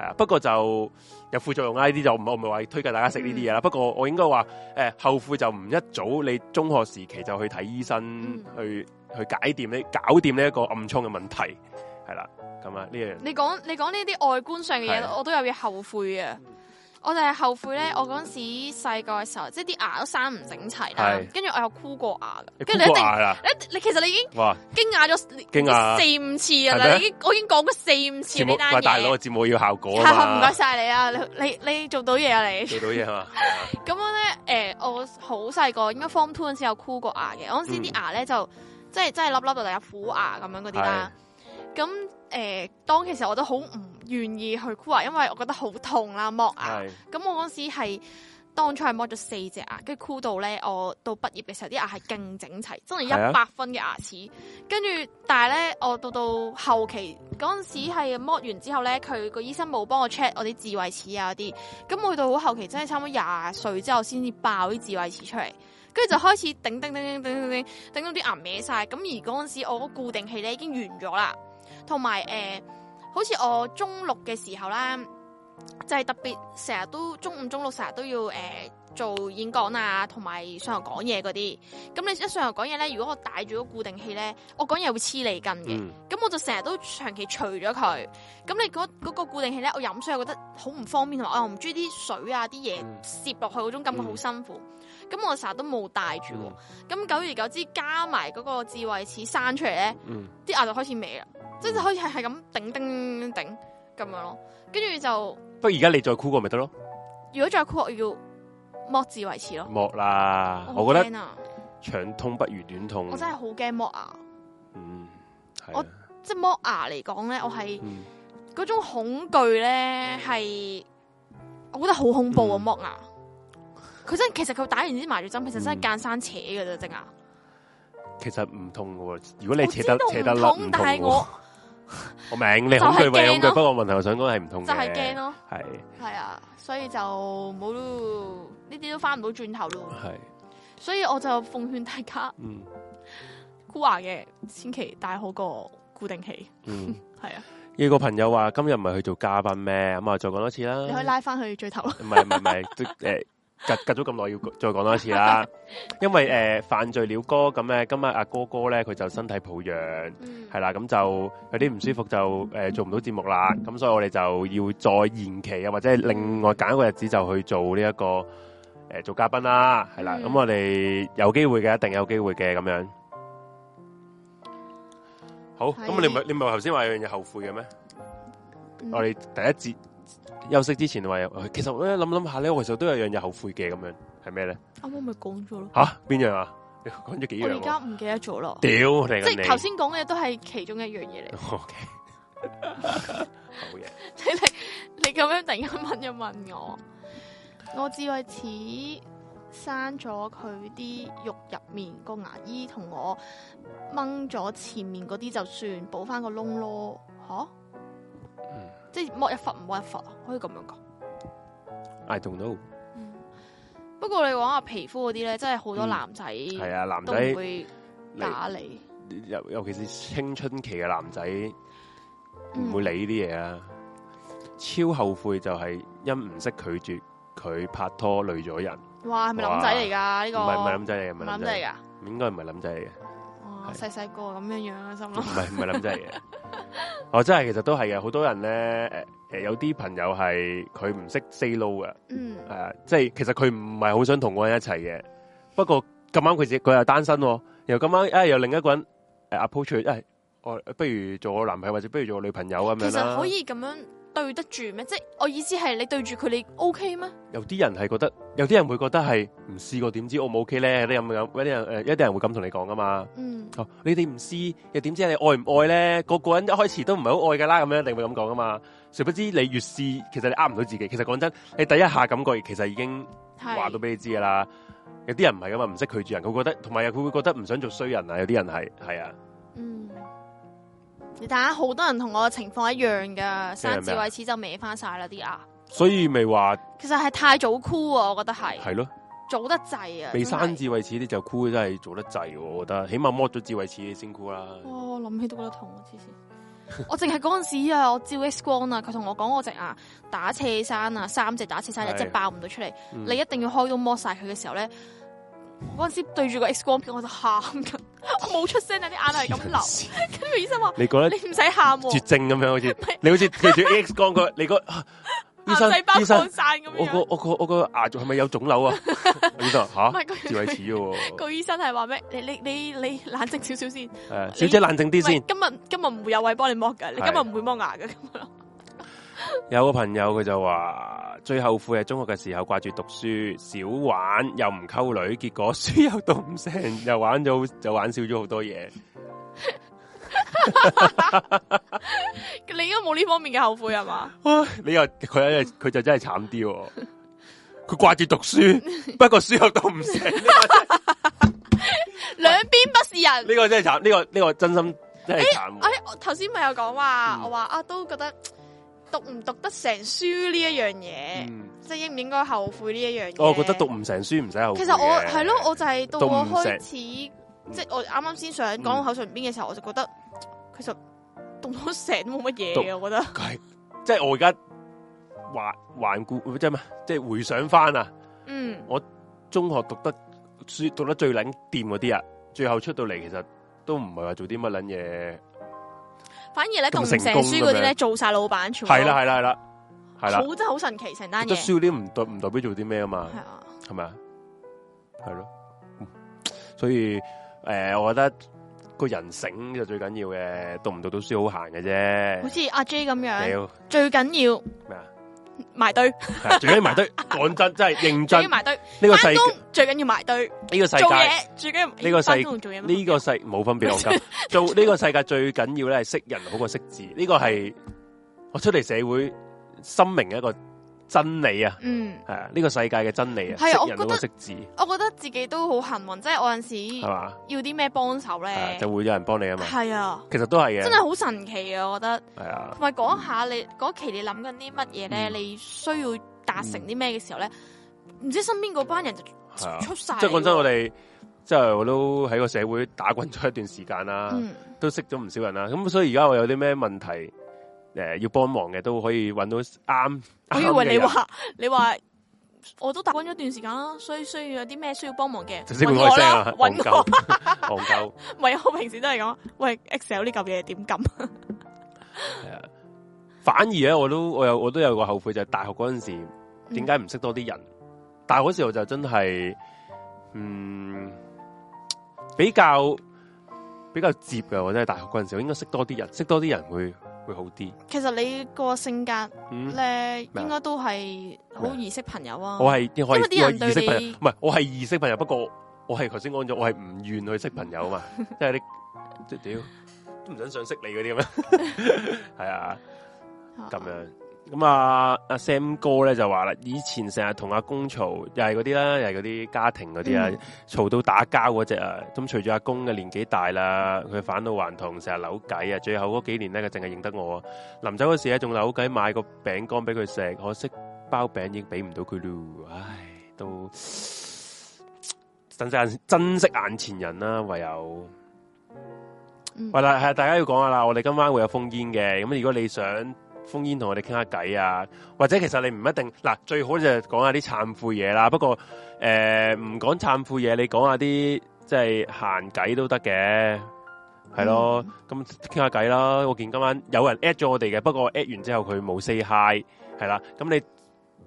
誒，不過就有副作用啦，呢啲就唔我唔係話推介大家食呢啲嘢啦。嗯、不過我應該話，誒後悔就唔一早你中學時期就去睇醫生，嗯、去去解掂呢，搞掂呢一個暗瘡嘅問題，係啦，咁啊呢樣。你講你講呢啲外觀上嘅嘢，是的 我都有嘢後悔嘅。嗯我就係後悔咧，我嗰時細個嘅時候，即係啲牙都生唔整齊啦，跟住我又箍過牙嘅，跟住你一定，你其實你已經驚訝咗四五次啊！你已經我已經講咗四五次，但係大佬節目要效果啊嘛，唔該曬你啊！你你你做到嘢啊你，做到嘢啊！咁樣咧，誒，我好細個，應該 form two 嗰時有箍過牙嘅，我嗰時啲牙咧就即係真係粒粒就有虎牙咁樣嗰啲啦。咁誒，當其實我都好唔。願意去箍牙，因為我覺得好痛啦，剝牙。咁我嗰陣時係當初係剝咗四隻牙，跟住箍到咧，我到畢業嘅時候啲牙係勁整齊，真係一百分嘅牙齒。跟住，但係咧，我到到後期嗰陣時係剝完之後咧，佢個醫生冇幫我 check 我啲智慧齒啊啲，咁我去到好後期真係差唔多廿歲之後先至爆啲智慧齒出嚟，跟住就開始頂頂頂頂頂頂頂，頂到啲牙歪晒。咁而嗰陣時我個固定器咧已經完咗啦，同埋誒。好似我中六嘅時候啦，就係、是、特別成日都中五、中、中六成日都要誒、呃、做演講啊，同埋上台講嘢嗰啲。咁你一上台講嘢咧，如果我帶住個固定器咧，我講嘢會黐脷根嘅。咁、嗯、我就成日都長期除咗佢。咁你嗰、那個、那個固定器咧，我飲水我覺得好唔方便，同埋我又唔中意啲水啊啲嘢攝落去嗰種感覺好辛苦。嗯嗯咁我成日都冇戴住，咁久而久之加埋嗰個智慧齒生出嚟咧，啲、嗯、牙就開始歪啦，即係可以係係咁頂頂頂咁樣咯，跟住就不如而家你再箍過咪得咯，如果再箍我要剝智慧齒咯，剝啦，我覺得長痛不如短痛，我真係好驚剝牙，嗯，我即係剝牙嚟講咧，我係嗰種恐懼咧係，我覺得好恐怖啊剝、嗯、牙。佢真係，其實佢打完支麻醉針，其實真係間山扯嘅咋，正啊！其實唔痛嘅，如果你扯得扯得甩唔痛。我明，你恐以為我腳，不過問題我想講係唔痛，就係驚咯，係係啊，所以就冇咯，呢啲都翻唔到轉頭咯，係。所以我就奉勸大家，嗯，酷華嘅，千祈帶好個固定器，嗯，係啊。呢個朋友話今日唔係去做嘉賓咩？咁啊，再講多次啦，你可以拉翻去最頭。唔係唔係唔係，誒。隔隔咗咁耐，要再講多次啦。因為誒、呃、犯罪鳥哥咁咧，今日阿、啊、哥哥咧佢就身體抱恙係啦，咁、嗯、就有啲唔舒服就誒、呃、做唔到節目啦。咁、嗯、所以我哋就要再延期啊，或者另外揀一個日子就去做呢、這、一個誒、呃、做嘉賓啦。係啦，咁、嗯、我哋有機會嘅，一定有機會嘅咁樣。好，咁的你咪你咪頭先話有樣嘢後悔嘅咩？嗯、我哋第一節。休息之前話，其實我一諗諗下咧，我其實都有一樣嘢後悔嘅咁樣，係咩咧？啱啱咪講咗咯。吓，邊樣啊？講咗幾樣？我而家唔記得咗咯。屌，你即係頭先講嘅都係其中一樣嘢嚟。O K，好嘢。你咁樣突然間問一問我， 我隻牙齒生咗佢啲肉入面，個牙醫同我掹咗前面嗰啲就算，補翻個窿咯，吓、啊？即係摸一忽唔摸一忽可以咁樣講。I don't know。不過你講下皮膚嗰啲咧，真係好多男仔係、嗯、啊，男仔會打你，尤尤其是青春期嘅男仔唔會理呢啲嘢啊。嗯、超後悔就係因唔識拒絕佢拍拖累咗人。哇，係咪林仔嚟噶呢個？唔係唔係林仔嚟嘅，唔係林仔嚟噶，應該唔係林仔嚟嘅。細細個咁樣樣啊，我心諗唔係唔係諗真係嘅。哦， 真係其實都係嘅，好多人咧，誒誒，有啲朋友係佢唔識 say no 嘅，嗯，誒、啊，即係其實佢唔係好想同我一齊嘅，不過咁啱佢自佢又單身，又咁啱、哎、又另一個人誒 approach，誒、哎，我不如做我男朋友或者不如做我女朋友咁樣，其實可以咁樣。這樣對得住咩？即係我意思係你對住佢你 O K 咩？OK，有啲人係覺得，有啲人會覺得係唔試過點知 O 唔 O K 咧？你有冇有啲人？誒，一啲人會咁同你講噶嘛？嗯，你哋唔試又點知你愛唔愛咧？個個人一開始都唔係好愛噶啦，咁樣一定會咁講噶嘛？殊不知你越試，其實你呃唔到自己。其實講真，你第一下感覺其實已經話到俾你知噶啦。是有啲人唔係噶嘛，唔識拒絕人，佢覺得同埋佢會覺得唔想做衰人啊。有啲人係係啊。大家好多人同我嘅情況一樣噶，生智慧齒就歪翻曬啦啲牙，所以咪話其實係太早箍啊，我覺得係係咯，的早得滯啊！未生智慧齒啲就箍真係早得滯，我覺得，起碼磨咗智慧齒你先箍啦。哇，諗起都覺得痛啊！黐線我淨係嗰時啊，我照 X 光啊，佢同我講我隻牙打斜山啊，三隻打斜山，的一隻爆唔到出嚟，嗯、你一定要開刀磨曬佢嘅時候咧，嗰時對住個 X 光片我就喊㗎。我冇出聲，但啲眼淚係咁流。跟住醫生話：，你覺得？你唔使喊，絕症咁樣，好似你好似做住 X 光，佢你個牙細胞崩晒咁樣。我個我個我個牙仲係咪有腫瘤啊？醫生吓，唔係智慧齒嘅。個醫生係話咩？你你你你冷靜少少先。誒，小姐冷靜啲先。今日今日唔會有位幫你剝嘅，你今日唔會剝牙嘅今日。有個朋友佢就話最後悔係中學嘅時候掛住讀書少玩又唔溝女，結果書又讀唔成，又玩咗就玩少咗好多嘢。 你應該冇呢方面嘅後悔係嘛？你又佢佢就真係慘啲，佢掛住讀書，不過書又讀唔成，兩邊不是人。呢個真係慘，呢、這個呢、這個真心真係慘。哎、欸欸，我頭先咪有講話，嗯、我話啊都覺得。讀唔讀得成書呢一樣嘢，嗯、即係應唔應該後悔呢一樣嘢？我覺得讀唔成書唔使後悔。其實我係咯，我就係到我開始，即係我啱啱先想講、嗯、口上邊嘅時候，我就覺得其實讀到成都冇乜嘢嘅。讀我覺得即係我而家環環顧即係咩，即係回想翻啊。嗯，我中學讀得書讀得最撚掂嗰啲啊，最後出到嚟其實都唔係話做啲乜撚嘢。反而咧讀成書嗰啲咧做晒老闆，全部係啦係啦係啦，係啦，好了真係好神奇成單嘢。讀書嗰啲唔代唔代表做啲咩啊嘛，係咪是啊？係咯、嗯，所以誒、呃，我覺得個人醒就最緊要嘅，讀唔讀到書好閒嘅啫。好似阿 J 咁樣，你哦、最緊重要，埋堆，最緊要埋堆。講真，真係認真。埋堆，翻工最緊要埋堆。呢個世界做嘢最緊。呢個世呢個世冇分別我噶。做呢個世界最緊要咧係識人好過識字。呢個係我出嚟社會深明嘅一個。真理啊，係、嗯、啊、呢、這個世界嘅真理啊，是啊人個識字我，我覺得自己都好幸運，即、就、係、是、我有陣時係嘛，要啲咩幫手咧，就會有人幫你啊嘛，係啊，其實都係啊，真係好神奇啊！我覺得係啊，同埋講下你嗰期你諗緊啲乜嘢咧，嗯、你需要達成啲咩嘅時候咧，唔、嗯、知身邊嗰班人就出晒，即係講真，我，我哋即係我都喺個社會打滾咗一段時間啦、啊，嗯、都識咗唔少人啦、啊，咁所以而家我有啲咩問題誒、呃、要幫忙嘅都可以揾到啱。我以為你話 你話，我都打工咗一段時間啦，所以需要有啲咩需要幫忙嘅，問我啦，搵我，我，唔係我平時都係講：「喂 Excel 呢嚿嘢點咁？係啊， 反而咧，我都我有我都有個後悔，就係、是、大學嗰陣時，點解唔識多啲人？大學嗰時候就真係，嗯，比較比較接嘅，或者係大學嗰陣時候，我應該識多啲人，識多啲人會。會好啲。其實你個性格咧，嗯、你應該都係好易識朋友啊。我係因為啲人唔係，我係易識朋友。不過我係頭先講咗，我係唔願去識朋友嘛。即係 你，即屌，都唔想想識你嗰啲咁樣。係 啊，咁 樣。咁、嗯、啊，阿 Sam 哥咧就話啦，以前成日同阿公嘈，又係嗰啲啦，又係嗰啲家庭嗰啲、嗯、啊，嘈到打交嗰隻啊。咁隨住阿公嘅年紀大啦，佢返老還童，成日扭計啊。最後嗰幾年咧，佢淨係認得我。臨走嗰時咧，仲扭計買個餅乾俾佢食，可惜包餅已經俾唔到佢啦。唉，都等陣間珍惜眼前人啦、啊，唯有。喂啦、嗯，係大家要講下啦，我哋今晚會有烽煙嘅，咁如果你想。封煙同我哋傾下偈啊，或者其實你唔一定嗱，最好就講下啲懺悔嘢啦。不過誒，唔講懺悔嘢，你講下啲即係閒偈都得嘅，係、嗯、咯。咁傾下偈啦。我見今晚有人 at 咗我哋嘅，不過 at 完之後佢冇 say hi，係啦。咁你誒、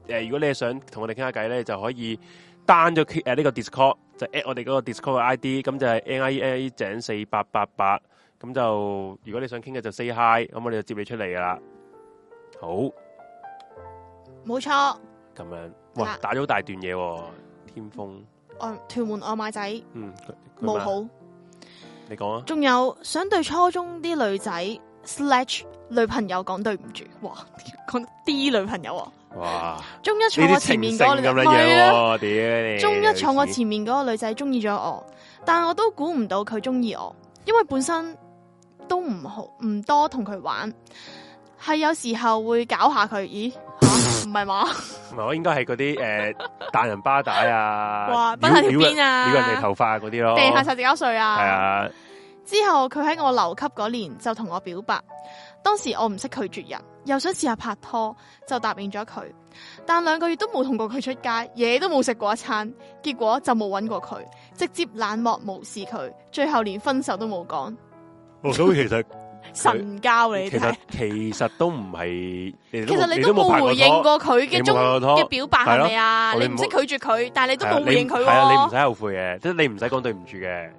呃，如果你係想同我哋傾下偈咧，就可以單咗誒呢個 Discord 就 at 我哋嗰個 Discord 嘅 ID，咁就係 N I A 井四八八八。咁就如果你想傾嘅就 say hi，咁我哋就接你出嚟啦。好沒錯，冇錯，咁樣哇，啊、打咗大段嘢天風，屯門外賣仔，嗯，冇好，你講啊，仲有想對初中啲女仔 slash 女朋友講對唔住，哇，講啲女朋友，哇，中一坐我前面嗰個女仔，屌，啊你啊、中一坐我前面嗰個女仔中意咗我，但我都估唔到佢中意我，因為本身都唔好唔多同佢玩。係有時候會搞下佢，咦？唔係嘛？唔係，我應該係嗰啲誒、大、呃、 人巴打啊，剪下條辮啊，剪人哋頭髮嗰啲咯，地下殺自己睡啊。啊之後佢喺我留級嗰年就同我表白，當時我唔識拒絕人，又想試下拍拖，就答應咗佢。但兩個月都冇同過佢出街，嘢都冇食過一餐，結果就冇揾過佢，直接冷漠無視佢，最後連分手都冇講。哦，所以其實。 神交你睇，其實都唔係，其實你都冇回應過佢嘅中嘅表白係咪啊？你唔識拒絕佢，但係你都冇回應佢喎。係啊，你唔使後悔嘅，即係你唔使講對唔住嘅。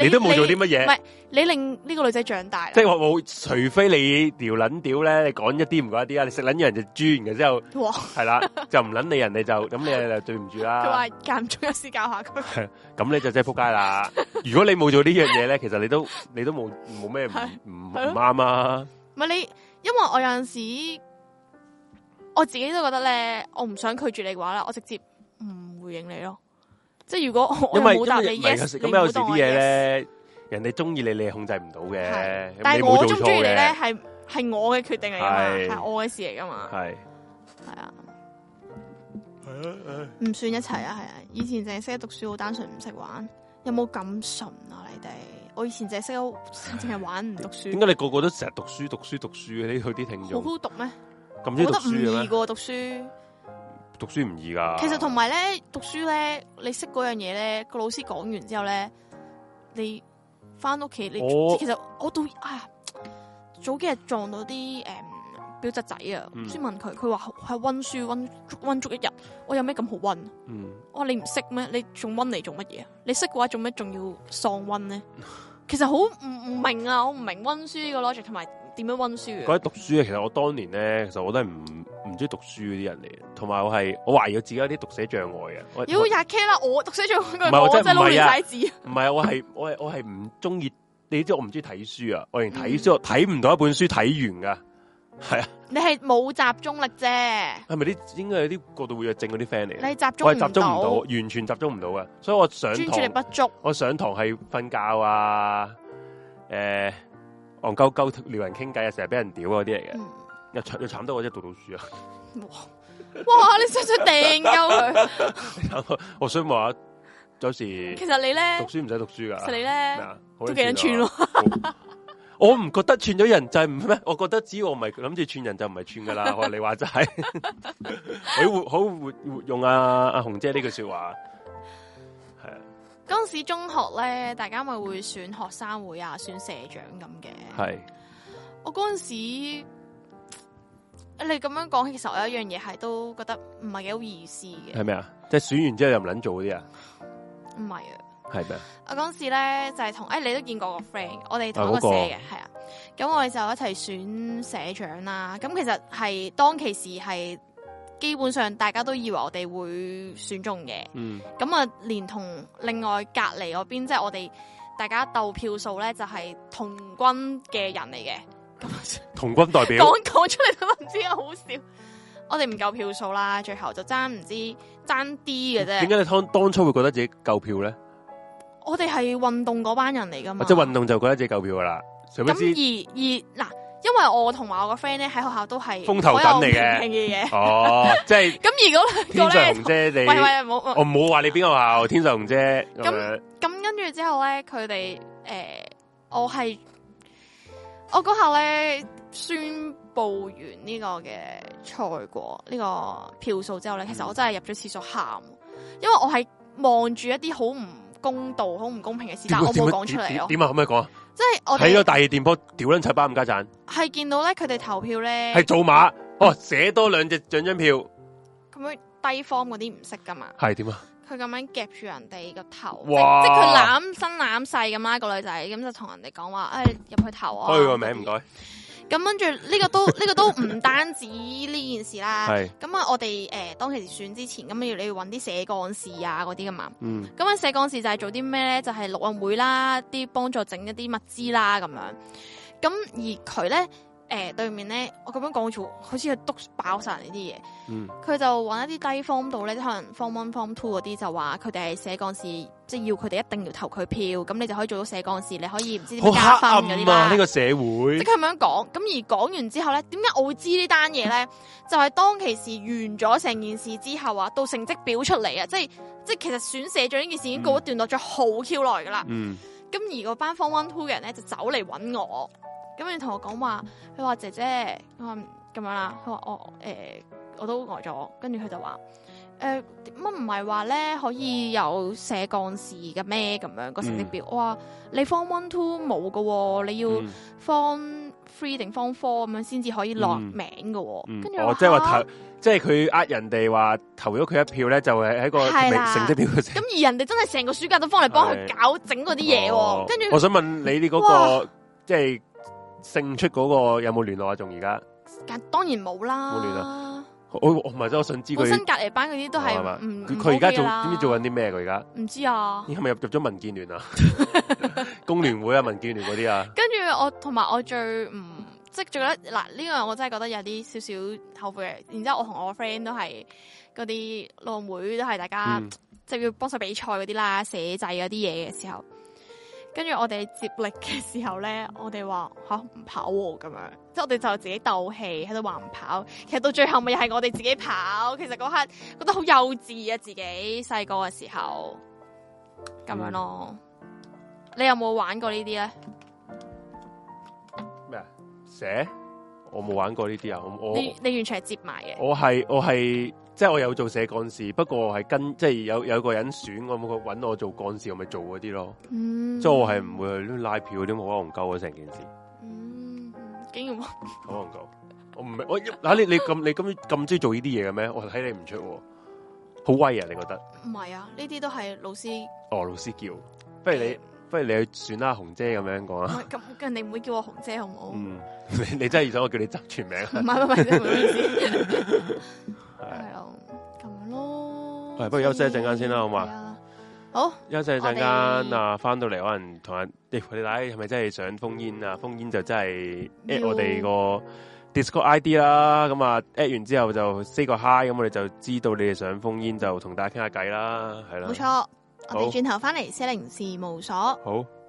你都冇做啲乜嘢，唔係你令呢個女仔長大，即係我冇。除非你條撚屌咧，你講一啲唔講一啲啊，你食撚人就豬嘅，之後係啦，就唔撚你人，你就咁你就對唔住啦。佢話間唔中有私教下佢，咁你就真係仆街啦。如果你冇做呢樣嘢咧，其實你都你都冇冇咩唔唔唔啱啊。唔係你，因為我有陣時我自己都覺得咧，我唔想拒絕你嘅話啦，我直接唔回應你咯。即係如果我冇答你 yes，你咁有時啲嘢咧，人哋中意你，你係控制唔到嘅。是的但係我中意你咧，係係我嘅決定嚟噶嘛，係是我嘅事嚟噶嘛。係係啊，係啊，唔算一齊啊，係啊。以前淨係識得讀書，好單純，唔識玩。有冇咁純啊？你哋？我以前淨係識淨係玩，唔讀書。點解你個個都成日讀書讀書讀書嘅？書你去啲聽眾好好讀咩？咁覺得唔易過讀書。讀書唔易噶，其實同埋咧，讀書咧，你識嗰樣嘢咧，個老師講完之後咧，你翻屋企，你其實我都啊，早幾日撞到啲誒表侄仔啊，先問佢，佢話係温書温温足一日，我有咩咁好溫？嗯，哇，你唔識咩？你仲温嚟做乜嘢？你識嘅話，做咩仲要喪温咧？其實好唔唔明啊，我唔明温書呢個 logic，同埋點樣温書？講起讀書啊，其實我當年咧，其實我都係唔。唔中意讀書嗰啲人嚟，同埋我係我懷疑我自己有啲讀寫障礙嘅。我妖，日 K 啦，我，我讀寫障礙，我真係攞亂仔紙。唔係我係我係我係唔中意，你知我唔中意睇書啊！ 我連睇書睇唔到一本書睇完噶，係啊。你係冇集中力啫。係咪啲應該有啲過度活躍症嗰啲 friend 嚟？你集中唔？我係集中唔到，完全集中唔到噶。所以我上專注力不足。我上堂係瞓覺啊，誒、呃，戇鳩鳩撩人傾偈啊，成日俾人屌嗰啲嚟嘅。嗯又慘，又慘得我即係讀到書啊哇！哇你想想掟鳩佢？我想話有時，其實你咧讀書唔使讀書噶，其實你咧麼都幾人串咯。好 我唔覺得串咗人就係唔咩，我覺得只要我唔係諗住串人就唔係串噶啦。 你話就係、是，好 活好活用啊！阿紅姐呢句說話係啊。嗰陣時中學咧，大家咪會選學生會啊，選社長咁嘅。係是我嗰陣時。你咁樣講，其實我有一樣嘢，係都覺得唔係幾好意思嘅。係咪？啊？即係選完之後又唔捻做嗰啲啊？唔係啊。係咩？我嗰時咧就係同誒，你都見過個 friend，我哋同一個社嘅，係啊。咁我哋就一齊選社長啦。咁其實係當其時係基本上大家都以為我哋會選中嘅。嗯。咁啊，連同另外隔籬嗰邊，即係我哋大家鬥票數咧，就係同軍嘅人嚟嘅。 同軍代表講講出嚟都唔知道好笑，我哋唔夠票數啦，最後就爭唔知爭啲嘅啫。點解你當，當初會覺得自己夠票咧？我哋係運動嗰班人嚟噶嘛，即係運動就覺得自己夠票噶啦。咁而而嗱，因為我同埋我個 friend 咧喺學校都係風頭緊嚟嘅，哦， 即係咁如果個咧，天上紅姐，你唔係係好，喂喂，我唔好話你邊個校，天上紅姐咁咁跟住之後咧，佢哋誒，我係。我嗰下咧宣布完呢個嘅賽果，呢個票數之後咧，其實我真係入咗廁所喊，因為我係望住一啲好唔公道、好唔公平嘅事，但我冇講出嚟咯。點啊？可唔可以講啊？即係我睇咗第二電波，屌撚齊巴咁加贊，係見到咧佢哋投票咧係做馬哦，寫多兩隻獎張票，咁樣低 form 嗰啲唔識噶嘛？係點啊？佢咁樣夾住人哋個頭，哇即係佢攬身攬細咁啦個女仔，咁就同人哋講話，誒、哎、入去投啊！開個名唔該。咁跟住呢個都呢 個都唔單止呢件事啦。咁啊是，我哋誒、呃、當其時選之前，咁要你要揾啲社幹事啊嗰啲噶嘛。咁啊、嗯，社幹事就係做啲咩咧？就係陸運會啦，啲幫助整一啲物資啦咁樣。咁而佢咧。誒、呃，對面咧，我咁樣講住，好似係督爆晒呢啲嘢。嗯。佢就揾一啲低 form 度咧，即可能 form one、form two 嗰啲，就話佢哋係社幹事，即係要佢哋一定要投佢票，咁你就可以做到社幹事，你可以唔知點加分嗰啲啦。呢、啊、些個社會。即佢咁樣講，咁而講完之後咧，點解我會知呢單嘢咧？ 就係當其時完咗成件事之後啊，到成績表出嚟啊，即係即係其實選社長呢件事已經告一段落咗好 Q 耐噶啦。嗯。咁而個班 form one two 嘅人咧就走嚟揾我，咁你同我講話，佢話姐姐，佢話咁樣啦，佢話我誒、呃、我都呆、呃、咗，跟住佢就話誒乜唔係話咧可以有寫幹事嘅咩咁樣個成績表？我話、嗯、你 form one two 冇噶，你要 form。free 定 form four 咁樣先至可以落名嘅、哦嗯哦，跟住我即係話投，即係佢呃人哋話投咗佢一票咧，就係喺個成績表度。咁而人哋真係成個暑假都翻嚟幫佢搞整嗰啲嘢，跟住我想問你哋嗰、那個哇 即係勝出嗰個有冇聯絡啊？仲而家？但係當然冇啦，冇聯絡。哦、我我唔係真我想知佢新隔籬班嗰啲都係，佢而家做，知做知做緊啲咩佢而家？唔知啊！你係咪入入咗民建聯啊？工聯會啊，民建聯嗰啲啊 跟？跟住我同埋我最唔即係最覺得嗱呢樣，這個、我真係覺得有啲少少後悔嘅。然之後我同我 friend 都係嗰啲浪會，都係大家即係、嗯、要幫手比賽嗰啲啦，寫制嗰啲嘢嘅時候。跟住我哋接力嘅時候咧，我哋話吓唔跑喎，哦、咁樣，即係我哋就自己鬥氣喺度話唔跑。其實到最後咪又係我哋自己跑。其實嗰刻覺得好幼稚啊，自己細個嘅時候咁樣咯。嗯，你有冇玩過呢啲咧？咩？蛇？我冇玩過呢啲啊！我你你完全係接埋嘅。我係我係。即係我有做社幹事，不過係跟即係有有個人選我，冇佢搵我做幹事，我咪做嗰啲咯。嗯、即係我係唔會去拉票啲好戇鳩啊！成件事。嗯，竟然好戇鳩。我唔我，嗱、啊、你你咁你咁咁中意做呢啲嘢嘅咩？我睇你唔出，好威啊！你覺得？唔係啊，呢啲都係老師。哦，老師叫。不如你，不如你去選阿紅姐咁樣講啊。咁人你唔會叫我紅姐好好，好唔好？你真係想我叫你執全名？唔係唔係，唔係。 係咯，咁咯。係，不如休息一陣間先啦，的好嘛嗎？好，好休息一陣間們啊，翻到嚟可能同人，咦、哎，你睇係咪真係想封煙啊？封煙就真係 at 要我哋個 Discord ID 啦。咁、嗯嗯、啊，at 完之後就 say 個 hi，咁我哋就知道你哋想封煙，就同大家傾下偈啦，係啦。冇錯，我哋轉頭翻嚟，410< 好>事務所。好。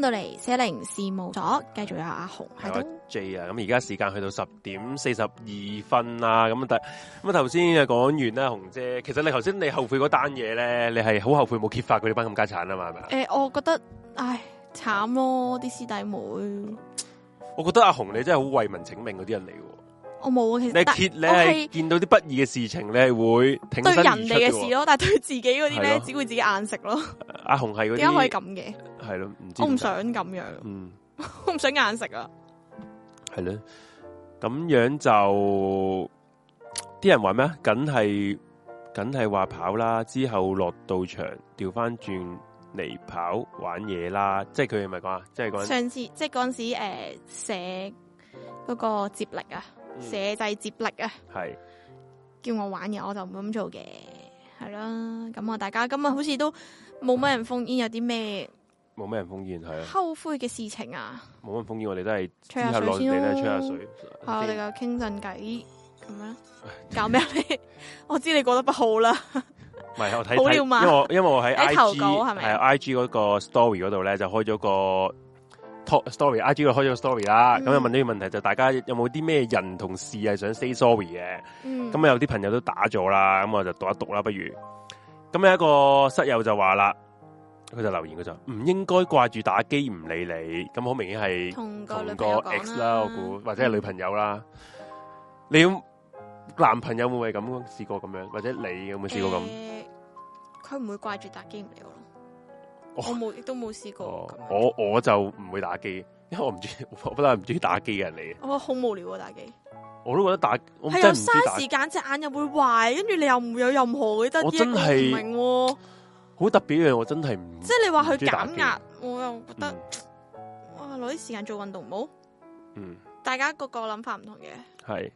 到嚟，四一零事務所，繼續有阿紅喺度。對 J 啊，咁而家時間去到十點四十二分啦，咁但咁啊，頭先又講完啦，紅姐，其實你頭先你後悔嗰單嘢咧，你係好後悔冇揭發佢哋班咁家產啊嘛，係咪？誒、欸，我覺得，唉，慘咯，啲、嗯、師弟妹。我覺得阿紅你真係好為民請命嗰啲人嚟，我冇啊，其實。你的揭，你係見到啲不義嘅事情，你係會挺身出嚟的，對人哋嘅事咯，但係對自己嗰啲咧，咯只會自己硬食咯。阿、啊、紅係嗰啲點解可以咁嘅？係咯，唔知我唔想咁樣。嗯， 我唔想硬食啊。係咯，咁樣就啲人話咩？梗係梗係話跑啦，之後落到場掉返轉嚟跑玩嘢啦。即係佢係咪講，即係上次即係嗰陣時誒，寫、呃、嗰個接力啊，寫、嗯、制接力啊，係是叫我玩嘢，我就唔咁做嘅。係咯，咁啊，大家咁啊，好似都冇乜人奉煙，嗯、有啲咩？冇咩人烽煙係啊，是的後悔嘅事情啊，冇乜人烽煙，我哋都係吹下水先咯。係我哋又傾陣偈咁啦，樣唉搞咩 我知你過得不好啦。唔係我睇睇，好了因為我喺 I G 係咪？係 I G 嗰個 story 嗰度咧就開咗個 story，I G 又開咗個 story 啦。咁又、嗯、問呢個問題，就大家有冇啲咩人同事係想 say sorry 嘅？咁啊、嗯、有啲朋友都打咗啦，咁我就讀一讀啦，不如。咁有一個室友就話啦。佢就留言，佢就唔應該掛住打機唔理你，咁好明顯係同個 X 啦，我估或者係女朋友啦。你男朋友會唔會咁試過咁樣？或者你有冇試過咁？佢唔，欸、會掛住打機唔理我咯，哦。我冇，亦都冇試過，我我就唔會打機，因為我唔中，我不嬲唔中意打機嘅人嚟嘅。我好無聊啊，打機。我都覺得打，係啊，嘥時間，隻眼又會壞，跟住你又唔會有任何嘅得益。不啊，我真係明好特別嘅，我真係唔即係你話佢減壓，我又覺得哇，攞啲時間做運動，好，嗯，大家個個諗法唔同嘅。係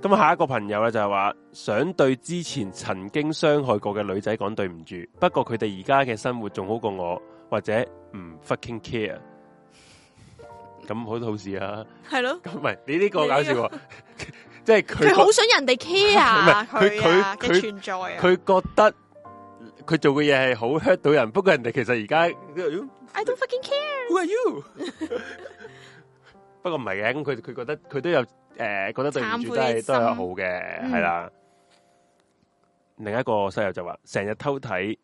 咁，下一個朋友咧，就係話想對之前曾經傷害過嘅女仔講對唔住，不過佢哋而家嘅生活仲好過我，或者唔 fucking care。咁好多好事啊，係咯？咁唔係你呢個搞笑，即係佢好想人哋 care 佢佢佢存在，佢覺得。佢做嘅嘢係好 hurt 到人，不過人哋其實而家，I don't fucking care。Who are you？不過唔係嘅，咁佢佢覺得佢都有誒，覺得對唔住都係都有好嘅，係啦。另一個室友就話：成日偷睇，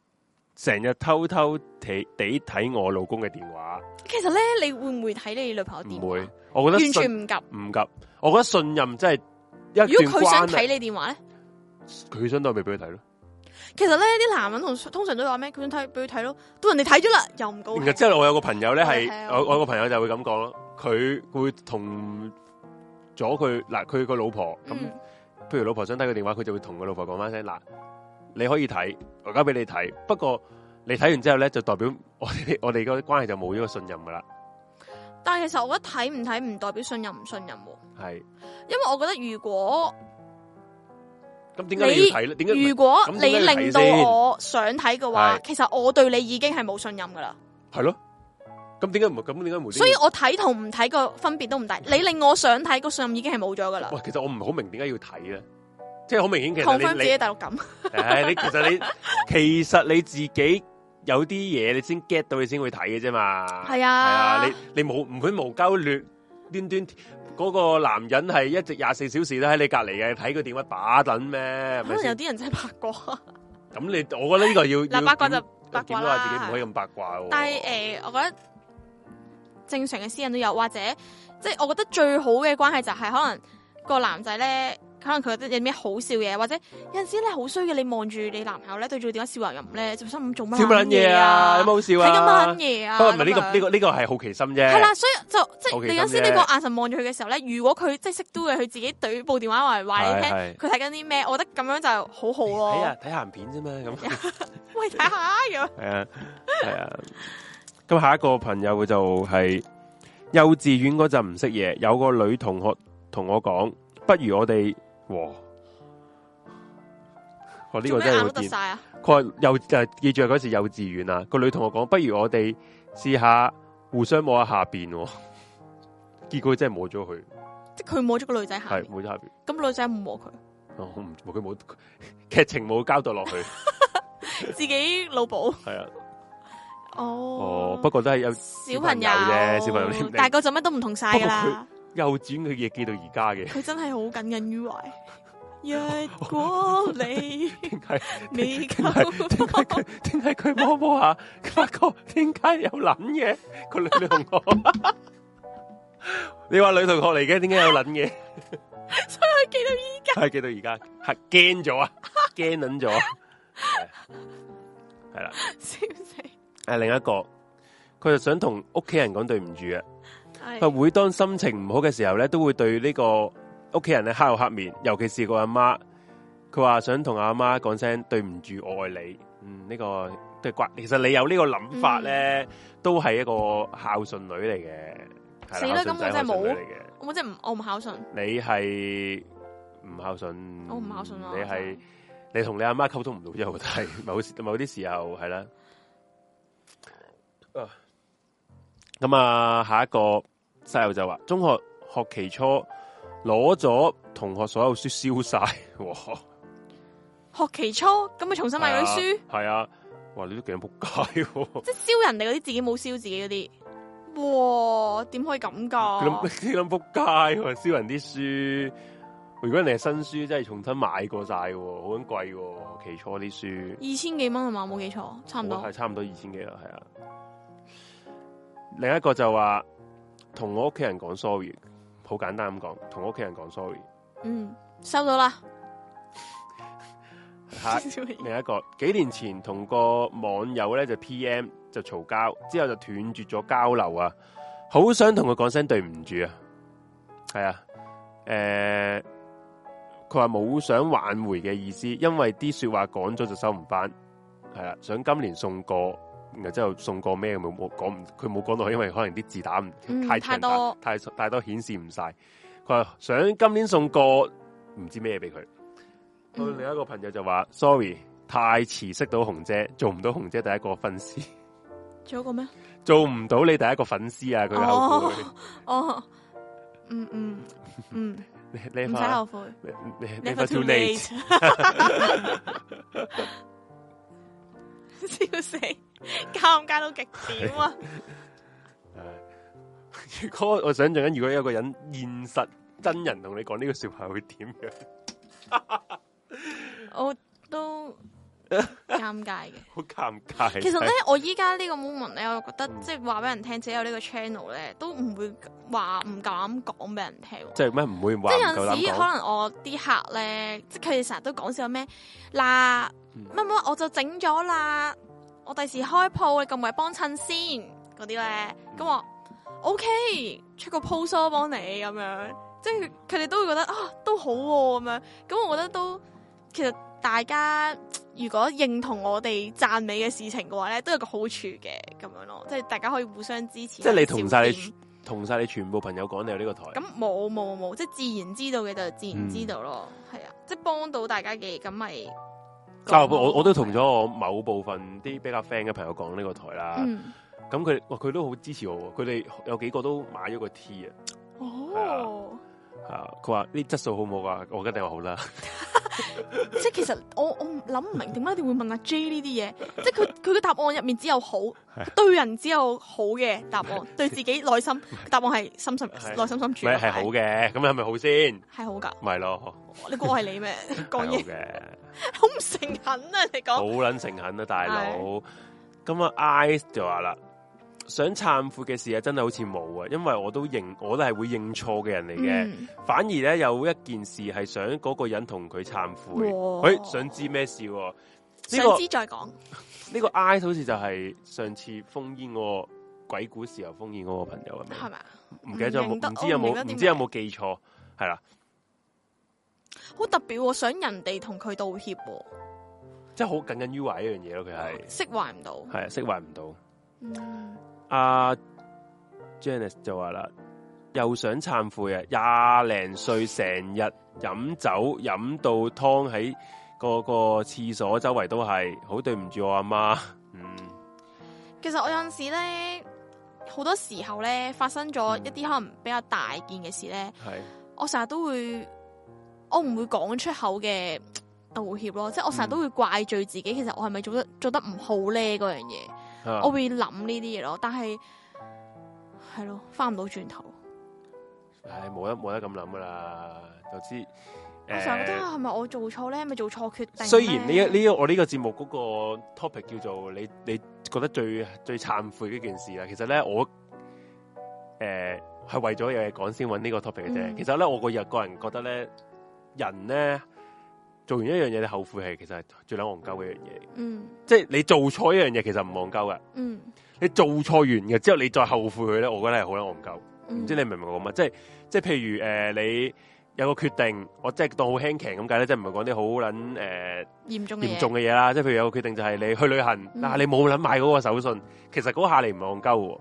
成日偷偷睇地睇我老公嘅電話。其實咧，你會唔會睇你女朋友電話？唔會，我覺得完全唔急，唔急。我覺得信任真係一段關係。如果佢想睇你電話咧，佢想都未俾佢睇咯。其實咧，啲男人同通常都話咩？佢想睇，俾佢睇咯。到人哋睇咗啦，又唔高興。即係我有個朋友咧，係是我我有個朋友就會咁講咯。佢會同咗佢嗱，佢個老婆咁、嗯。譬如老婆想睇個電話，佢就會同個老婆講翻聲嗱，你可以睇，我交俾你睇。不過你睇完之後咧，就代表我我哋嗰啲關係就冇呢個信任噶啦。但係其實我覺得睇唔睇唔代表信任唔信任喎。係，因為我覺得如果。你如果你令到我想睇嘅話，其實我對你已經係冇信任噶啦。係咯，咁點解唔咁點解冇？所以我睇同唔睇個分別都唔大。你令我想睇個信任已經係冇咗噶啦。哇，其實我唔好明點解要睇咧，即係好明顯。其實你你其實你其實你自己有啲嘢你先 get 到你先會睇嘅啫嘛。係啊，係啊，你你無唔會無交流端端。嗰個男人係一直廿四小時都喺你隔籬嘅，睇佢電話打緊咩？可能有啲人真係八卦。咁 你，我覺得呢個要嗱，八卦就八卦，見到話自己唔可以咁八卦喎。但係誒、呃，我覺得正常嘅私隱都有，或者即係、就是、我覺得最好嘅關係就係可能個男仔咧，可能佢覺得有咩好笑嘢，或者有陣時你好衰嘅，你望住你男朋友咧對住個電話笑嚟咁咧，就心諗做乜？睇乜嘢啊？有冇好笑啊？睇緊乜嘢啊？不過唔係呢個呢、這個呢、這個係好奇心啫？係啦，所以就即係有陣時你個眼神望住佢嘅時候咧，如果佢即係識都嘅，佢自己懟部電話話嚟話你聽，佢睇緊啲咩？我覺得咁樣就好好咯。睇啊，睇鹹、啊、片啫嘛，咁 喂，睇下咁。係啊，係 啊。咁、啊、下一個朋友就係、是、幼稚園嗰陣唔識嘢，有個女同學同我講，不如我哋。哇！我呢個真係好見，佢又就係、啊、記住係嗰時幼稚園啦。個女同學講：不如我哋試下互相摸下下邊，結果真係摸咗佢。即係佢摸咗個女仔下面，係摸咗下邊。咁女仔唔摸佢，哦，唔摸佢冇劇情冇交代落去， 自己老寶係 啊。哦，哦，不過都係有小朋友嘅，小朋友不，大個做乜都唔同晒㗎啦。右轉佢嘢，寄到而家嘅，佢真係好耿耿於懷。若果你點你，點解 麼？佢，解？點解佢摸摸下？發覺， 點解有諗嘢？佢女同學，你話女同學嚟嘅，點解有諗嘢？所以佢寄 到而家，係寄到而家，係驚咗啊！驚諗咗，係啦。笑死！係另一個，佢就想同屋企人講對唔住啊。佢會是當心情唔好嘅時候咧，都會對呢個屋企人咧黑口黑面，尤其是個阿媽。佢話想同阿媽講聲對唔住，我愛你。嗯，呢、這個對關，其實你有個呢個諗法咧，嗯、都係一個孝順女嚟嘅。咁我真係冇我真係我唔孝順。你係唔孝順，我唔孝順啊！你係你同你阿媽溝通唔到之後，係某時某啲時候係啦。咁啊，下一個。細路就話：中學學期初攞咗同學所有書燒晒，學期初咁咪重新買咗書？係啊，哇！你都幾扑街，即係燒人哋嗰啲，自己冇燒自己嗰啲，哇！點可以咁噶？你諗扑街，燒人啲書，如果人哋係新書，真係重新買過晒，好鬼貴，學期初啲書二千幾蚊係嘛？冇記錯，差唔多係差唔多二千幾啦，係啊。 另一個就話。同我屋企人講 sorry，好簡單咁講，同我屋企人講 sorry。嗯，收到啦。下 Hi, 另一個幾年前同個網友咧就 PM 就嘈交，之後就斷絕咗交流啊，好想同佢講聲對唔住啊。係啊，誒、欸，佢話冇想挽回嘅意思，因為啲說話講咗就收唔翻，係啊，想今年送過。然後之後送過咩，冇，冇講唔，佢冇講到，因為可能啲字打唔太太多，太太多顯示唔晒。佢話想今年送個唔知咩俾佢。佢另一個朋友就話：sorry，太遲識到紅姐，做唔到紅姐第一個粉絲。做過咩？做唔到你第一個粉絲啊！佢後悔哦，嗯嗯嗯，你唔使後悔，你 too late。笑死，尷尬到極點啊！ 如果我想象緊，如果有一個人現實真人同你講呢個笑話，會點樣 我都。尷 尬嘅，好尷尬。其實咧， 我依家呢個 moment 咧，我覺得即係話俾人聽，只有這個呢個 channel 咧，都唔會話唔敢講俾人聽、啊。不不即係咩唔會？即係有陣時可能我啲客咧，即係佢哋成日都講笑咩嗱，乜乜我就整咗啦，我第時開鋪，你咁咪夠幫襯先？嗰啲咧，咁我 O、okay, K，出個 post 幫你咁樣，即係佢哋都會覺得啊，都好喎、啊、咁樣。咁我覺得都其實大家。如果認同我哋讚美嘅事情嘅話咧，都有個好處嘅咁樣咯，即係大家可以互相支持。即係你同晒你同曬見你全部朋友講你有呢個台。咁冇冇冇，即係自然知道嘅就自然知道咯，係、嗯、啊，即係幫到大家嘅咁咪。我我都同咗我某部分啲比較 friend 嘅朋友講呢個台啦，咁佢哇佢都好支持我，佢哋有幾個都買咗個 T、哦、啊。哦。佢話啲質素好唔好啊？我一定話好啦。即係其實我我諗唔明點解一定會問阿 J 呢啲嘢？即係佢佢嘅答案入面只有好，對人只有好嘅答案，對自己內心答案係深深內心深處係好嘅。咁係咪好先？係好噶。咪咯，你估我係你咩？講嘢，好唔誠懇啊！你講好捻誠懇啊，大佬。咁啊，I 就話啦。想懺悔嘅事啊，真係好似冇啊，因為我都認，我都係會認錯嘅人嚟嘅。嗯、反而咧有一件事係想嗰個人同佢懺悔，佢想知咩事？想知，啊，這個，想知再講。呢 個 I 好似就係上次烽煙嗰那個鬼故時候，烽煙嗰個朋友咁，係咪啊？唔記得咗，唔知有冇，唔知有冇記錯，係啦。好特別，想人哋同佢道歉，即係好耿耿於懷一樣嘢咯。佢係釋懷唔到，係啊，釋懷唔到。阿、uh, Janice 就話啦，又想懺悔啊，廿零歲成日飲酒，飲到湯喺個廁所周圍都係，好對唔住我阿媽。嗯，其實我有陣時咧，好多時候咧發生咗一啲可能比較大件嘅事咧，嗯、我成日都會，我唔會講出口嘅道歉咯，即係我成日都會怪罪自己，其實我係咪做得做得唔好咧樣嘢？ 我會諗呢啲嘢咯，但係係咯翻，唔到轉頭。唉，冇得冇得咁諗噶啦，就知。我成日覺得係咪我做錯咧？係咪做錯決定？雖然呢一呢我呢個節目嗰個 topic 叫做你你覺得最最懺悔呢件事啦，其實咧我誒係、呃、為咗有嘢講先揾呢個 topic 嘅啫。嗯、其實咧我個人個人覺得咧，人咧。做完一樣嘢，你後悔係其實係最撚戇鳩嘅一樣嘢。嗯，即係你做錯一樣嘢，其實唔戇鳩噶。嗯，你做錯完嘅之後，你再後悔佢咧，我覺得係好撚戇鳩。唔知你明唔明我講乜？即係即係譬如誒、呃，你有個決定，我即係當好輕騎咁解，咧，即係唔係講啲好撚誒嚴重嚴重嘅嘢啦？即係譬如有個決定就係你去旅行，嗯，但係你冇撚買嗰個手信，其實嗰下你唔戇鳩喎。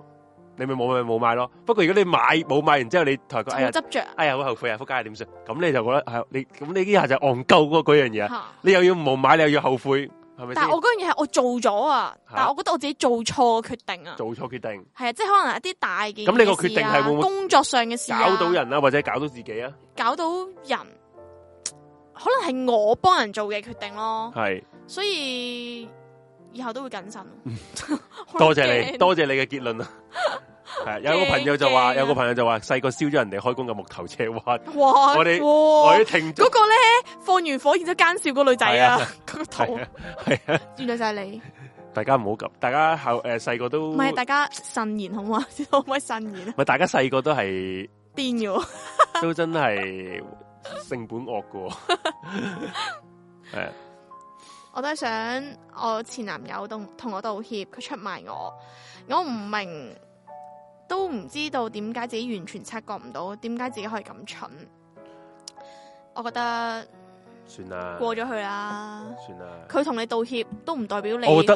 你咪冇咪冇買咯，不過如果你買冇買完之後你台個，執着、哎，哎呀好後悔啊，仆街點算？咁你就覺得係、哎、你咁你呢下就戇鳩嗰嗰樣嘢你又要冇買你又要後悔，係咪？但係我嗰樣嘢係我做咗啊，啊但我覺得我自己做錯決定啊，做錯決定係啊，即係可能一啲大嘅咁、啊、你個決定係會唔會工作上嘅事、啊、搞到人啊，或者搞到自己啊？搞到人，可能係我幫人做嘅決定咯，係是，所以以後都會謹慎。嗯、 多謝你，多謝你嘅結論啊！ 係有個朋友就話，有個朋友就話，細個燒咗人哋開工嘅木頭車彎。哇！我哋我停嗰個咧，放完火然都間奸笑個女仔啊，個頭係啊，原諒晒你。大家唔好急，大家後誒細個都唔係，大家慎言，好唔好啊？可唔可以慎言啊？唔係，大家細個都係癲嘅，都真係性本惡嘅。我都係想我前男友同同我道歉，佢出賣我，我唔明。都唔知道點解自己完全察覺唔到，點解自己可以咁蠢？我覺得算啦，過咗去啦，算啦。佢同你道歉都唔代表你，我覺得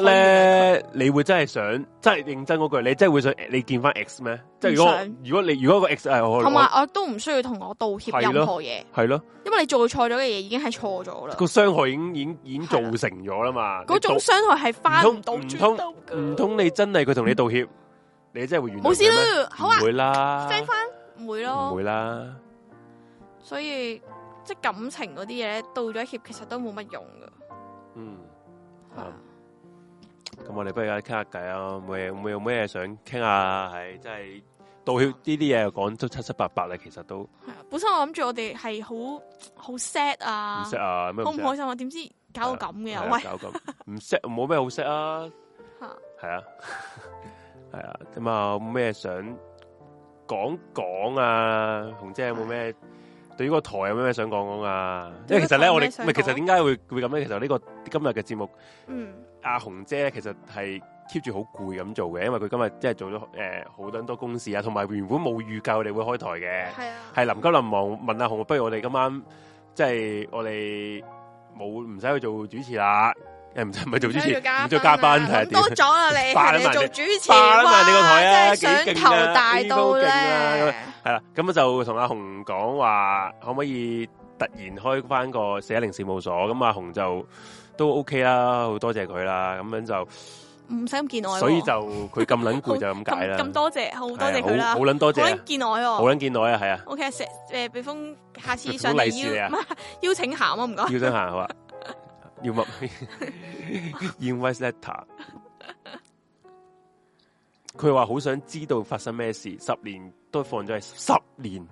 咧，你會真係想，真係認真嗰句，你真係會想你見翻 X 咩？即係如果如果你如果個 X 係我，同埋我都唔需要同我道歉任何嘢，係咯，因為你做錯咗嘅嘢已經係錯咗啦，個傷害已經已經已經造成咗啦嘛，嗰種傷害係翻唔到，唔通唔通你真係佢同你道歉？你真係會完冇事的啦，好啊，唔翻會啦，翻唔會咯，唔會啦。所以即係感情嗰啲嘢咧，道咗歉其實都冇乜用噶。嗯，咁、啊啊、我哋不如而家傾下偈啊，會會有咩嘢想傾下、啊？係真係道歉呢啲嘢講都七七八八啦，其實都本身我諗住我哋係好好 sad 啊，唔 sad 啊，好唔、啊、開心我啊，點知搞到咁嘅，喂，唔 sad，冇咩好 sad 啊，係 啊。是 係、嗯、啊，咁啊，冇咩想講講啊，紅姐有冇咩對於個台有咩想講講啊？因為其實咧，我哋其實點解會會咁咧？其實呢、這個今日嘅節目，阿紅、嗯啊、姐其實係 keep 住好攰咁做嘅，因為佢今日即係做咗誒好多多公事啊，同埋原本冇預計，我哋會開台嘅，係是啊是，係臨急臨忙問阿紅，不如我哋今晚即係、就是、我哋冇唔使去做主持啦。唔係做主持，唔做加班，睇下點。多咗啦，你你做主持你啩？台係想頭大到咧。係啦，咁就同阿紅講話，可唔可以突然開翻個四一零事務所？咁阿紅就都 OK 啦，好多謝佢啦。咁樣就唔使咁見外。所以就佢咁卵攰就咁解啦。咁多謝，好多謝佢啦。好卵多謝，好卵見外，好卵見外啊！係啊。OK，石誒，俾封下次上嚟邀邀請函我唔該。邀請函好啊。要默念 voice letter，佢話好想知道發生咩事，十年都放咗，係十年，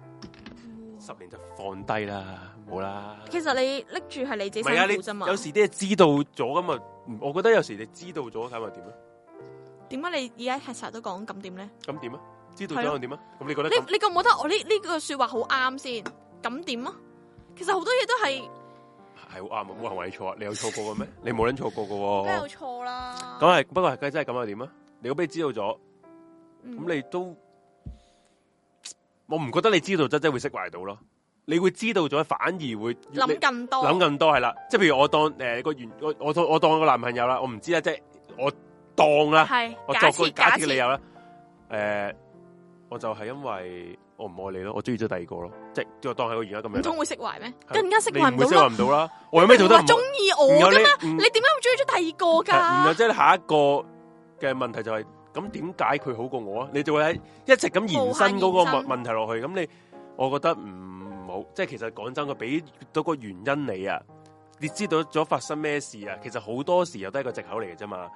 十年就放低啦，冇啦。其實你拎住係你自己辛苦啫嘛、啊、你有時啲係知道咗㗎嘛，我覺得有時你知道咗睇下點啦。點解你而家係成日都講咁點咧？咁點啊？知道咗又點啊？咁你覺得你你覺唔覺得我呢呢句說話好啱先？咁點啊？其實好多嘢都係。係啱，冇人話你錯啊！你有錯過嘅咩？ 你冇諗錯過嘅喎、哦。梗有錯啦。咁係不過，梗係真係咁又點啊？你如果俾你知道咗，咁、嗯、你都我唔覺得你知道真真會釋懷到咯。你會知道咗反而會諗更很多，多，諗更多係啦。即係譬如我當誒個原我我我當個男朋友啦，我唔知啦，即係我當啦，我作個假設理由啦。誒假設、呃，我就係因為。我唔愛你咯，我中意咗第二個咯，即係我當係我而家咁樣。唔通會釋懷咩？是更加釋懷唔到啦。不會釋懷唔到啦。我有咩做得唔？你唔中意我啊嘛？你點解會中意咗第二個㗎、啊？然後即係下一個嘅問題就係咁，點解佢好過我啊？你就會喺一直咁延伸嗰個問問題落去。咁你，我覺得唔好，即係其實講真，佢俾到個原因你啊。你知道咗發生咩事啊？其實好多時又都係一個藉口嚟嘅啫嘛。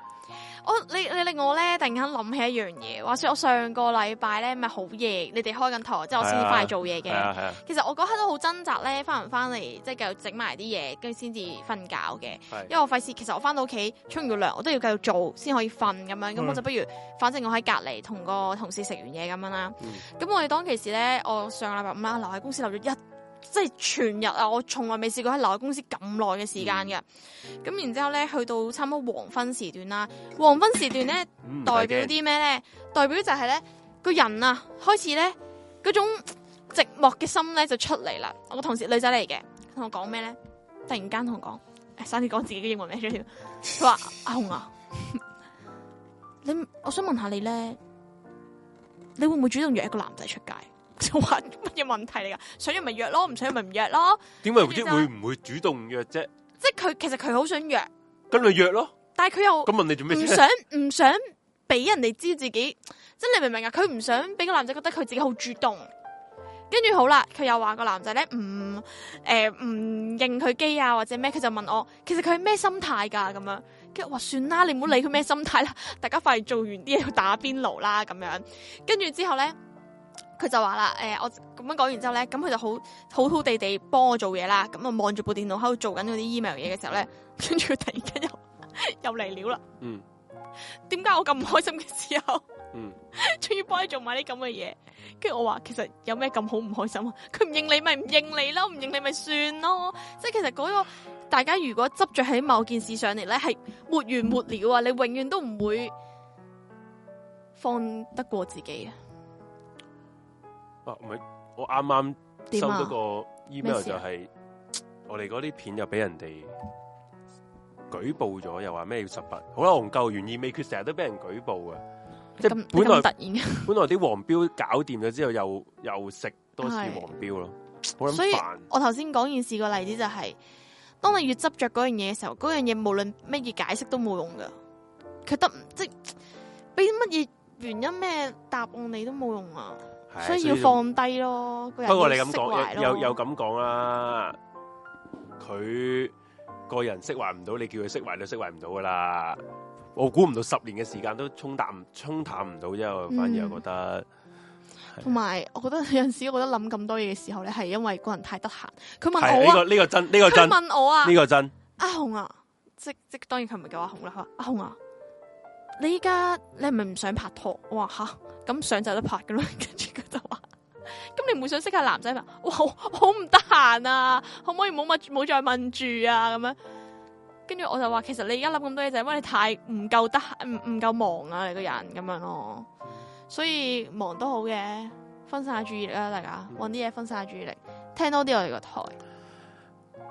我你你令我咧突然間諗起一樣嘢，話說我上個禮拜咧咪好夜，你哋開緊台，啊、之後我先至翻嚟做嘢嘅。其實我嗰刻都好掙扎咧，翻唔翻嚟即係繼續整埋啲嘢，跟住先至瞓覺嘅。因為我費事，其實我翻到屋企沖完個涼，我都要繼續做先可以瞓咁樣。咁、嗯、我就不如，反正我喺隔離同個同事食完嘢咁樣啦。咁、嗯、我哋當其時咧，我上禮拜五啊留喺公司留咗一。即係全日啊！我從來未試過喺留喺公司咁耐嘅時間嘅。咁、嗯、然之後咧，去到差唔多黃昏時段啦。黃昏時段咧，咳咳代表啲咩咧？代表就係咧，個人啊，開始咧嗰種寂寞嘅心咧就出嚟啦。我個同事女仔嚟嘅，同我講咩咧？突然間同我講，誒，生你講自己嘅英文名。 說」佢話阿紅啊， 你，我想問下你咧，你會唔會主動約一個男仔出街？就話乜嘢問題嚟噶？想約咪約咯，唔想咪唔約咯。點解會唔會唔會主動約啫？即係佢其實佢好想約，咁你約咯。但係佢又咁問你做咩？唔想唔想俾人哋知自己，即係你明唔明啊？佢唔想俾個男仔覺得佢自己好主動。跟住好啦，佢又話個男仔咧唔誒唔認佢機啊或者咩？佢就問我，其實佢係咩心態噶？咁樣跟住話算啦，你唔好理佢咩心態啦。大家快啲做完啲嘢去打邊爐啦。咁樣跟住之後咧。佢就話啦，誒、欸，我咁樣講完之後咧，咁佢就好好好地地幫我做嘢啦。咁啊，望住部電腦喺度做緊嗰啲 email 嘢嘅時候咧，跟住佢突然間又又嚟料啦。嗯，點解我咁唔開心嘅時候，嗯，仲要幫你做埋啲咁嘅嘢？跟住我話，其實有咩咁好唔開心啊？佢唔認你咪唔認你咯，唔認你咪算咯。即係其實嗰、那個大家如果執着喺某件事上嚟咧，係沒完沒了啊！你永遠都唔會放得過自己啊！唔係、啊，我啱啱收到個 email、啊啊、就係，我哋嗰啲片又俾人哋舉報咗，又話咩要十八，好啦，憨鳩完意未？佢成日都俾人舉報噶，即係本來突然、啊、本來啲黃標搞掂咗之後又，又又食多次黃標咯。是所以我才，我頭先講件事個例子就係、是，當你越執着嗰樣嘢嘅時候，嗰樣嘢無論乜嘢解釋都冇用噶，佢得，即係俾乜嘢原因咩答案你都冇用啊。需要放低咯。對不過你咁講，有有咁講啦。佢個人釋懷唔到，你叫佢釋懷，你釋懷唔到噶啦。我估唔到十年嘅時間都沖淡，沖淡唔到。之後、嗯、反而我覺得，同埋我覺得有陣時，我覺得諗咁多嘢嘅時候咧，係因為個人太得閒。佢問我啊，呢、呢個呢個真，呢、呢個真。佢問我啊，呢個真。阿紅啊，即即當然佢唔係叫阿紅啦，阿紅啊。你依家你係咪唔想拍拖？我話吓，咁想就得拍噶啦，跟住佢就話，咁你唔會想識下男仔嘛？哇，好唔得閒啊，可唔可以唔好問，唔好再問住啊？咁樣，跟住我就話其實你而家諗咁多嘢，就係因為你太唔夠得唔唔夠忙啊，你這個人咁樣咯，所以忙都好嘅，分散下注意力啦、啊，大家搵啲嘢分散下注意力，聽多啲我哋個台。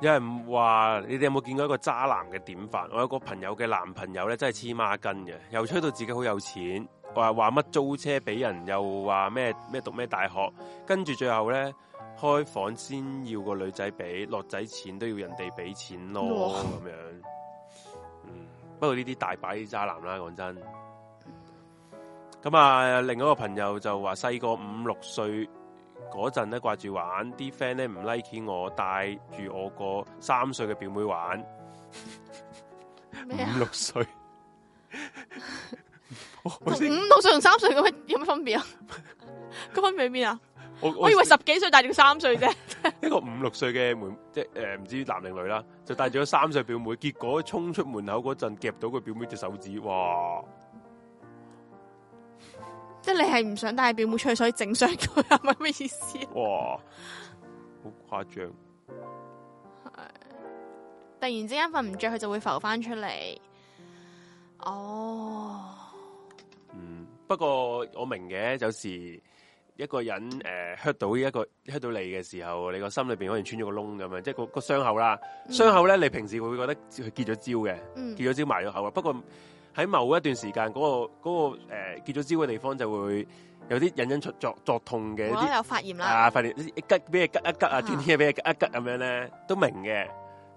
有人話：你哋有冇見過一個渣男嘅典範？我有個朋友嘅男朋友咧，真係黐孖筋嘅，又吹到自己好有錢，話話乜租車俾人，又話咩咩讀咩大學，跟住最後咧開房先要個女仔俾，落仔錢都要人哋俾錢咯哦、咁樣。嗯，不過呢啲大把啲渣男啦，講真。咁啊，另一個朋友就話細個五六歲。嗰陣咧掛住玩，啲 friend 咧唔 like 我，帶住我個三歲嘅表妹玩，五六歲，五六歲同三歲有乜有乜分別啊？咁分別喺邊啊？我，我以為十幾歲帶住三歲啫， 一個五六歲嘅妹，妹，即係誒唔知男定女啦，就帶住咗三歲表妹，結果衝出門口嗰陣夾到個表妹隻手指，哇！即係你係唔想帶表妹出去，所以整傷佢，係咪咩意思？哇，好誇張！係突然之間瞓唔着，佢就會浮翻出嚟。哦、oh，嗯，不過我明嘅，有時一個人誒 hurt、呃、到一個 hurt 到你嘅時候，你個心裏邊可能穿咗個窿咁樣，即係個個傷口啦。傷、嗯、口咧，你平時會覺得佢結咗焦嘅，嗯、結咗焦埋咗口啦。不過，喺某一段時間嗰、嗰個嗰、嗰個誒結咗焦嘅地方就會有啲隱隱作作作痛嘅，我有發炎啦啊，啊發炎，一吉，俾你吉一吉啊，轉天俾你一吉咁樣咧，都明嘅。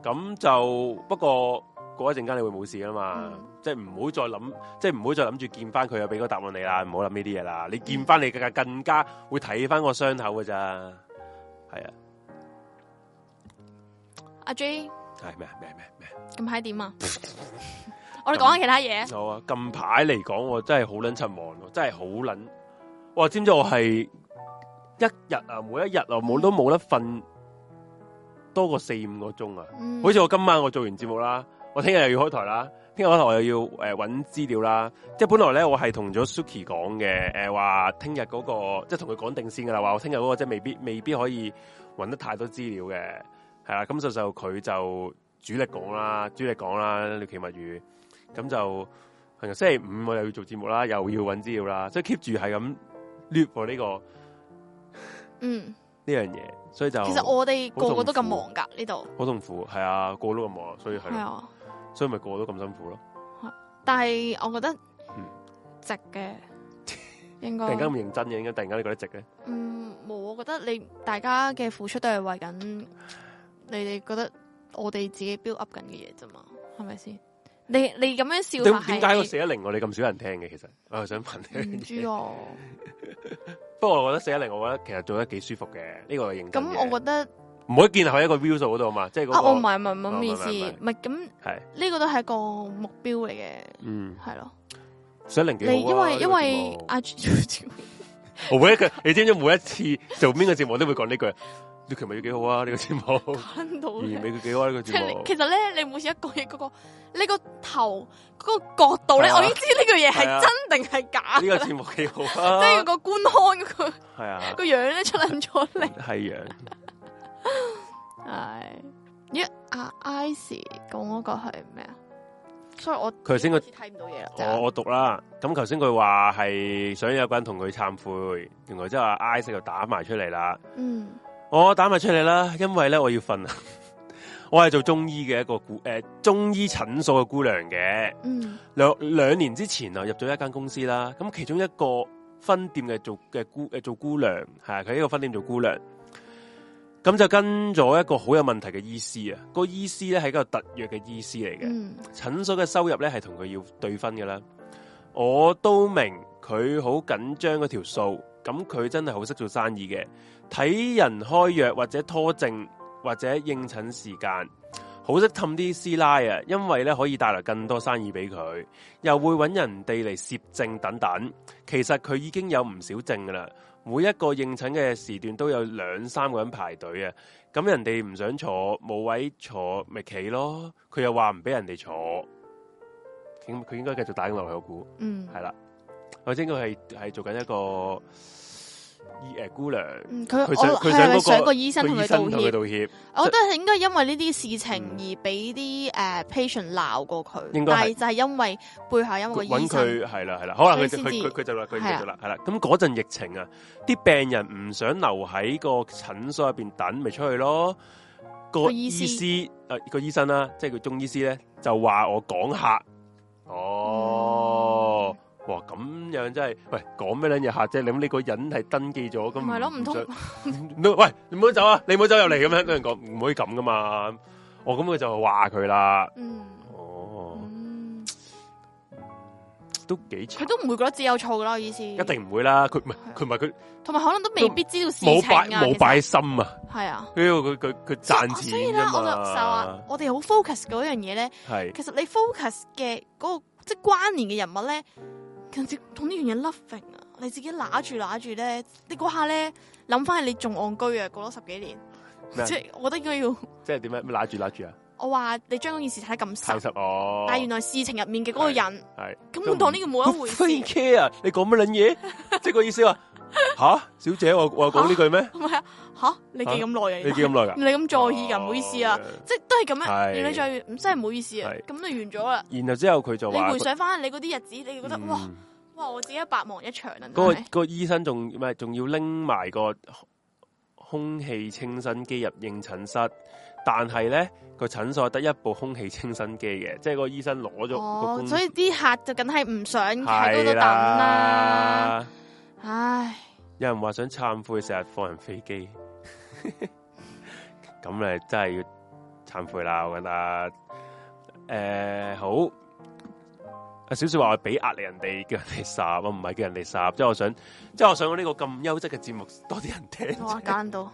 咁就不過過一陣間你會冇事啊嘛，嗯、即係唔好再諗，即係唔好再諗住見翻佢又俾個答案你啦，唔好諗呢啲嘢啦。你見翻你更加更加會睇翻個傷口噶咋，係啊。阿 J，係咩咩咩咩？近排點啊？我哋講緊其他嘢。啊，近排嚟講，我真係好捻趁忙，真係好捻。哇，知唔知我係一日啊，每一日啊，冇、嗯、都冇得瞓多過四五個鐘啊。嗯、好似我今晚我做完節目啦，我聽日又要開台啦，聽日開台我又要誒搵、呃、資料啦。即係本來咧，我係同咗 Suki 講嘅，誒話聽日嗰個，即係同佢講定先噶啦。話我聽日嗰個即係未必未必可以搵得太多資料嘅。係啦，咁就就佢就主力講啦，主力講啦，聊奇物語。咁就係啊，星期五，我又要做節目啦，又要揾資料啦，所以 keep 住係咁 loop 呢個嗯呢樣嘢，所以就其實我哋個個都咁忙噶呢度，好痛苦係啊，個個都咁忙，所以係啊，所以咪個個都咁辛苦咯。但係我覺得值嘅。嗯、應該該突然間咁認真嘅，應該突然間你覺得值嘅？嗯，冇，我覺得你大家嘅付出都係為緊你哋覺得我哋自己 build up 緊嘅嘢啫嘛，係咪先？你你咁樣笑法係點？點解個四一零我哋咁少人聽嘅？其實，我係想問。唔知哦。不過我覺得四一零，我覺得其實做得幾舒服嘅。呢個認同。咁我覺得。唔可以建立喺一個 view 數嗰度啊嘛，即係個。我唔係唔係唔好意思，唔係咁。係。呢個都係一個目標嚟嘅。嗯。係咯。四一零幾好啊！因為因為阿朱朱。我每一句，你知唔知？每一次做邊個節目，都會講呢句。其實咪要幾好啊？呢個節目，完美佢幾好啊！呢個節目，其實咧，你每次一講嘢嗰個，呢、個頭嗰、個角度咧，對啊、我已經知呢句嘢係真定係對、啊、假。呢個節目幾好啊！即係個觀看佢個，係啊個樣咧出冧咗嚟，係樣。係，咦阿 Icy 講嗰個係咩啊？才所以我佢頭先佢睇唔到嘢是、啊，我我讀啦。咁頭先佢話係想有一個人同佢懺悔，原來即係阿 Icy 就打埋出嚟啦。嗯。我打埋出嚟啦，因為咧我要瞓啊！ 我係做中醫嘅一個姑誒、呃，中醫診所嘅姑娘嘅。嗯。兩兩年之前啊，入咗一間公司啦。咁其中一個分店嘅做嘅姑誒、呃、做姑娘係佢呢個分店做姑娘。咁就跟咗一個好有問題嘅醫師啊，個醫師咧係一個特約嘅醫師嚟嘅。嗯、診所嘅收入咧係同佢要對分嘅啦。我都明佢好緊張嗰條數，咁佢真係好識做生意嘅。睇人開藥或者拖症，或者應診時間，好識氹啲師奶啊！因為咧可以帶來更多生意俾佢，又會揾人哋嚟攝症等等。其實佢已經有唔少證噶啦，每一個應診嘅時段都有兩三個人排隊啊！咁人哋唔想坐，冇位坐，咪企咯。佢又話唔俾人哋坐，佢佢應該繼續打落去我估，嗯，係啦，或者佢係係做緊一個。誒姑娘，佢想佢想個醫生同佢道歉，我覺得係應該因為呢啲事情而俾啲誒 patient 鬧過佢，但係就係因為背後因為一個醫生，係啦係啦，好啦，佢佢就話佢哋噶啦，係啦，咁嗰陣疫情啊，啲病人唔想留喺個診所入邊等，咪出去咯。個醫師誒個醫生啦，即係個中醫師咧，就話我講客。哦。咁樣真係，喂講咩兩日下啫，咁你個人係登記咗咁，係咯唔通？喂，你唔好走啊！你唔好走入嚟，咁樣俾人講唔可以咁噶嘛？哦，咁佢就話佢啦。嗯，哦，都幾，佢都唔會覺得自己有錯噶咯，我意思？一定唔會啦，佢唔係佢唔係佢，同埋可能都未必知道事情冇擺冇擺心啊，係啊，佢佢佢賺錢所以咧，我就啊。我哋好 focus 嗰樣嘢咧，係其實你 focus 嘅嗰個即係關聯嘅人物咧。其實同呢樣嘢 loving 啊，你自己拿住拿住咧，你嗰下咧諗翻起你仲戇居啊，過咗十幾年，咩即係我覺得應該要即係點樣拿住拿住啊？我話你將嗰件事睇得咁實，但係原來事情入面嘅嗰個人，係咁當呢個冇一回事。你講乜撚嘢？即係個意思話，吓小姐，我我講呢句咩？唔係啊，吓你記咁耐啊？你記咁耐噶？你咁在意噶？唔好意思啊，即係都係咁樣，你再唔真係唔好意思啊，咁就完咗啦。然後之後佢就話你回想翻你嗰啲日子，你就覺得哇哇，我自己白忙一場！嗰個個醫生仲係仲要拎埋個空氣清新機入應診室，但係咧。.個診所得一部空氣清新機嘅，即係個醫生攞咗。哦，所以啲客就梗係唔想喺嗰度等啦。唉，有人話想懺悔成日放人飛機，咁 你真係要懺悔啦！我覺得，誒、呃，好小小說說我人人啊，小雪話我俾壓力人哋，叫人哋殺，我唔係叫人哋殺，即係我想，即係我想我這這，我呢個咁優質嘅節目多啲人聽。我揀到。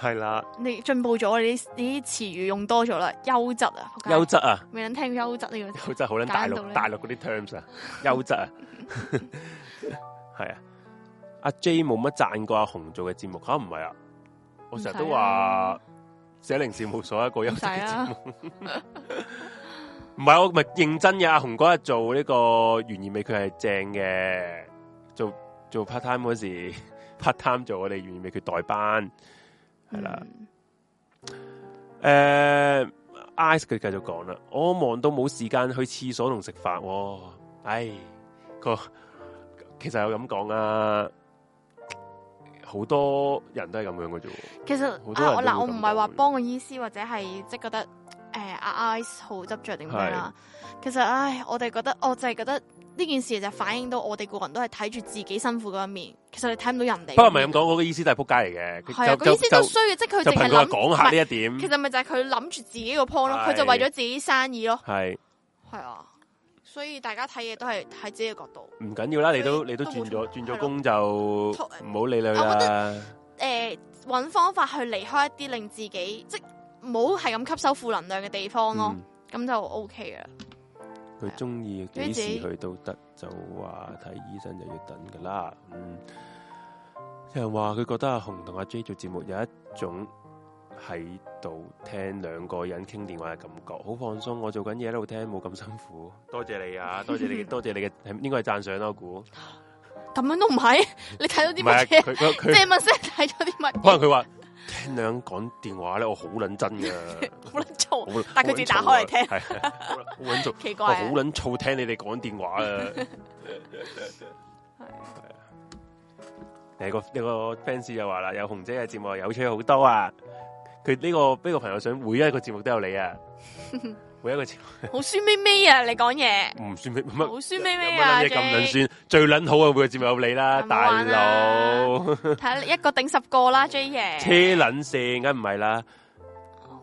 係啦 對了，你進步咗，你啲你啲詞語用多咗啦，優質啊，優質啊，未諗聽優質呢個優質好捻大陸大陸嗰啲 terms 啊，優質啊，係啊，阿 J 冇乜讚過阿紅做嘅節目，啊唔係啊，我成日都話410事務所有一個優質嘅節目，唔係我咪認真嘅，阿紅嗰日做呢個原味味佢係正嘅，做做 part time 嗰時。part time 做我哋願意俾佢代班，係啦。誒、嗯 uh,，ice 佢繼續講啦，我忙到冇時間去廁所同食飯，唉、哎，個其實有咁講啊，好多人都係咁樣嘅啫。其實啊，嗱是、哎，我唔係話幫個醫師或者係即係覺得誒，阿 ice 好執着定咩啦。其實唉，我哋覺得我就係覺得呢件事就反映到我哋個人都係睇住自己辛苦嗰一面。其實你睇唔到人哋。不過唔係咁講，我嘅意思都係仆街嚟嘅。係，佢意思都衰嘅，即係佢淨係講下呢一點。其實咪就係佢諗住自己個 point 咯，佢就為咗自己生意咯。係。係啊，所以大家睇嘢，都係喺自己嘅角度。唔緊要啦，你都你都轉咗轉咗工就唔好理佢啦。我覺得誒，揾方法去離開一啲令自己即係唔好係咁吸收負能量嘅地方咯，咁就 OK 啦。佢中意幾時去都得，就話睇醫生就要等噶啦。嗯，有人話佢覺得阿紅同阿 J 做節目有一種喺度聽兩個人傾電話嘅感覺，好放鬆。我做緊嘢喺度聽，冇咁辛苦。多謝你啊，多謝你，多謝你嘅係應該係讚賞咯。我估咁 樣都唔係，你睇到啲乜嘢？借問聲睇咗啲乜？可能佢話。聽兩講電話咧，我好卵真噶， 吵 好卵但係佢自己打開嚟聽 好，好 奇怪，好卵嘈，聽你哋講電話啊！係啊， 誒個呢個 fans 又話啦，有紅姐嘅節目有趣好多啊！佢呢、邊個，呢個朋友想每一個節目都有你啊！ 每一個字好酸咪咪啊！你講嘢唔酸咩？乜好酸咪咪啊！乜諗嘢咁撚酸，最撚好啊！每個節目有你啦，大佬睇一個頂十個啦，J 爺車撚線梗唔係啦！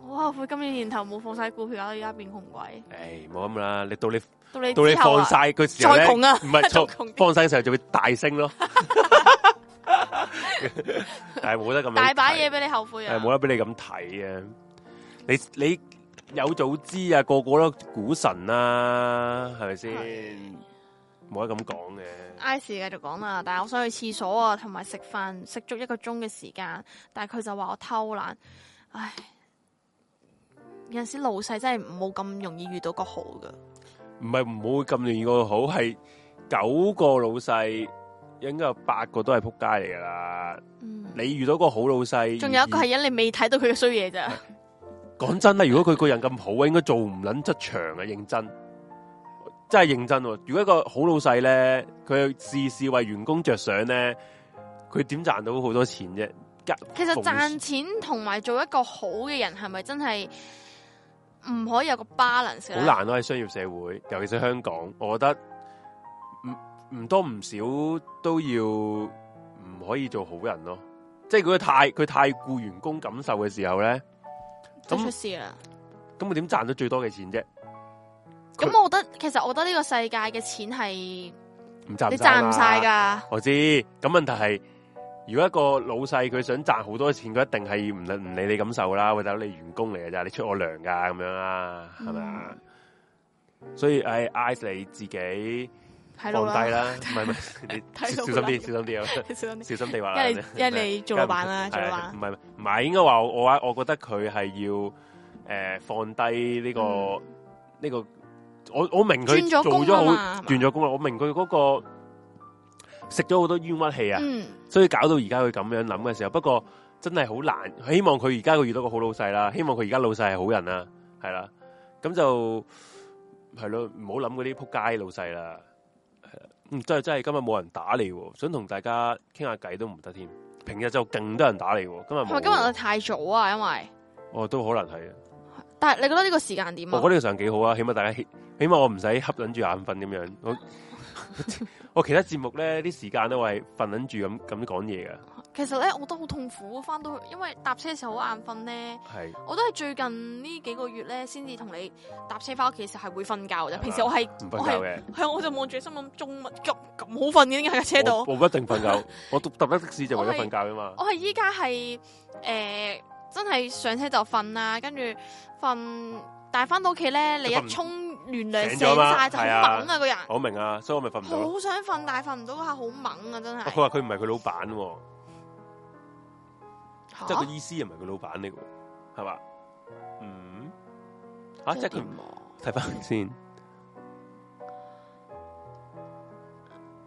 好後悔今年年頭冇放晒股票，而家變窮鬼。誒，冇咁啦！你到你到你到你放晒佢時候咧，唔係放放晒時候就會大升咯。但係冇得咁大把嘢俾你後悔啊！冇得俾你咁睇啊！你你。有早知啊，個個都股神啦，啊，係咪先？冇得咁講嘅。I see 繼續講啦，但係我想去廁所啊，同埋食飯食足一個鐘嘅時間，但係佢就話我偷懶。唉，有陣時老細真係冇咁容易遇到個好噶。唔係唔好咁容易遇個好，係九個老細應該有八個都係扑街嚟噶啦。嗯，你遇到個好老細，仲有一個係因你未睇到佢嘅衰嘢咋。講真啦，如果佢個人咁好，應該做唔捻質場啊！認真，真係認真喎。如果一個好老細咧，佢事事為員工着想咧，佢點賺到好多錢啫？其實賺錢同埋做一個好嘅人，係咪真係唔可以有個 balance 咧？好難咯，啊，喺商業社會，尤其是香港，我覺得唔唔多唔少都要唔可以做好人咯。即係佢太佢太顧員工感受嘅時候咧。都那出事啦！咁我點賺到最多嘅錢啫？咁我覺得，其實我覺得呢個世界嘅錢係唔賺，你賺唔晒噶。我知，咁問題係，如果一個老細佢想賺好多錢，佢一定係唔唔理你感受啦。或者你係員工嚟噶咋，你出我糧噶咁樣啊，係咪啊？所以，唉、哎，挨你自己。放低啦 路了，唔係唔係，你小心啲，小心啲啊！ 小心啲， 小心啲點！話因為你做老闆啦， 做老闆唔係唔係，應該話我我我覺得佢係要誒、呃、放低呢、這個呢、嗯這個。我我明佢做咗好斷咗工啦，我明佢嗰個食咗好多冤屈氣啊，嗯、所以搞到而家佢咁樣諗嘅時候。不過真係好難，希望佢而家佢遇到一個好老細啦。希望佢而家老細係好人、啊、啦，係啦。咁就係咯，唔好諗嗰啲扑街老細啦。嗯，真係真係今日冇人打你，想同大家傾下偈都唔得添。平日就勁多人打你，今日唔係，係咪今日太早啊？因為哦，都可能係啊。但係你覺得呢個時間點啊？我覺得呢個時間幾好啊，起碼大家起碼我唔使瞌撚住眼瞓咁樣。我 我其他節目咧啲、這個、時間咧，我係瞓撚住咁咁講嘢噶。其實咧，我都好痛苦翻到去，因為搭車嘅時候好眼瞓咧。係，我都係最近呢幾個月咧，先至同你搭車翻屋企嘅時候係會瞓覺嘅。平時我係唔瞓覺嘅。係，我就望住心諗，做乜咁咁好瞓嘅？喺架車度，我唔一定瞓覺，我搭的士就為咗瞓覺啫嘛。我係依家係誒，真係上車就瞓啦，跟住瞓，但係翻到屋企咧，你一沖亂涼醒晒，就好猛啊！個人，我明啊，所以我咪瞓唔到。好想瞓，但係瞓唔到，下，好猛啊！真係。佢話佢唔係佢老闆。蛤即係個醫師又唔係佢老闆嚟嘅，係嘛？嗯，啊，即係佢睇翻先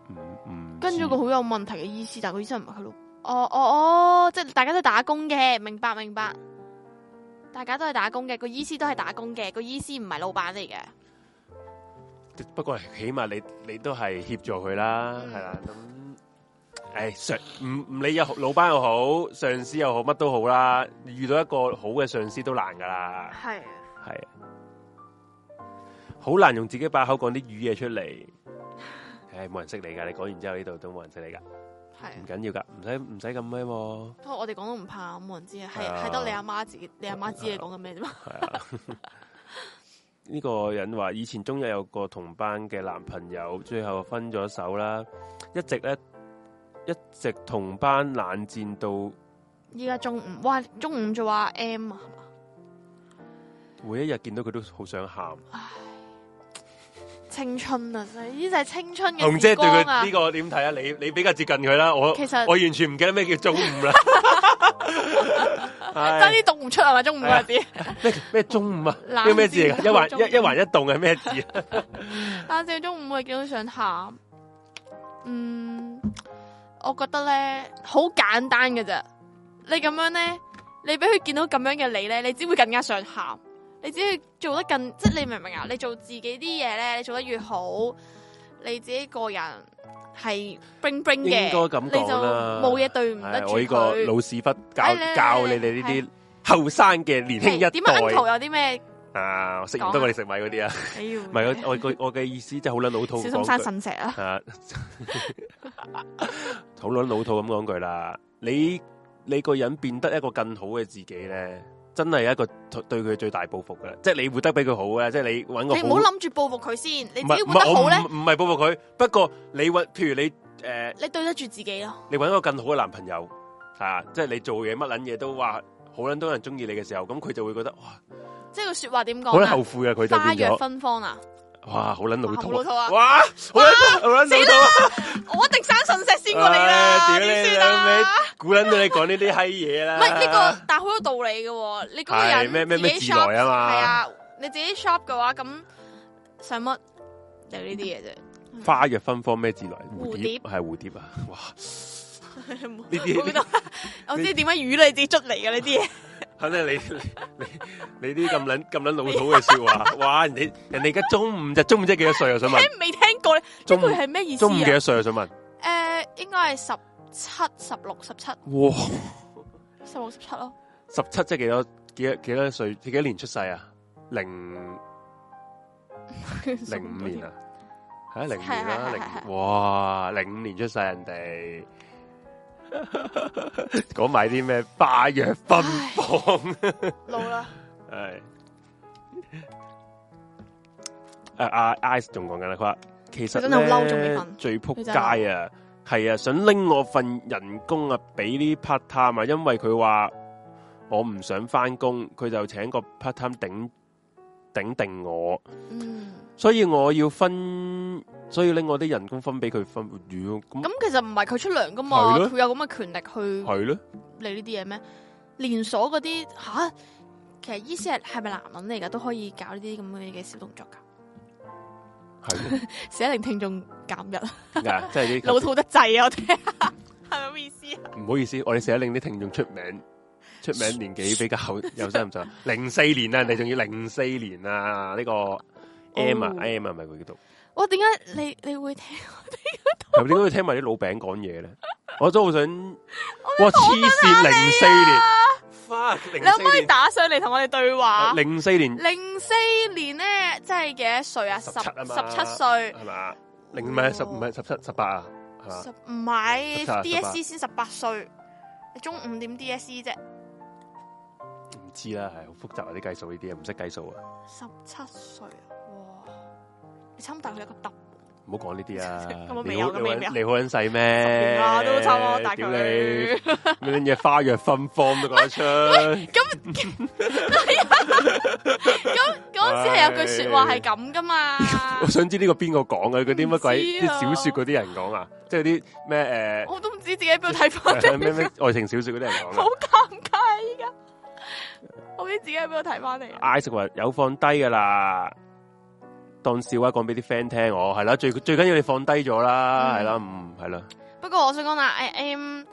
嗯。嗯跟住個好有問題嘅醫師，但係個醫生唔係佢老闆。哦哦哦，即係大家都打工嘅，明白明白，明白。大家都係打工嘅，個醫師都係打工嘅，個醫師唔係老闆嚟嘅。不過起碼你你都係協助佢啦，係啦咁。誒、哎，上唔唔理又老闆又好，上司又好，乜都好啦。遇到一個好嘅上司都難噶啦，係係是的，好難用自己把口講啲語嘢出嚟。誒、 哎，冇人識你噶，你講完之後呢度都冇人識你噶，係唔緊要噶，唔使唔使咁咩。不過我哋講都唔怕，冇人知嘅，係係得你阿媽知，你阿媽知你講緊咩啫嘛。係啊。呢個人話以前中一有個同班嘅男朋友，最後分咗手啦，一直咧。一直同班冷戰到依家中午，哇！中午就話 M 啊，每一日見到佢都好想喊。青春啊，呢就係青春嘅，啊。紅姐對佢呢個點睇啊？你你比較接近佢啦。我其實我完全唔記得咩叫中午啦。真係讀唔出啊嘛！中午嗰日啲咩咩中午啊？叫咩字啊？一環一一環一動係咩字啊？阿 姐中午我見到想喊，嗯。我覺得咧好簡單㗎啫，你咁樣咧，你俾佢見到咁樣嘅你咧，你只會更加想喊，你只會做得更，即係你明唔明啊？你做自己啲嘢咧，你做得越好，你自己個人係冰冰嘅，你就冇嘢對唔得住佢。我呢個老屎忽教教你哋呢啲後生嘅年輕一代。點啊？哎，Uncle 有啲咩？啊！食唔得我哋食米嗰啲啊，唔係 我我嘅意思，即係好捻老套。小心生腎石啊，啊！好捻 老套咁講句啦，你你個人變得一個更好嘅自己咧，真係一個對佢最大報復噶，即係你活得比佢好啊，即係你搵個你唔好諗住報復佢先，你點活得好咧？唔係報復佢，不過你搵，譬如你誒，呃，你對得住自己咯。你揾個更好嘅男朋友啊，即係你做嘢乜捻嘢都話好捻多人中意你嘅時候，咁佢就會覺得哇。即係個說話點講？好後悔啊！佢花若芬芳啊！哇，好捻老土啊！哇，死啦！我一定生隕石先過你啦！點算啊？你估捻到你講呢啲閪嘢啦！唔係呢個，但係好有道理嘅。你個人咩咩咩自來啊嘛？係啊，你自己 shop 嘅話咁上乜就呢啲嘢啫。花若芬芳咩自來？蝴蝶係蝴蝶啊！哇！呢啲我知點樣魚咧，自己捉嚟嘅呢啲嘢。肯定你你你啲咁捻咁捻老土嘅說話，哇！你人哋而家中午啫，中午即係幾多歲啊？想問？你未聽過咧。中午係咩意思？中午幾多歲啊？想問？誒，應該係十七、十六、十七。哇，十六、十七咯。十七即係幾多？幾多？幾多歲？幾多年出世啊？零零五年啊？係啊，零五年啦，零哇，零五年出世人哋。講埋啲咩花藥芬芳， 老啦。唉，阿阿 Ice 仲講緊啦，佢話其實真係好嬲，仲未瞓。最撲街啊，係啊，想拎我份人工啊，俾呢 part time 啊，因為佢話我唔想翻工，佢就請個 part time 頂頂定我。嗯，所以我要分。所以另外啲人工分俾佢分住咯。咁、嗯、其實唔係佢出糧噶嘛，佢的有咁嘅權力去這些嗎。係咧的，理呢啲嘢咩？連鎖嗰啲吓，其實醫生係係咪男人嚟噶？都可以搞呢啲咁樣嘅小動作噶。係的，想 令聽眾減一。啊，即係啲老套得滯啊！我聽，係咪好意思啊？唔好意思，我哋想令啲聽眾出名，出名年紀比較 有心唔錯。零四年啊，你仲要零四年啊？呢、呢個 M 啊 M 啊，唔係佢讀。我點解你你會聽？又點解會聽埋啲老餅講嘢咧？我都好想，哇黐線零四年，你可唔可以打上嚟同我哋對話？零四年，零四年咧，即係幾多歲啊？十十七歲係嘛？零唔係十唔係十七十八啊？係嘛？唔係 DSE 先十八歲，你中五點 DSE 啫？唔知啦，係好複雜你計數呢啲啊，唔識計數啊，十七歲啊。差唔多，一個得。唔好講呢啲啊！你好，撚細咩？十年啦，都差唔多，大概。咩嘢花若芬芳都講得出？咁，咁嗰時係有句說話係咁噶嘛？我想知呢個邊個講嘅？嗰啲乜鬼？啲小說嗰啲人講啊，即係啲咩誒？我都唔知自己喺邊度睇翻啲咩咩愛情小說嗰啲人講。好尷尬啊！依家我唔知自己喺邊度睇翻嚟。愛情云有放低噶啦。當笑話講俾啲 friend 聽，我係啦，最最緊要你放低咗、嗯、啦，係、嗯、啦，唔係啦。不過我想講啦，I am，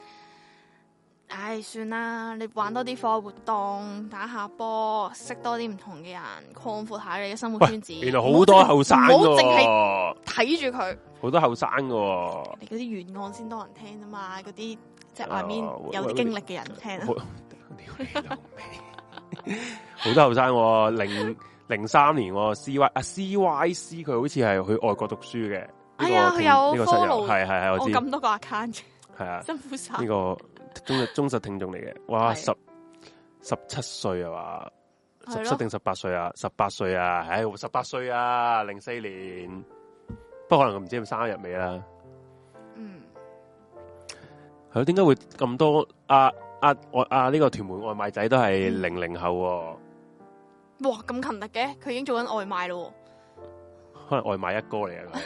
唉，算啦，你玩多啲課外活動，打下波，識多啲唔同嘅人，擴闊下你嘅生活圈子。原來好多後生，唔好淨係睇住佢，好多後生噶。你嗰啲遠岸先多人聽啫嘛，嗰啲即係外面有啲經歷嘅人聽。屌了好 多後生，零。零三年喎、喔、C Y 啊 C Y C 佢好似係去外國讀書嘅。哎呀，佢、這個、他有 follow 係係係我知咁多個 account。係啊，真係好熟呢個中，忠實忠實聽眾嚟嘅，哇十十七歲啊，十七定十八歲啊，十八歲啊，唉，十八歲啊，零四年。不過可能唔知佢生日未啦。嗯。係咯？點解會咁多啊，啊，外阿呢個屯門外賣仔都係零零後？嗯哇，咁勤力嘅，佢已經做緊外賣咯，可能外賣一哥嚟啊！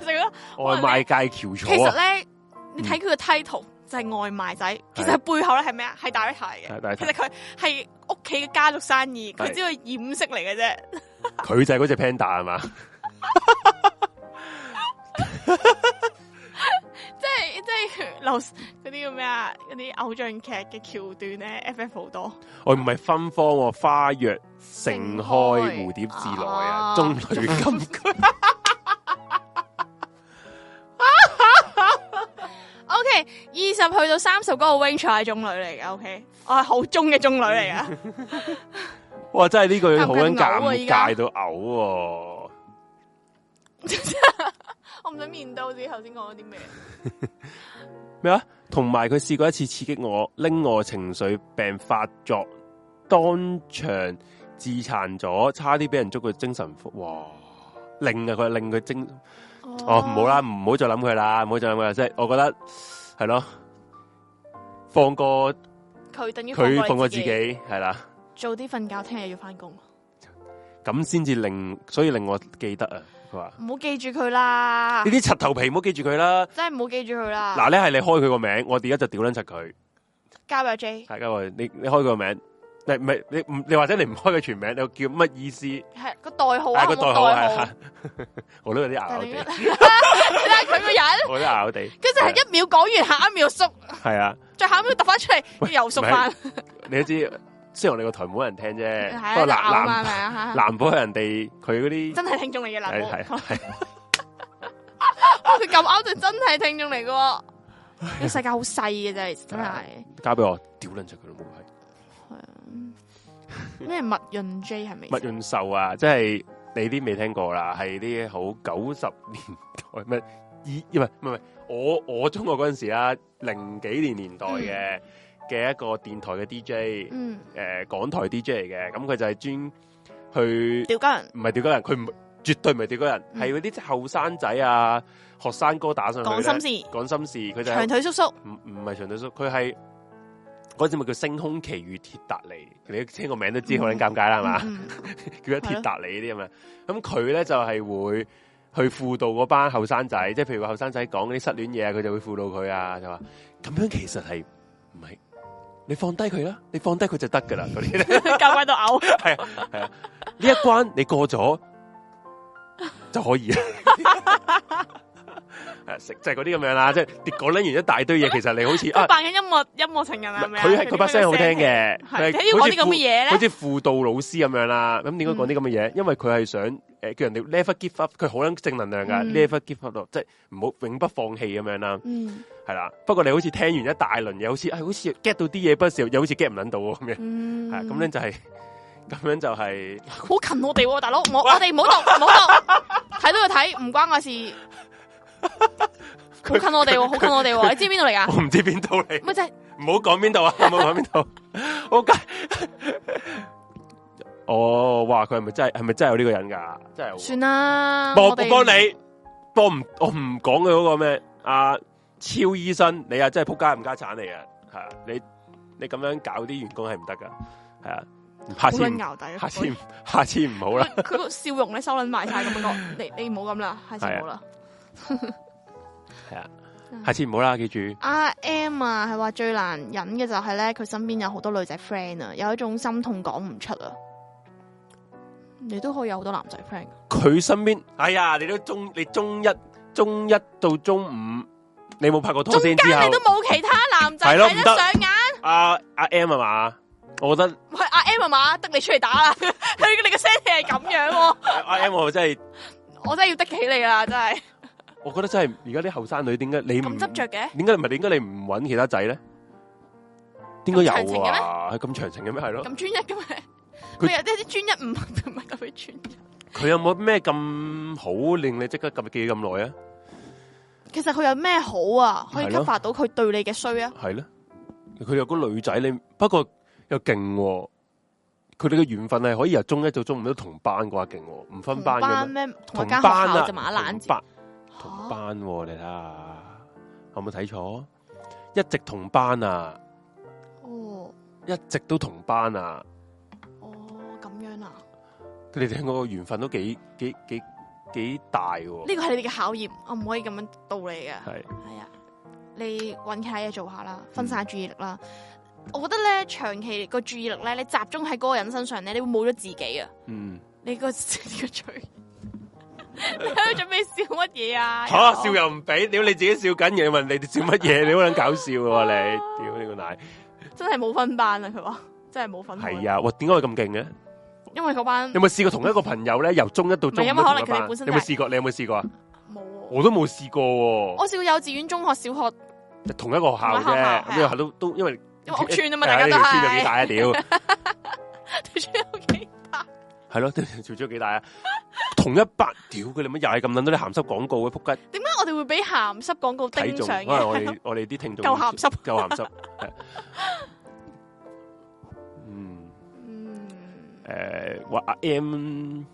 食啦，外賣界翹楚。其實咧，嗯、你睇佢個 title 就係外賣仔，其實喺背後咧係咩啊？係、嗯、大一仔嘅，是大他其實佢係屋企嘅家族生意，佢是的 只係掩飾嚟嘅啫。佢就係嗰隻 Panda 係嘛？即係老嗰啲叫咩啊？嗰啲偶像劇嘅橋段咧，FF 好多、哦。我唔係芬芳、哦，花若盛開，蝴蝶自來啊！中女金句。OK，二十去到三十嗰個 wing try 中女嚟嘅。OK，我係好中嘅中女嚟噶。哇！真係呢個好難戒到嘔。 我唔想面對自己頭先講咗啲咩？咩 啊？同埋佢試過一次刺激我，令我情緒病發作，當場自殘咗，差啲俾人捉佢精神服。哇！令啊，佢令佢精、oh。哦，唔好啦，唔好再諗佢啦，唔好再諗佢啦。即係我覺得係咯，放過佢等於佢放過自己，係啦。的早啲瞓覺，聽日要翻工。咁先至令，所以令我記得啊。唔好記住佢啦！呢啲柒頭皮唔好記住佢啦！真係唔好記住佢啦！嗱，你係你開佢個名，我哋而家就屌捻柒佢。交俾 J，你你開佢個名，你唔係你唔你或者你唔開佢全名，又叫乜意思？係個代號啊個代號我都有啲拗拗嘅，但係佢個人，我都拗拗地。跟住就係一秒講完，下一秒縮，係啊，再下一秒突翻出嚟，又縮翻。你都知。雖然你個台冇人聽啫，不過男男男婆人哋佢嗰啲真係聽眾嚟嘅，係係係，佢咁啱就真係聽眾嚟嘅。呢個世界好細嘅啫，真係。交俾我，屌捻出佢咯，係。係啊，咩麥潤 J 係咪？麥潤壽啊，即係你啲未聽過啦，係啲好九十年代，唔係二，唔係唔係，我我中學嗰陣時啦，零幾年年代嘅。嘅一個電台嘅 DJ，誒、嗯呃、港台 DJ 嚟嘅，咁佢就係專去，吊家人，唔係吊家人，佢唔絕對唔係吊家人，係嗰啲後生仔啊，學生哥打上去咧，講心事，講心事，佢就係、長腿叔叔，唔唔係長腿叔，叔，佢係嗰陣咪叫星空奇遇鐵達尼，你聽個名都知好捻尷尬啦，係嘛、嗯， 叫咗鐵達尼啲咁啊，咁佢咧就係會去輔導嗰班後生仔，即係譬如話後生仔講啲失戀嘢，佢就會輔導佢啊，就話咁樣其實係唔係。你放低佢啦，你放低佢就得噶啦嗰啲，教歪到嘔。係啊係啊，呢一關你過咗就可以啦。誒，食就係嗰啲咁樣啦，即係你講拎完一大堆嘢，其實你好似啊。扮緊音樂音樂情人啊？佢係佢把聲好聽嘅，係要講啲咁嘅嘢咧。好似輔導老師咁樣啦，咁點解講啲咁嘅嘢？因為佢係想誒叫人哋 never give up，佢好捻正能量噶，never give up 即係唔好永不放棄咁樣啦。嗯。係啦，不過你好似聽完一大輪又好似好似 get 到啲嘢，不時又好似 get 唔捻到咁嘅，係咁咧就係咁樣就係好近我哋，大佬我我哋唔好郁唔好郁，睇到佢睇唔關我事，好近我哋，好近我哋，你知邊度嚟啊？我唔知邊度嚟，咪係唔好講邊度啊！唔好講邊度，好介，哦，話佢係咪真係係咪真係有呢個人噶？真係算啦，我我幫你，我唔我唔講佢嗰個咩啊？超醫生，你啊真係仆街冚家鏟嚟嘅，係啊！你你咁樣搞啲員工係唔得噶，係啊！下次下次下次唔好啦。佢個笑容你收捻埋晒咁樣，你你唔好咁啦，下次唔好啦。係啊，下次唔 好啦，記住。阿 M 啊，係話最難忍嘅就係咧，佢身邊有好多女仔 friend 啊，有一種心痛講唔出啊。 你都可以有好多男仔 friend。佢身邊哎呀，你都中你中一中一到中五。你冇拍過拖先，中間你都冇其他男仔睇得上眼。阿阿 M 係嘛？我覺得唔係阿 M 係嘛？得你出嚟打啦！點解你個聲係咁樣？阿 M 我真係，我真係要得起你啦！真係，我覺得真係而家啲後生女點解你咁執着嘅？點解唔係？點解你唔搵其他仔咧？點解有啊？係咁長情嘅咩？係咯？咁專一嘅咩？佢有啲啲專一唔係特別專一。佢有冇咩咁好令你即刻咁記咁耐啊？其實佢有咩好啊？可以激發到佢對你嘅衰啊？係咧，佢有個女仔，你不過又勁、哦，佢哋嘅緣分係可以由中一到中五都同班啩，勁唔、哦、分班嘅咩？同班啊，就麻爛字，同班、哦、你睇下，啊、有冇睇錯？一直同班啊，哦，一直都同班啊，哦，咁樣啊？佢哋聽嗰個緣分都幾幾幾。幾幾大㗎？呢個係你哋嘅考驗，我唔可以咁樣到你嘅。係係啊，你搵其他嘢做下啦，分散注意力啦。我覺得咧，長期個注意力咧，你集中喺嗰個人身上咧，你會冇咗自己啊。嗯，你個你個嘴，你喺度準備笑乜嘢啊？好啊，笑又唔俾，屌你自己笑緊嘅，問你哋笑乜嘢？你好捻搞笑啊你，屌你個奶，真係冇分班啊！佢話真係冇分係啊！哇，點解會咁勁嘅？因為嗰班有冇試過同一個朋友咧，由中一到中五嗰班，有冇試過？你有冇試過啊？冇，我都冇試過。我試過幼稚園、中學、小學，同一個學校啫。咁都都因為，屋村啊嘛，大家都村有幾大一屌，村有幾大？係咯，條村有幾大啊？同一百屌佢哋乜？又係咁諗到啲鹹濕廣告嘅撲街？點解我哋會俾鹹濕廣告盯上嘅？我哋我哋啲聽眾夠鹹濕，夠鹹濕。誒，話阿 M，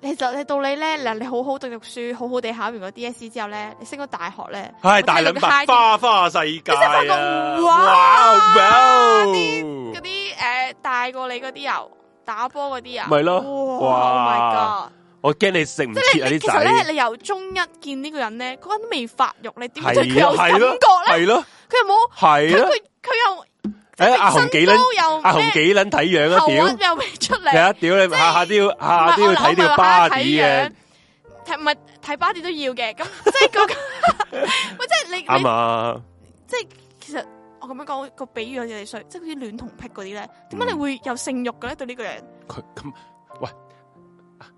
其實你到你咧，嗱，你好好讀讀書，好好地考完個 DSE 之後咧，你升個大學咧，兩哋花花世界啊，哇，嗰啲嗰啲誒，大過你嗰啲又，打波嗰啲又，咪咯，哇，my god，我驚你食唔，即係其實咧，你由中一見呢個人咧，嗰人都未發育，你點佢有感覺咧？係咯，佢又冇，佢佢佢又。誒，阿紅幾撚？阿紅幾撚睇樣啊？屌！又未出嚟。係啊，屌你！下下都要，下下都要睇條巴嘅。係咪睇巴啲都要嘅？咁即係嗰個。喂，即係你你。啱啊！即係其實我咁樣講個比喻，我哋需即係啲戀童癖嗰啲咧，點解你會有性慾嘅咧？對呢個人。佢咁喂。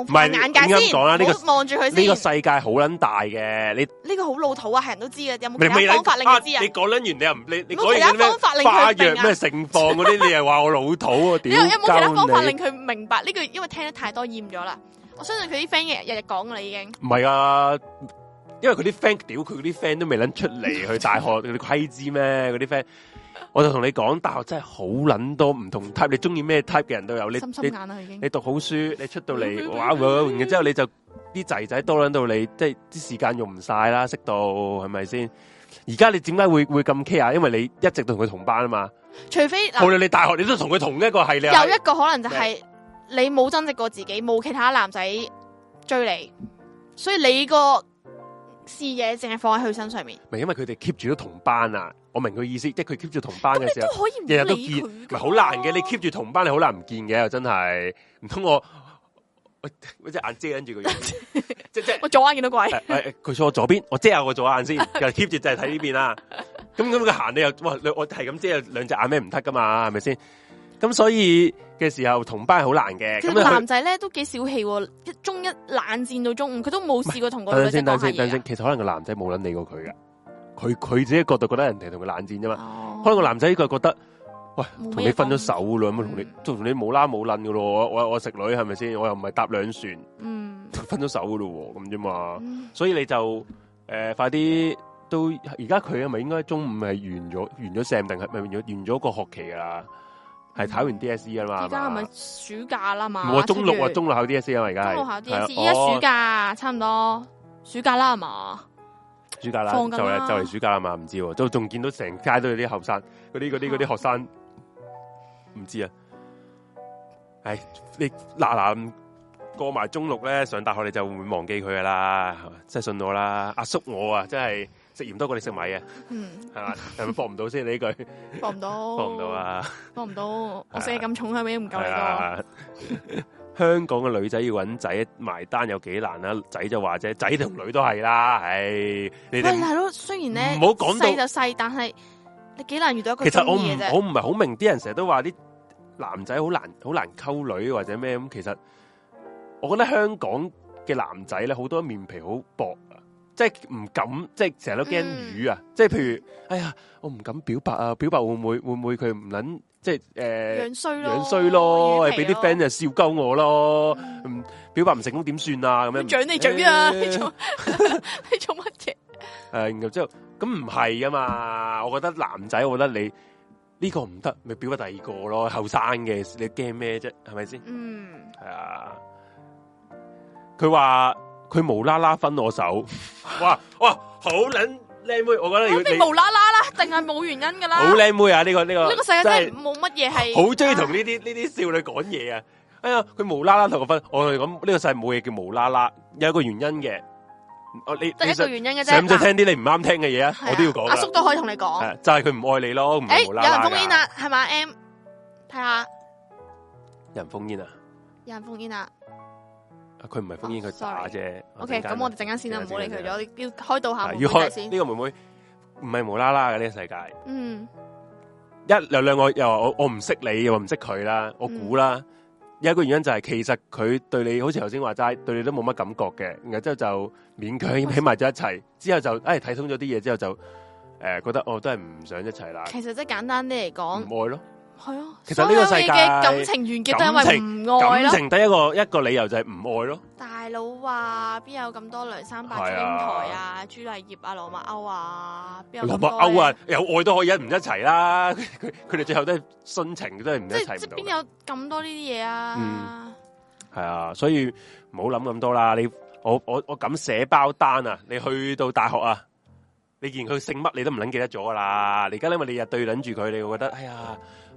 唔係眼界先，望住佢先、呢個。呢、呢個世界好捻大嘅，你呢個好老土啊，係人都知嘅。有冇其他方法令佢知？你講捻完，你又唔你你講啲咩花樣咩盛況嗰啲，你又話我老土啊？點有冇其他方法令佢明白呢句？ 因為聽得太多厭咗啦。我相信佢啲 friend 日日講啦，已經天天。唔係啊，因為佢啲 friend 屌佢啲 friend 都未捻出嚟去大學嗰啲規知咩？嗰啲 friend。我就同你講，大學真係好捻多唔同 type，你中意咩 type 嘅人都有。你深深眼你你讀好書，你出到嚟， 哇！完嘅之後你就啲仔仔多捻到你，即係啲時間用唔晒啦，識到係咪先？而家你點解會會咁 care 啊？因為你一直都同佢同班啊嘛。除非，無論你大學你都同佢同一個系列。有一個可能就係你冇增值過自己，冇其他男仔追你，所以你個視野淨係放喺佢身上面。唔係，因為佢哋 keep 住都同班啊。我明佢意思，即係佢 keep 住同班嘅時候，日日、啊、都見，唔係好難嘅。你 keep 住同班，你好難唔見嘅，真係。唔通，我我隻眼遮跟住佢，即我左眼見到鬼。佢坐、哎哎、我左邊，我遮下我左眼先，又 keep 住就係睇呢邊啦。咁咁佢行你又，哇！我係咁遮，兩隻眼咩唔得噶嘛？係咪先？咁所以嘅時候同班好難嘅。其實 男仔咧都幾小氣，一中一冷戰到中五，佢都冇試過同。但等先等，但先，但先，的其實可能個男仔冇諗理過佢嘅。佢佢自己角度覺得人哋同佢冷戰啫嘛，可能個男仔佢覺得，喂，同你分咗手啦，咁同你同、嗯、你冇啦冇論噶咯，我我食女係咪先？我又唔係搭兩船，嗯、分咗手噶咯，咁啫嘛。嗯、所以你就誒、呃、快啲到而家佢係咪應該中午係完咗完咗 semester 定係咪完咗完咗個學期噶啦？係、嗯、考完 DSE 啊嘛，而家係咪暑假啦月嘛？我中六啊是，中六考 DSE 啊嘛，而家中六考 DSE，而家暑假差唔多，暑假啦係嘛？暑假啦，就嚟就嚟暑假啊嘛，唔知喎，都仲見到成街都有啲後生，嗰啲嗰啲嗰啲學生，唔 知啊。唉，你嗱嗱過埋中六咧，上大學你就會唔會忘記佢噶啦？真係信我啦，阿叔我啊，真係食鹽多過你食米啊。係係咪博唔到先你呢句？博唔到，博唔到啊！博唔到，我死咁重係咪都唔夠？香港嘅女仔要揾仔埋單有幾難啊？仔就話啫，仔同女都係啦，唉、嗯哎，你係咯，雖然咧，唔好講細就細，但係你幾難遇到一個。其實我唔，我唔係好明，啲人成日都話啲男仔好難，好難溝女或者咩咁。其實我覺得香港嘅男仔咧，好多面皮好薄。即係唔敢，即係成日都驚魚啊！嗯、即係譬如，哎呀，我唔敢表白啊！表白會唔會會唔會佢唔捻？即係誒，呃、樣衰咯，樣衰咯！喂，俾啲 friend 就笑鳩我咯，唔、嗯、表白唔成功點算啊？咁樣，掌你嘴啊！欸、你做 你做乜嘢、啊？誒、 嗯，然後之後咁唔係啊嘛？我覺得男仔，我覺得你呢個唔得，咪表白第二個咯。後生嘅你驚咩啫？係咪先？嗯，係啊。佢話。佢無啦啦分我手，哇哇，好捻靚妹，我覺得有變無啦啦啦，定係冇原因噶啦。好靚妹啊，呢個呢個呢個世界真係冇乜嘢係。好中意同呢啲呢啲少女講嘢啊！哎呀，佢無啦啦同我分，我係咁呢個世界冇嘢叫無啦啦，有一個原因嘅。哦，你得一個原因嘅啫。使唔使聽啲你唔啱聽嘅嘢啊？我都要講。阿叔都可以同你講，就係佢唔愛你咯。誒，有人封煙啦，係嘛？M，睇下有人封煙啊，有人封煙啊。佢唔係烽煙，佢、oh, sorry. 打啫。OK，咁我哋陣間先啦，唔好理佢咗，要開導下佢先。呢、這個妹妹唔係無啦啦嘅呢個世界。嗯，一有兩個又話我我唔識你又話唔識佢啦，我估啦。有一個原因就係、是、其實佢對你好似頭先話齋，對你都冇乜感覺嘅，然後、嗯、之後就勉強起埋咗一齊，之後就誒睇通咗啲嘢之後就誒覺得我都係唔想一齊啦。其實即係簡單啲嚟講，唔愛咯。係咯，所以你嘅感情完結都因為唔愛咯。感情第一個一個理由就係唔愛咯。大佬話邊有咁多梁山伯、青苔啊、朱麗葉啊、羅密歐啊？邊、啊啊、有羅密歐啊？有愛都可以一唔一齊啦、啊。佢哋最後都係殉情，都係唔一齊。即係邊有咁多呢啲嘢啊？係、嗯、啊，所以唔好諗咁多啦。你我我我敢寫包單啊！你去到大學啊，你見佢姓乜，你都唔撚記得咗噶啦。而家因為你日對諗住佢，你會覺得哎呀。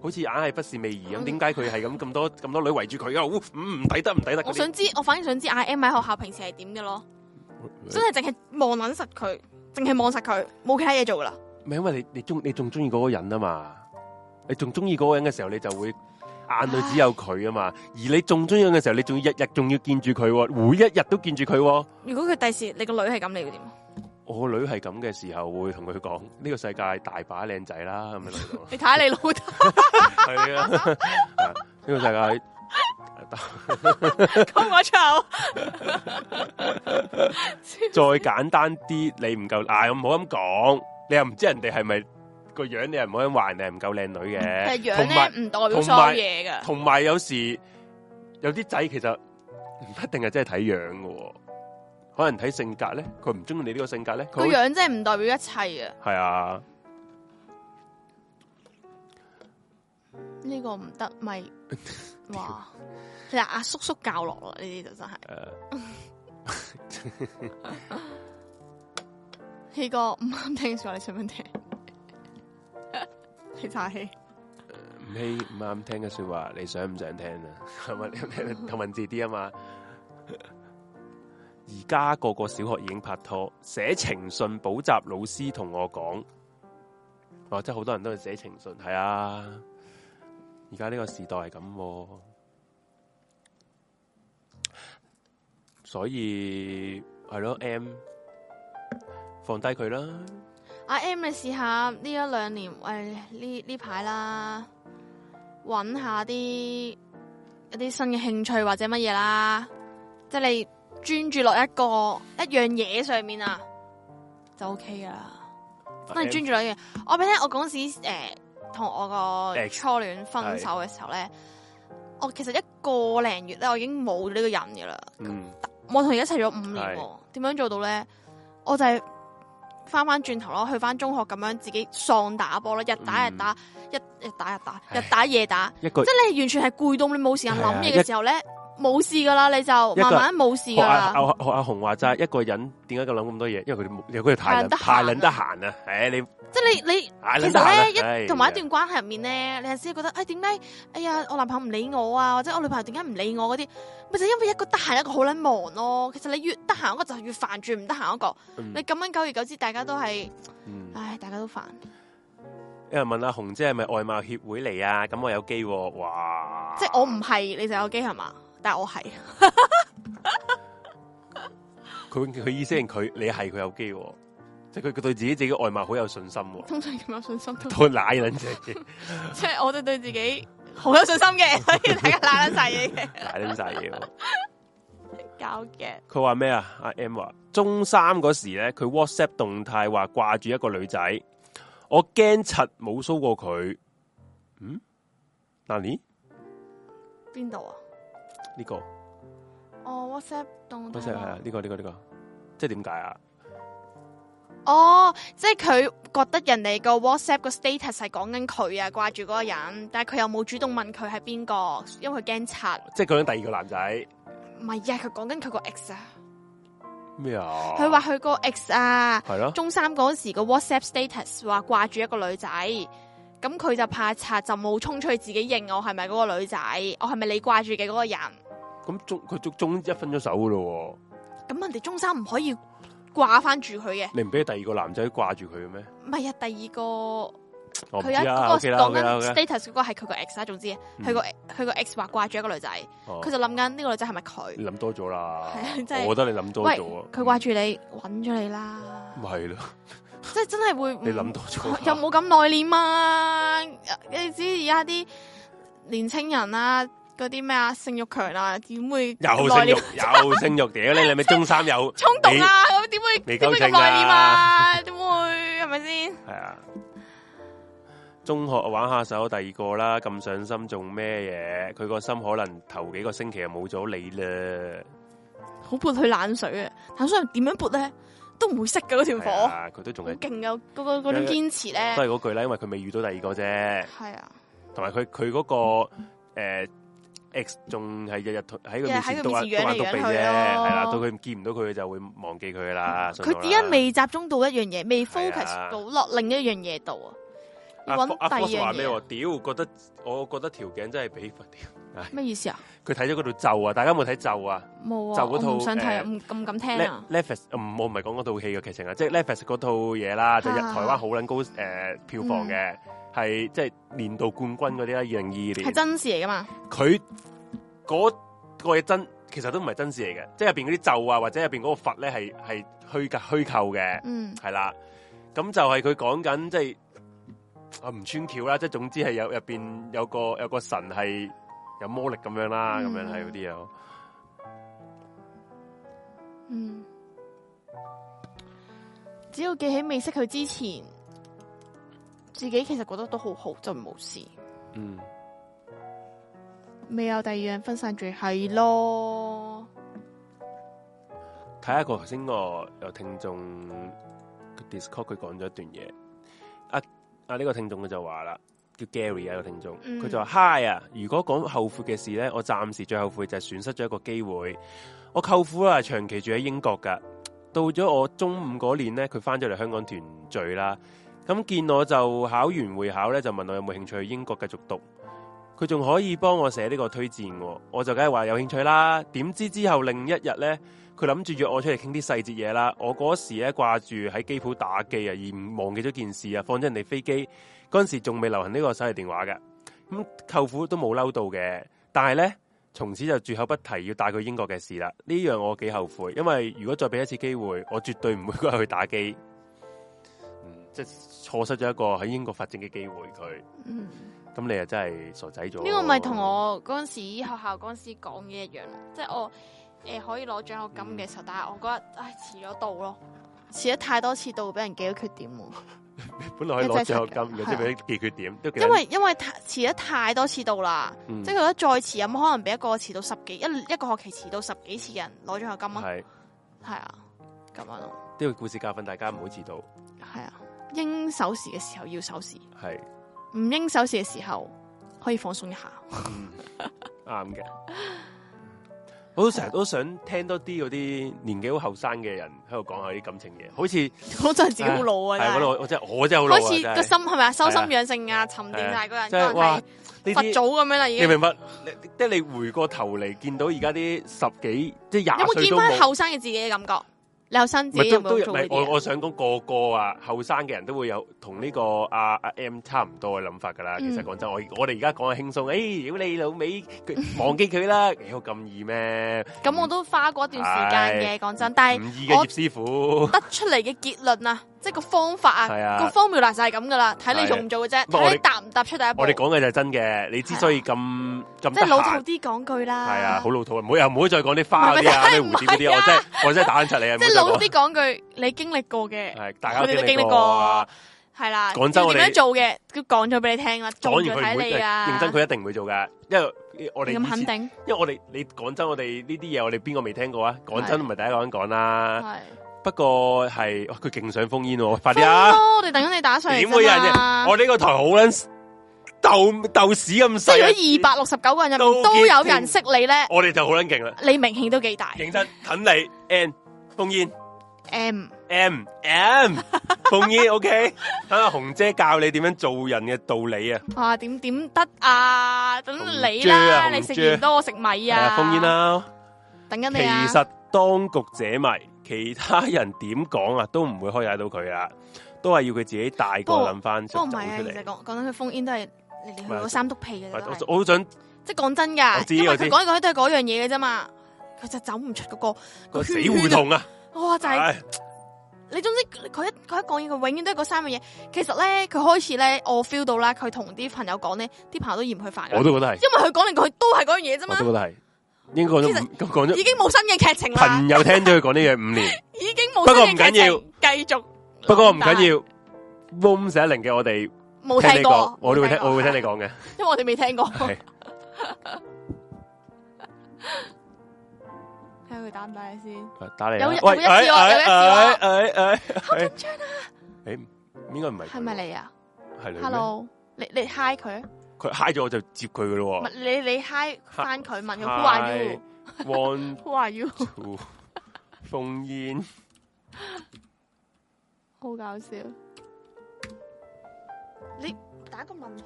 好似硬係不是味兒咁，點解佢係咁咁多咁多女圍住佢啊？唔唔抵得唔抵得？得我想知，些我反而想知，阿 M 喺學校平時係點嘅咯？麼真係淨係望撚實佢，淨係望實佢，冇其他嘢做噶啦。咪因為你你中你仲中意嗰個人啊嘛，你仲中意嗰個人嘅時候，你就會眼裏只有佢啊嘛。唉而你仲中意嗰個嘅時候，你仲日日仲要見住佢，每一日都見住佢。如果佢第時你個女係咁，你會點？你我個女係咁嘅時候，會同佢講呢個世界大把靚仔啦，係咪 你睇下你老豆係啊？呢個世界咁我醜再簡單啲，你唔夠、啊、我唔好咁講，你又唔知人哋係咪個樣你？你又唔好咁話人哋唔夠靚女嘅。個樣咧唔代表所有嘢噶，同埋有，有時有啲仔其實唔一定係真係睇樣喎。可能睇性格咧，佢唔中意你呢個性格咧，佢樣真係唔代表一切啊！係啊，呢個唔得咪哇！其實阿叔叔教落啦，呢啲就真係。希哥唔啱聽嘅說話，你想唔想聽？你叉氣？唔希唔啱聽嘅說話，你想唔想聽啊？係 咪？同文字啲啊嘛？而家個個小學已經拍拖寫補，寫、哦、情信。補習老師同我講，哦，即係好多人都去寫情信，係啊。而家呢個時代係咁、啊，所以係咯。M 放低佢啦。阿、啊、M，你試下呢一兩年，喂，呢呢排啦，搵下啲一啲新嘅興趣或者乜嘢啦，即係你。專注落一個一樣嘢上面啊，就 OK 㗎啦。真係專注落一樣嘢。我俾你聽，我嗰時誒同、呃、我個初戀分手嘅時候咧，uh, 我其實一個零月咧，我已經冇呢個人噶啦、mm.。我同你一齊咗五年了，點、mm. 樣做到咧？我就係翻翻轉頭咯，去翻中學咁樣自己喪打波啦，日打日打，mm. 一日打日打，日打夜打，即係你完全係攰到你冇時間諗嘢嘅時候咧。 冇事噶啦，你就慢慢冇事噶啦。阿阿阿阿紅話齋，一個人點解夠諗咁多嘢？因為佢哋太撚，太撚得閒啊！誒、哎，你即係你你，你其實咧一同埋一段關係入面咧，哎、你有先覺得誒，點、哎、解？哎呀，我男朋友唔理我啊，或者我女朋友點解唔理我嗰、啊、啲，咪就是、因為一個得閒，一個好撚忙咯、啊。其實你越得閒嗰個就係越煩住，唔得閒嗰個，嗯、你咁樣久而久之，大家都係，嗯、唉，大家都煩。有人問阿紅姐係咪外貌協會嚟啊？咁我有機、啊，哇！即係我唔係，你就有機係嘛？但我係，佢，佢意思係佢你係佢有機，即係佢，佢對自己自己外貌好有信心。通常咁有信心都奶撚嘢，即係我就對自己好有信心嘅，所以大家奶撚晒嘢嘅。奶撚晒嘢，搞嘅。佢話咩啊？阿 Emma 中三嗰時咧，佢 WhatsApp 動態話掛住一個女仔，我驚柒冇 show 過佢。嗯，阿尼邊度啊？呢、這個哦、oh, WhatsApp 動態係啊，呢、這個呢、這個呢、這個，即係點解啊？哦，oh, 即係佢覺得人哋個 WhatsApp 個 status 係講緊佢啊，掛住嗰個人，但係佢又冇主動問佢係邊個，因為佢驚拆。即係講緊第二個男仔，唔係啊，佢講緊佢個 ex 啊。咩啊？佢話佢個 ex 啊，係咯，中三嗰時個 WhatsApp status 話掛住一個女仔，咁佢就怕拆，就冇衝出去自己認我係咪嗰個女仔，我係咪你掛住嘅嗰個人？咁中佢中中一分咗手噶咯，咁人哋中三唔可以掛翻住佢嘅？你唔俾第二個男仔掛住佢嘅咩？唔係啊，第二個佢有嗰個講緊 status 嗰個係佢個 ex 啊，總之佢、嗰個佢個 ex 話掛住一個女仔，佢、哦、就諗緊呢個女仔係咪佢？諗多咗啦，即係、我覺得你諗多咗啊！佢掛住你，揾咗你是啦，咪係咯？即係真係會你諗多咗，又冇咁內斂嘛？你知而家啲年輕人啦、啊。嗰啲咩啊？性欲強啊？點會又性欲，又性欲。屌你，你咪中三有？衝動啊！咁點會未會性內斂啊？點會係咪先？係啊，中學玩下手第二個啦，咁上心仲咩嘢？佢個心可能頭幾個星期又冇咗你啦，好潑佢冷水啊！冷水點樣潑咧？都唔會熄噶嗰條火，佢都仲係好勁啊！嗰個嗰種堅持咧，都係嗰句咧，因為佢未遇到第二個啫。係啊，同埋佢佢個誒。X 仲係日日喺個電視度玩嚟玩去啫，係啦，到佢見唔到佢就會忘記佢啦。佢點解未集中到一樣嘢，未 focus 到落另一樣嘢度啊？阿阿 Force 話俾我屌，覺得我覺得條頸真係俾佛屌。咩意思啊？佢睇咗嗰度咒啊！大家有冇睇咒啊？冇啊！就嗰套唔咁敢聽啊！Netflix 唔，我唔係講嗰套戲嘅劇情啊，即係 Netflix 嗰套嘢啦，就日台灣好撚高誒票房嘅。係即係年度冠軍嗰啲啦，二零二二年係真事嚟噶嘛？佢嗰個嘢真，其實都唔係真事嚟嘅，即係入邊嗰啲咒啊，或者入邊嗰個佛咧，係係虛構虛構嘅。嗯，是，係啦，咁就係佢講緊即係啊唔穿橋啦，即係總之係有入邊有個有個神係有魔力咁樣啦，咁樣係嗰啲啊。嗯，只要記起未識佢之前。自己其實覺得都好好，就冇事。嗯，未有第二樣分散住係咯。睇下個頭先個有聽眾 Discord，佢講咗一段嘢。啊啊呢個聽眾佢就話啦，叫 Gary 啊，個聽眾，佢就話 Hi 啊，如果講後悔嘅事咧，我暫時最後悔就係損失咗一個機會。我舅父啊長期住喺英國噶，到咗我中五嗰年咧，佢翻咗嚟香港團聚啦。咁見我就考完會考咧，就問我有冇興趣去英國繼續讀。佢仲可以幫我寫呢個推薦，我就梗係話有興趣啦。點知之後另一日咧，佢諗住約我出嚟傾啲細節嘢啦。我嗰時咧掛住喺機鋪打機啊，而唔忘記咗件事啊，放咗人哋飛機。嗰陣時仲未流行呢個手提電話嘅，咁舅父都冇嬲到嘅。但係咧，從此就絕口不提要帶佢英國嘅事啦。呢樣我幾後悔，因為如果再俾一次機會，我絕對唔會嗰日去打機。即係錯失咗一個喺英國發展嘅機會，佢咁你又真係傻仔咗。呢個咪同我嗰陣時學校嗰陣時講嘅一樣，即係我誒可以攞獎學金嘅時候，但係我覺得唉遲咗到咯，遲咗太多次到會俾人記咗缺點。本來可以攞獎學金嘅，即係俾人記缺點，因為因為遲咗太多次到啦。即係我覺得再遲有冇可能俾一個遲到十幾一一個學期遲到十幾次嘅人攞獎學金啊？係係啊，咁樣咯。呢個故事教訓大家唔好遲到。係啊。應守時嘅時候要守時，係唔是應守時嘅時候可以放鬆一下，啱嘅、嗯。 我都成日都想聽多啲嗰啲年紀好後生嘅人喺度講下啲感情嘢，好似我真係自己好老啊，係我、哎、呀的我真係我真係好似啊，個心係咪啊？修心養性啊，啊沉澱大個人，即係、啊就是、哇，佛祖咁樣啦，已經你明白。即係你回過頭嚟見到而家啲十幾即係廿，你有冇見翻後生嘅自己嘅感覺？有新子，唔好做嗰啲。我我想講個個啊，後生嘅人都會有同呢個阿阿 M 差唔多嘅諗法噶啦。其實講真，我我哋而家講係輕鬆，誒，如果你老尾，忘記佢啦，有咁易咩？咁我都花過一段時間嘅，講真，但係唔易嘅葉師傅得出嚟嘅結論啊。即係個方法啊，個 formula 就係咁噶啦，睇你做唔做嘅啫，睇你答唔答出第一步。我哋講嘅就係真嘅，你之所以咁咁即係老土啲講句啦。係啊，好老土啊，唔好又唔好再講啲花嗰啲啊，點啲啊，我真係打翻出你啊！即係老土啲講句，你經歷過嘅係大家都經歷過啊，係啦。講真我哋點樣做嘅，佢講咗俾你聽啦。講完佢唔會認真，佢一定唔會做噶，因為我哋咁肯定，因為我哋你講真，我哋呢啲嘢我哋邊個未聽過啊？講真唔係第一個人講啦。不過係佢勁想封煙哦，快啲啊！我哋等緊你打水。點會有人啊？我呢個台好卵豆豆屎咁細。即係二百六十九個人入都有人識你咧。我哋就好卵勁啦！你名氣都幾大？認真，等你。M 封煙。M M M 封煙。OK，等下紅姐教你點樣做人嘅道理啊！哇，點點得啊？等你啦，你食鹽多我食米啊，封煙啦。等緊你啊！其實當局者迷。其他人點講啊，都唔會開解到佢啊，都係要佢自己大個諗翻出嚟。不過唔係啊，其實講講緊佢封煙都係嚟嚟去去嗰三督屁嘅啫。我好想即係講真噶，因為佢講講都係嗰樣嘢嘅啫嘛。佢就走唔出嗰個個死胡同啊！哇，就係你總之佢一佢一講嘢，佢永遠都係嗰三樣嘢。其實咧，佢開始咧，我 feel 到啦，佢同啲朋友講呢，啲朋友都嫌佢煩。我都覺得係，因為佢講嚟講去都係嗰樣嘢啫嘛。應該都講咗，已經冇新嘅劇情啦。朋友聽咗佢講呢樣五年，已經冇。不過唔緊要，繼續。不過唔緊要，boom shing 零嘅，我哋冇聽過，我都會聽，我會聽你講嘅，因為我哋未聽過。睇下佢打唔打你先。打你有有一兆，有一兆，誒誒，好緊張啊！誒，應該唔係，係咪你啊？係你。Hello，你你 hi 佢。佢 hi 咗我就接佢噶咯，你你 hi 翻佢問佢，who are you，one，who are you，烽煙，好搞笑，你打個問號啊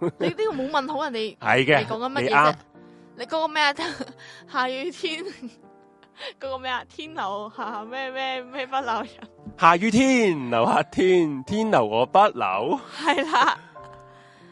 嘛，你呢個冇問號，你係嘅，你講緊乜嘢啫？你嗰個咩啊？下雨天嗰個咩啊？天留下咩咩咩不留人？下雨天留下天，天留我不留，係啦。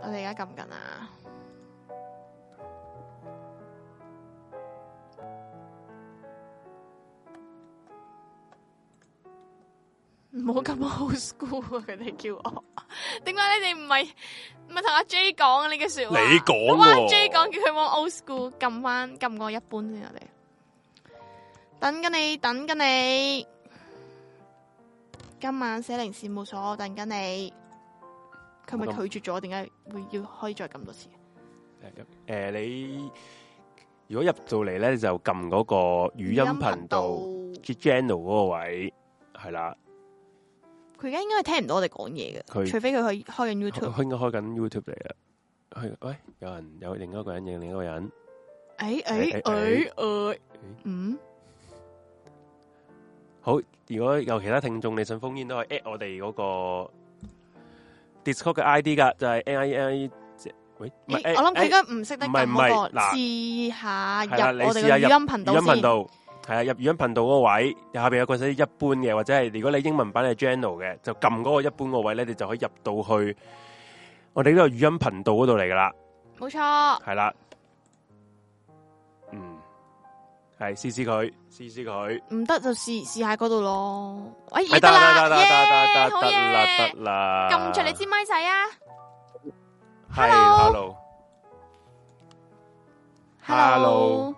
我哋而家撳緊啊！唔好咁 old school 啊！佢哋叫我，點解你哋唔係唔係同阿 J 講、啊這個、說話、啊？你講，Y J 講叫佢往 old school 撳翻撳過一般先，我哋等緊你，等緊你，今晚寫零事務所，我等緊你。佢咪拒絕咗？點解會要開再咁多次？誒誒、嗯呃，你如果入到嚟咧，就撳嗰個語音頻道 channel 嗰個位，係啦。佢而家應該聽唔到我哋講嘢嘅，他除非佢可以開緊 YouTube。佢應該開緊 YouTube 嚟啦。去喂，有人有另一個人，有另一個人。誒誒誒嗯。好，如果有其他聽眾，你信封煙都可以 at 我哋嗰、那個。Discord 嘅 ID 噶就係、是、nil，喂，咦欸、我諗佢應該唔識得唔係唔係，試下入我哋嘅語音頻道先。係啊，入語音頻道嗰位，下邊有個寫一般嘅，或者係如果你英文版係 general 嘅，就撳嗰個一般個位咧，你就可以入到去我哋呢個語音頻道嗰度嚟噶啦。冇錯，係啦。係，試試佢，試試佢，唔得就試試下嗰度咯。哎，得啦，耶，好嘢，得啦，得啦。撳着你支咪仔啊！Hello，hello，hello，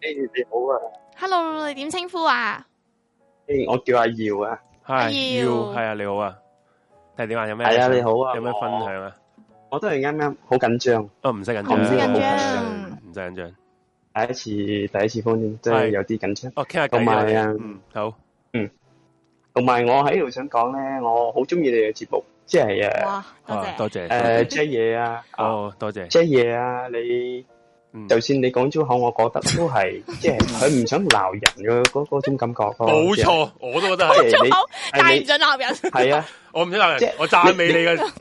誒，你好啊！Hello，你點稱呼啊？誒，我叫阿耀啊，係耀，係啊，你好啊。但係點啊？有咩？係啊，你好啊，有咩分享啊？我都係啱啱，好緊張，都唔使緊張，唔使緊張，唔使緊張。第一次第一次方先，即係有啲緊張。哦，聽下偈啦。嗯，好，嗯。同埋我喺度想講咧，我好中意你嘅節目，即係啊，多謝，多謝。誒，J 嘢啊，哦，多謝，J 嘢啊，你，就算你講粗口，我覺得都係，即係佢唔想鬧人嘅嗰嗰種感覺。冇錯，我都覺得係你，但係唔想鬧人。係啊，我唔想鬧人，我讚美你嘅。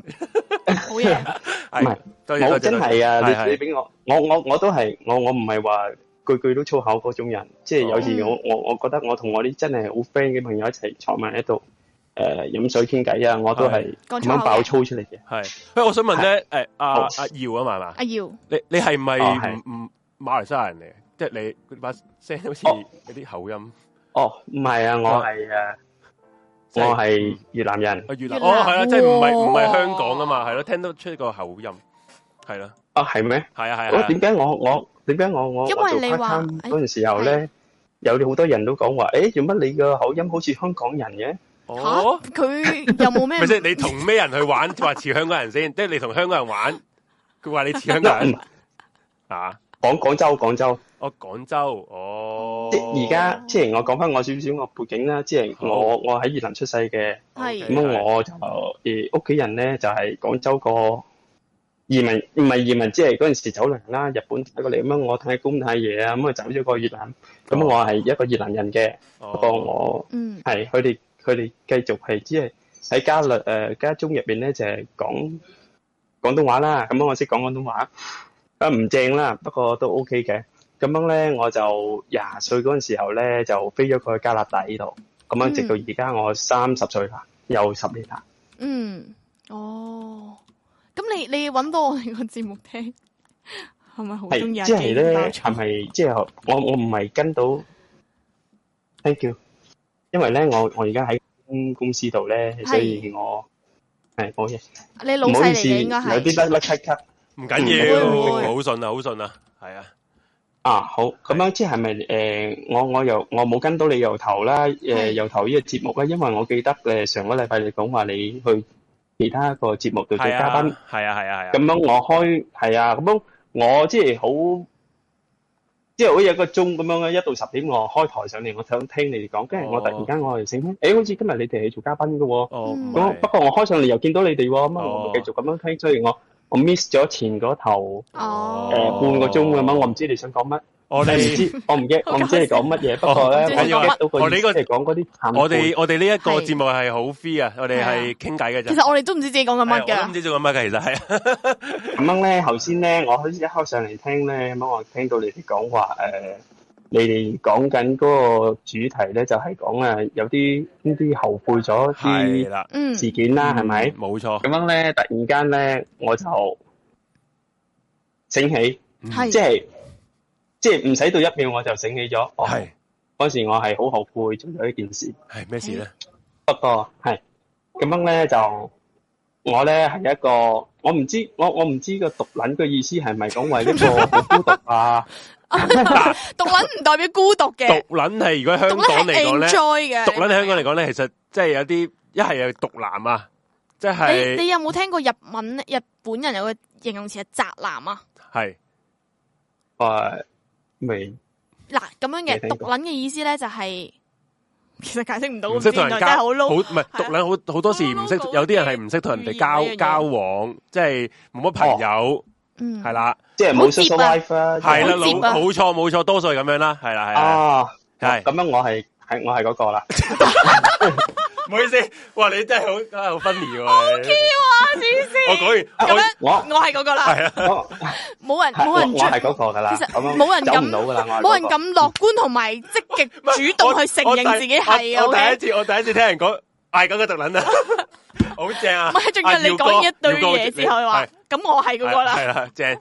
唔係，我真係啊！你俾我，我我我都係，我我唔係話句句都粗口嗰種人，即係有時我我我覺得我同我啲真係好 friend 嘅朋友一齊坐埋喺度，誒，飲水傾偈啊，我都係咁樣爆粗出嚟嘅。係，誒，我想問咧，誒，阿阿耀啊嘛嘛，阿耀，你你係唔係唔馬來西亞人嚟嘅？即係你把聲好似有啲口音。哦，唔係啊，我係啊。我係越南人，越南，哦，係啊，即係唔係唔係香港啊嘛，係咯，聽得出個口音，係咯，啊，係咩？係啊，係啊，點解我我點解我我因為你話嗰陣時候咧，有好多人都講話，誒，做乜你個口音好似香港人嘅？哦，佢有冇咩？即係你同咩人去玩，話似香港人先？即係你同香港人玩，佢話你似香港人啊？講廣州，廣州，哦，廣州，哦。即而家，之前我講返我少少我背景啦。之前我我喺越南出世嘅，咁啊我就誒屋企人咧就係廣州個移民，唔係移民，即係嗰陣時走難啦，日本打過嚟咁啊，我太公太爺啊咁啊走咗過越南，咁啊我係一個越南人嘅。不過我係佢哋佢哋繼續係即係喺家律誒家中入邊咧就係講廣東話啦。咁啊我識講廣東話，啊唔正啦，不過都 OK 嘅。咁樣咧，我就廿歲嗰陣時候咧，就飛咗佢去加拿大呢度。咁樣直到而家我三十歲啦，又十年啦。嗯，哦，咁你你揾到我個節目聽，係咪好中意啊？即係咧，係咪即係我我唔係跟到？Thank you。因為咧，我我而家喺公司度咧，所以我係冇嘢。你老細嚟嘅應該係。有啲甩甩咳咳唔緊要，好順啊好順啊，係啊。啊，好，咁樣即係咪誒，我我又我冇跟到你由頭啦，誒，由頭呢個節目咧，因為我記得誒上個禮拜你講話你去其他一個節目度做嘉賓，係啊，係啊，係啊，咁樣我開係啊，咁樣我即係好，即係好似一個鐘咁樣嘅，一到十點我開台上嚟，我想聽你哋講，跟住我突然間我又醒，誒，好似今日你哋係做嘉賓嘅，哦，咁不過我開上嚟又見到你哋，咁我繼續咁樣聽，所以我。我 miss 咗前嗰頭，誒、oh. 呃、半個鐘咁嘛，我唔知你想講乜們，我唔知，我唔 知，我唔知你講乜嘢。不過咧，我唔我呢個係講啲。我哋我哋呢一個節目係好 free 啊，我哋係傾偈嘅啫。其實我哋都唔知自己講緊乜嘅，都唔知做緊乜嘅，其實係。咁咧，頭先咧，我好似一開上嚟聽咧，咁我聽到你哋講話誒。呃你哋講緊嗰個主題咧，就係講啊，有啲啲後悔咗啲事件啦，係咪？冇錯。咁樣咧，突然間咧，我就醒起，即係即係唔使到一秒，我就醒起咗。係嗰陣時我係好後悔做咗一件事。係咩事咧？不過係咁樣咧就。我咧，係一個，我唔知，我我唔知個毒撚嘅意思係咪講為呢個孤獨啊？毒撚唔代表孤獨嘅。毒撚係如果香港嚟講咧，毒撚喺香港嚟講咧，其實即係有啲一係有毒男啊，即係你有冇聽過日文日本人有個形容詞係宅男啊？係，我未。嗱，咁樣嘅毒撚嘅意思咧就係。其實解釋唔到，唔識同人交，low, 好唔係獨領，好好、啊、多時唔識，有啲人係唔識同人哋交交往，即係冇乜朋友，嗯、哦，係啦、啊，即係冇 social life 啦，係啦、啊，冇錯冇錯，多數係咁樣啦，係啦，係啊，係咁、啊啊啊、樣我，我係係我係嗰個啦。 唔好意思，哇！你真係好，真係好分裂。O K，我講完咁樣，我我係嗰個啦，係啊，冇人冇人，我係嗰個噶啦，冇人做唔到噶啦，冇人咁樂觀同埋積極主動去承認自己係啊！我第一次，我第一次聽人講嗌嗰個特撚啊，好正啊！唔係，仲要你講一堆嘢之後又話，咁我係嗰個啦，係啦，正。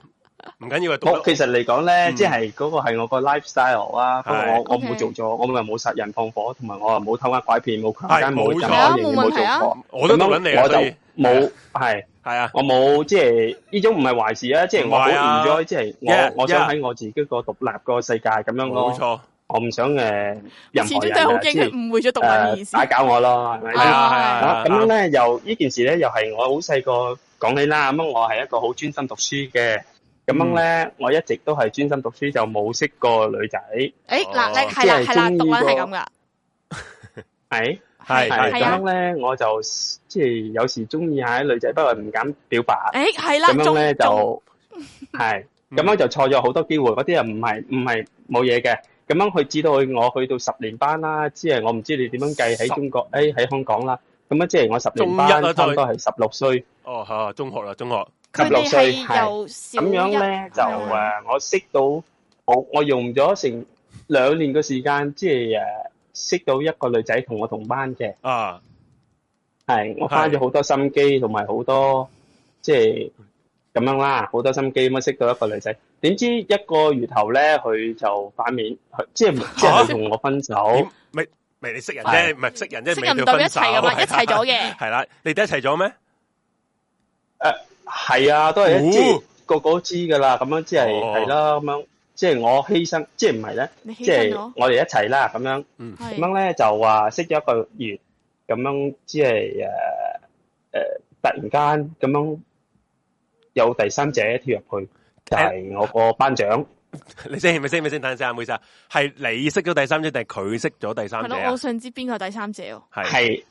唔緊要啊，好，其實嚟講咧，即係嗰個係我個 lifestyle 啊，我我冇做咗，我咪冇殺人放火，同埋我又冇偷呃拐騙，冇強姦，冇打人，冇做過。我都冇，我就冇係係啊，我冇即係呢種唔係壞事啊，即係我好唔該，即係我我想喺我自己個獨立個世界咁樣咯，冇錯，我唔想誒，任何即係誤會咗獨立意思，打攪我咯。啊，係咪？係啊，係啊。咁咧又呢件事咧又係我好細個講起啦，咁我係一個好專心讀書嘅。咁樣咧，我一直都係專心讀書，就冇識過女仔。誒，嗱，你係係啦，讀文係咁噶。係係咁樣咧，我就即係有時中意下啲女仔，不過唔敢表白。誒，係啦。咁樣咧就係，咁樣就錯咗好多機會。嗰啲人唔係唔係冇嘢嘅。咁樣直到我去到十年班啦。即係我唔知你點樣計喺中國？誒，喺香港啦。咁樣即係我十年班，差唔多係十六歲。哦，吓中學啦，中學。十六歲，係又，咁樣咧就誒，我識到我我用咗成兩年嘅時間，即係誒，識到一個女仔同我同班嘅。啊，係我花咗好多心機，同埋好多即係咁樣啦，好多心機咁樣識到一個女仔。點知一個月頭咧，佢就反面，即係即係同我分手。咪咪你識人啫，唔係識人啫，識人到一齊噶嘛？一齊咗嘅。係啦，你哋一齊咗咩？誒。係啊，都係一知個個都知噶啦，咁樣即係係咯，咁樣即係我犧牲，即係唔係咧？即係我哋一齊啦，咁樣咁樣咧就話識咗一個月，咁樣即係誒誒，突然間咁樣有第三者跳入去，就係我個班長。你識係咪識？咪識？等陣先啊，唔好意思，係你識咗第三者定係佢識咗第三者？係咯，我想知邊個第三者哦？係。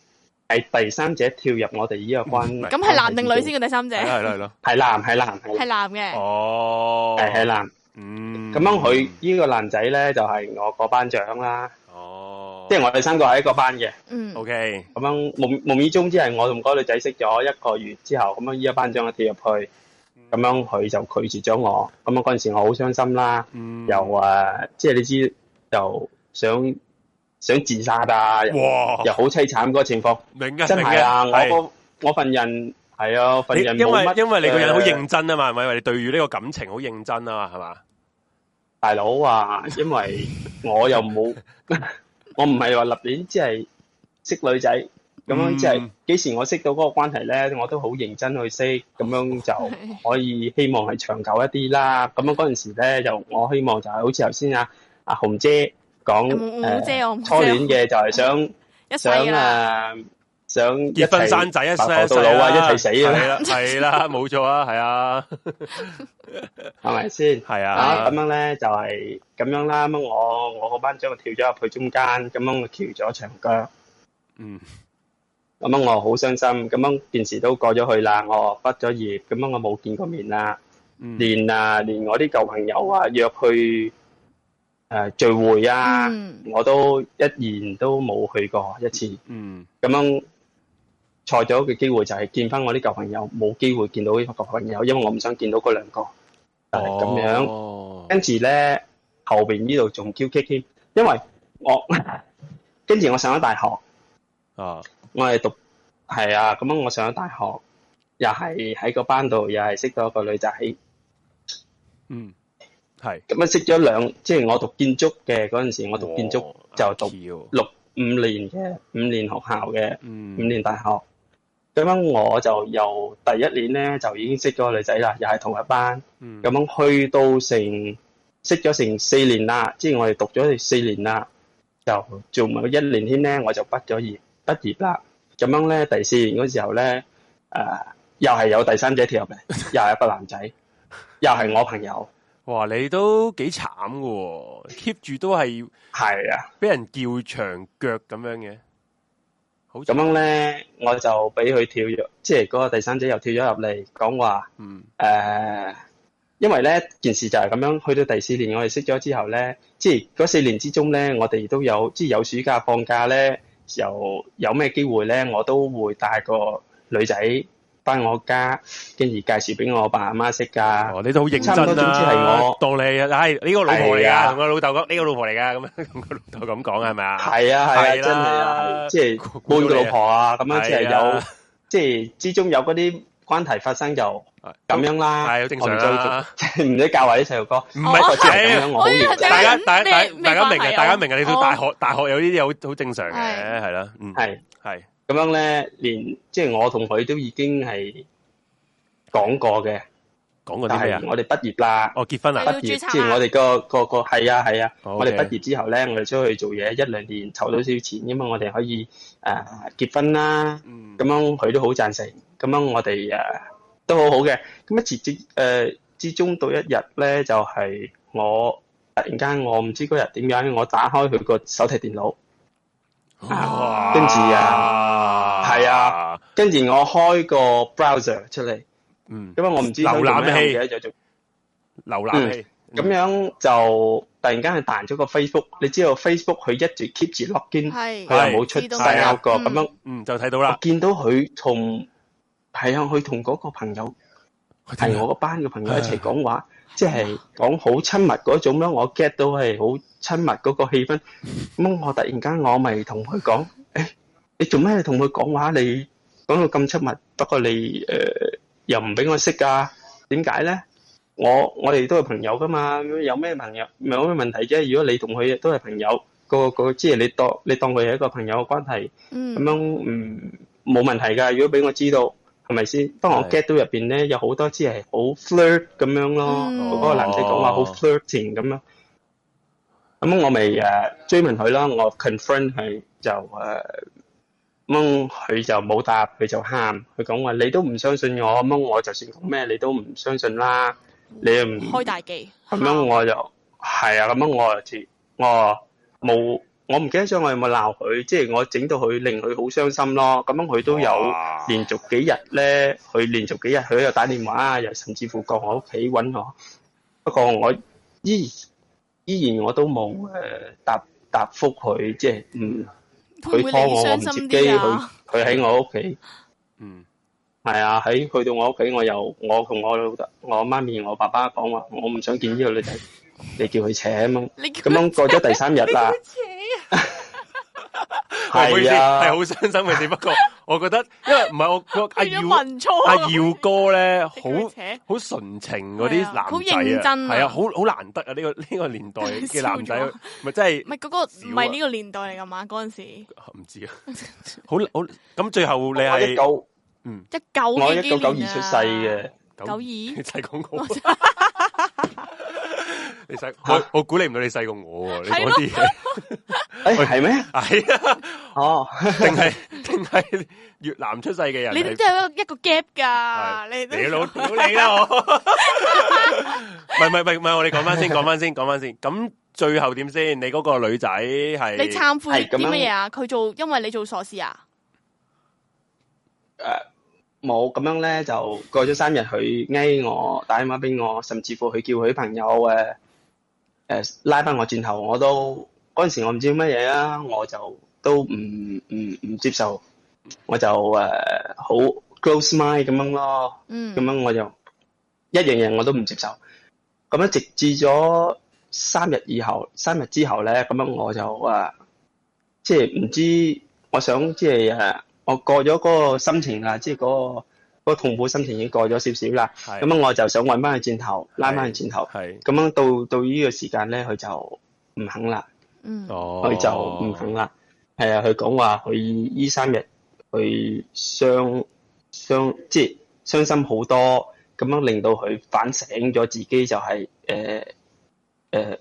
係第三者跳入我哋依個關係，咁係男定女先嘅第三者？係咯係咯，係男係男係男嘅。哦，係係男，嗯。咁樣佢呢個男仔咧就係我個班長啦。哦，即係我哋三個喺一個班嘅。嗯。OK，咁樣無無意中之係我同嗰個女仔識咗一個月之後，咁樣依個班長啊跳入去，咁樣佢就拒絕咗我。咁樣嗰陣時我好傷心啦。嗯。又話，即係你知，就想。想自殺噶，哇，又好凄慘嗰個情況，明噶，真係啊！我我份人係啊，份人冇乜，因為因為你個人好認真啊嘛，係咪？你對於呢個感情好認真啊嘛，係嘛？大佬啊，因為我又冇，我唔係話立亂即係識女仔咁樣，即係幾時我識到嗰個關係咧，我都好認真去識，咁樣就可以希望係長久一啲啦。咁樣嗰陣時咧，就我希望就係好似頭先啊阿紅姐講初戀嘅就係想想啊，想結婚生仔，白頭到老啊，一齊死啦，係啦，冇錯啊，係啊，係咪先？係啊，咁樣咧就係咁樣啦。咁我我個班長就跳咗入去中間，咁樣我撬咗牆腳。嗯，咁樣我好傷心。咁樣件事都過咗去啦，我畢咗業，咁樣我冇見過面啦。連啊連我啲舊朋友啊約去。誒，聚會啊，我都一年都冇去過一次。嗯，咁樣錯咗嘅機會就係見翻我啲舊朋友，冇機會見到呢個舊朋友，因為我唔想見到嗰兩個。哦，咁樣跟住咧後邊呢度仲 QK 添，因為我跟住我上咗大學。哦。我係讀係啊，咁樣我上咗大學，又係喺個班度，又係識咗個女仔。嗯。係咁樣識咗兩，即係我讀建築嘅嗰陣時，我讀建築就讀六五年嘅五年學校嘅五年大學。咁樣我就由第一年咧就已經識咗個女仔啦，又係同一班。咁樣去到成識咗成四年啦，即係我哋讀咗四年啦，就做埋一年添咧，我就畢咗業畢業啦。咁樣咧第四年嗰時候咧，誒又係有第三者跳入嚟，又係一個男仔，又係我朋友。哇！你都幾慘喎 Keep 住都係，係啊，俾人叫長腳咁樣嘅，好咁樣咧，我就俾佢跳咗，即係嗰個第三者又跳咗入嚟講話，嗯，誒、呃，因為咧件事就係咁樣，去到第四年我哋識咗之後咧，即係嗰四年之中咧，我哋都有，即係有暑假放假咧，又有咩機會咧，我都會帶個女仔。翻我家，跟住介紹俾我阿爸阿媽識噶。哦，你都好認真啊！差唔多，點知係我道理啊？係呢個老婆嚟噶，同我老豆講呢個老婆嚟噶咁樣。同我老豆咁講係咪啊？係啊係啊，真係啊！即係半個老婆啊，咁樣即係有，即係之中有嗰啲關係發生就咁樣啦，係正常啦。唔使教壞啲細路哥，唔係我哋咁樣，我好認真，大家大家大大家明嘅，大家明嘅。你讀大學大學有呢啲好好正常嘅，係啦，嗯，係係。咁樣咧，連即係我同佢都已經係講過嘅，講過啲嘢。我哋畢業啦，哦，結婚啦，即係我哋個個個。係啊係啊。我哋畢業之後咧，我哋出去做嘢一兩年，湊到少少錢，咁啊，我哋可以誒結婚啦。咁樣佢都好贊成。咁樣我哋誒都好好嘅。咁一直至誒之中到一日咧，就係我突然間我唔知嗰日點樣，我打開佢個手提電腦。哇！跟住啊，係啊，跟住我開個 browser 出嚟，嗯，因為我唔知瀏覽器就做瀏覽器咁樣就突然間係彈咗個 Facebook，你知道 Facebook 佢一直 keep 住 lock 緊，係佢又冇出聲啊個咁樣，嗯，就睇到啦，見到佢同係啊，佢同嗰個朋友係我個班嘅朋友一齊講話。即係講好親密嗰種咯，我 get 到係好親密嗰個氣氛。咁我突然間我咪同佢講，誒，你做咩同佢講話？你講到咁親密，不過你誒又唔俾我識噶？點解咧？我我哋都係朋友噶嘛，有咩朋友咪有咩問題啫？如果你同佢都係朋友，個個即係你當你當佢係一個朋友嘅關係，咁樣唔冇問題噶。如果俾我知道。係咪先？當我 get 到入邊咧有好多支係好 flirt 咁樣咯，嗰個男仔講話好 flirting 咁樣。咁我咪誒追問佢啦，我 confirm 佢就誒，掹佢就冇答，佢就喊，佢講話你都唔相信我，咁樣我就算講咩你都唔相信啦，你又唔開大機。咁樣我就係啊，咁樣我就接我冇。我唔記得咗我有冇鬧佢，即係我整到佢令佢好傷心咯。咁樣佢都有連續幾日咧，佢連續幾日佢又打電話，又甚至乎過我屋企搵我。不過我依依然我都冇誒答答覆佢，即係唔佢拖我，我唔接機。佢佢喺我屋企，嗯，係啊，喺去到我屋企，我又我同我老我媽咪、我爸爸講話，我唔想見呢個女仔， 你叫佢請。咁樣過咗第三日啦。係好意思，係好傷心嘅，只不過我覺得，因為唔係我阿耀阿耀哥咧，好好純情嗰啲男仔好認真。係啊，好好難得啊，呢個呢個年代嘅男仔，咪真係咪嗰個唔係呢個年代嚟噶嘛？嗰陣時唔知啊，好好咁，最後你係九嗯一九，我一九九二出世嘅九二，就係講講。你細我我估你唔到你細過我喎，呢啲，誒係咩？係啊，哦，定係定係越南出世嘅人？你真係一個一個 gap 噶，你你老屌你啦我，唔係唔係唔係我，我哋講翻先，講翻先，講翻先。咁最後點先？你嗰個女仔係你懺悔啲咩嘢啊？佢做因為你做瑣事啊？誒，冇咁樣咧，就過咗三日，佢嗌我打電話俾我，甚至乎佢叫佢朋友誒。誒，拉翻我轉頭，我都嗰陣時我唔知乜嘢啊，我就都唔唔唔接受，我就誒好、uh, close mind 咁樣咯，咁、mm. 樣我就一樣樣我都唔接受，咁樣直至咗三日以後，三日之後咧，咁樣我就啊，即係唔知我想即係誒，我過咗嗰個心情啊，即係、那、嗰個。個痛苦心情已經過咗少少啦。咁樣是我就想搵翻去轉頭，拉翻去轉頭。咁樣到到呢個時間咧，佢就唔肯啦。嗯，佢就唔肯啦。係啊、哦，佢講話佢呢三日佢傷傷即係傷心好多，咁樣令到佢反省咗自己，就係誒誒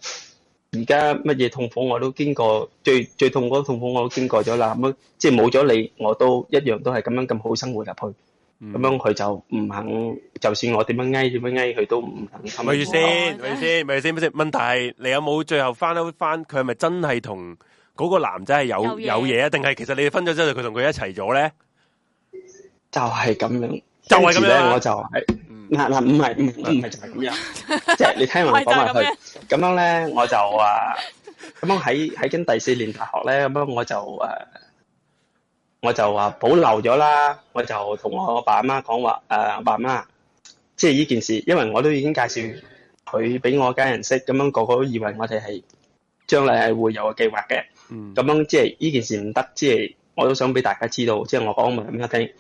而家乜嘢痛苦我都經過最最痛嗰個痛苦我都經過咗啦。咁樣即係冇咗你，我都一樣都係咁樣咁好生活入去。咁樣佢就唔肯，就算我點樣哀點樣哀，佢都唔肯。咪先，咪先，咪先，咪先。問題係你有冇最後翻翻翻佢係咪真係同嗰個男仔係有有嘢啊？定係其實你哋分咗之後佢同佢一齊咗咧？就係咁樣，就係咁樣。我就係嗱嗱，唔係唔唔係就係咁樣。即係你聽我講埋佢。咁樣咧，我就誒，咁樣喺喺緊第四年大學咧，咁樣我就誒。我就話保留咗啦，我就同我阿爸阿媽講話，誒，阿爸阿媽，即係呢件事，因為我都已經介紹佢俾我家人識，咁樣個個都以為我哋係將嚟係會有個計劃嘅，咁樣即係呢件事唔得，即係我都想俾大家知道，即係我講俾大家聽。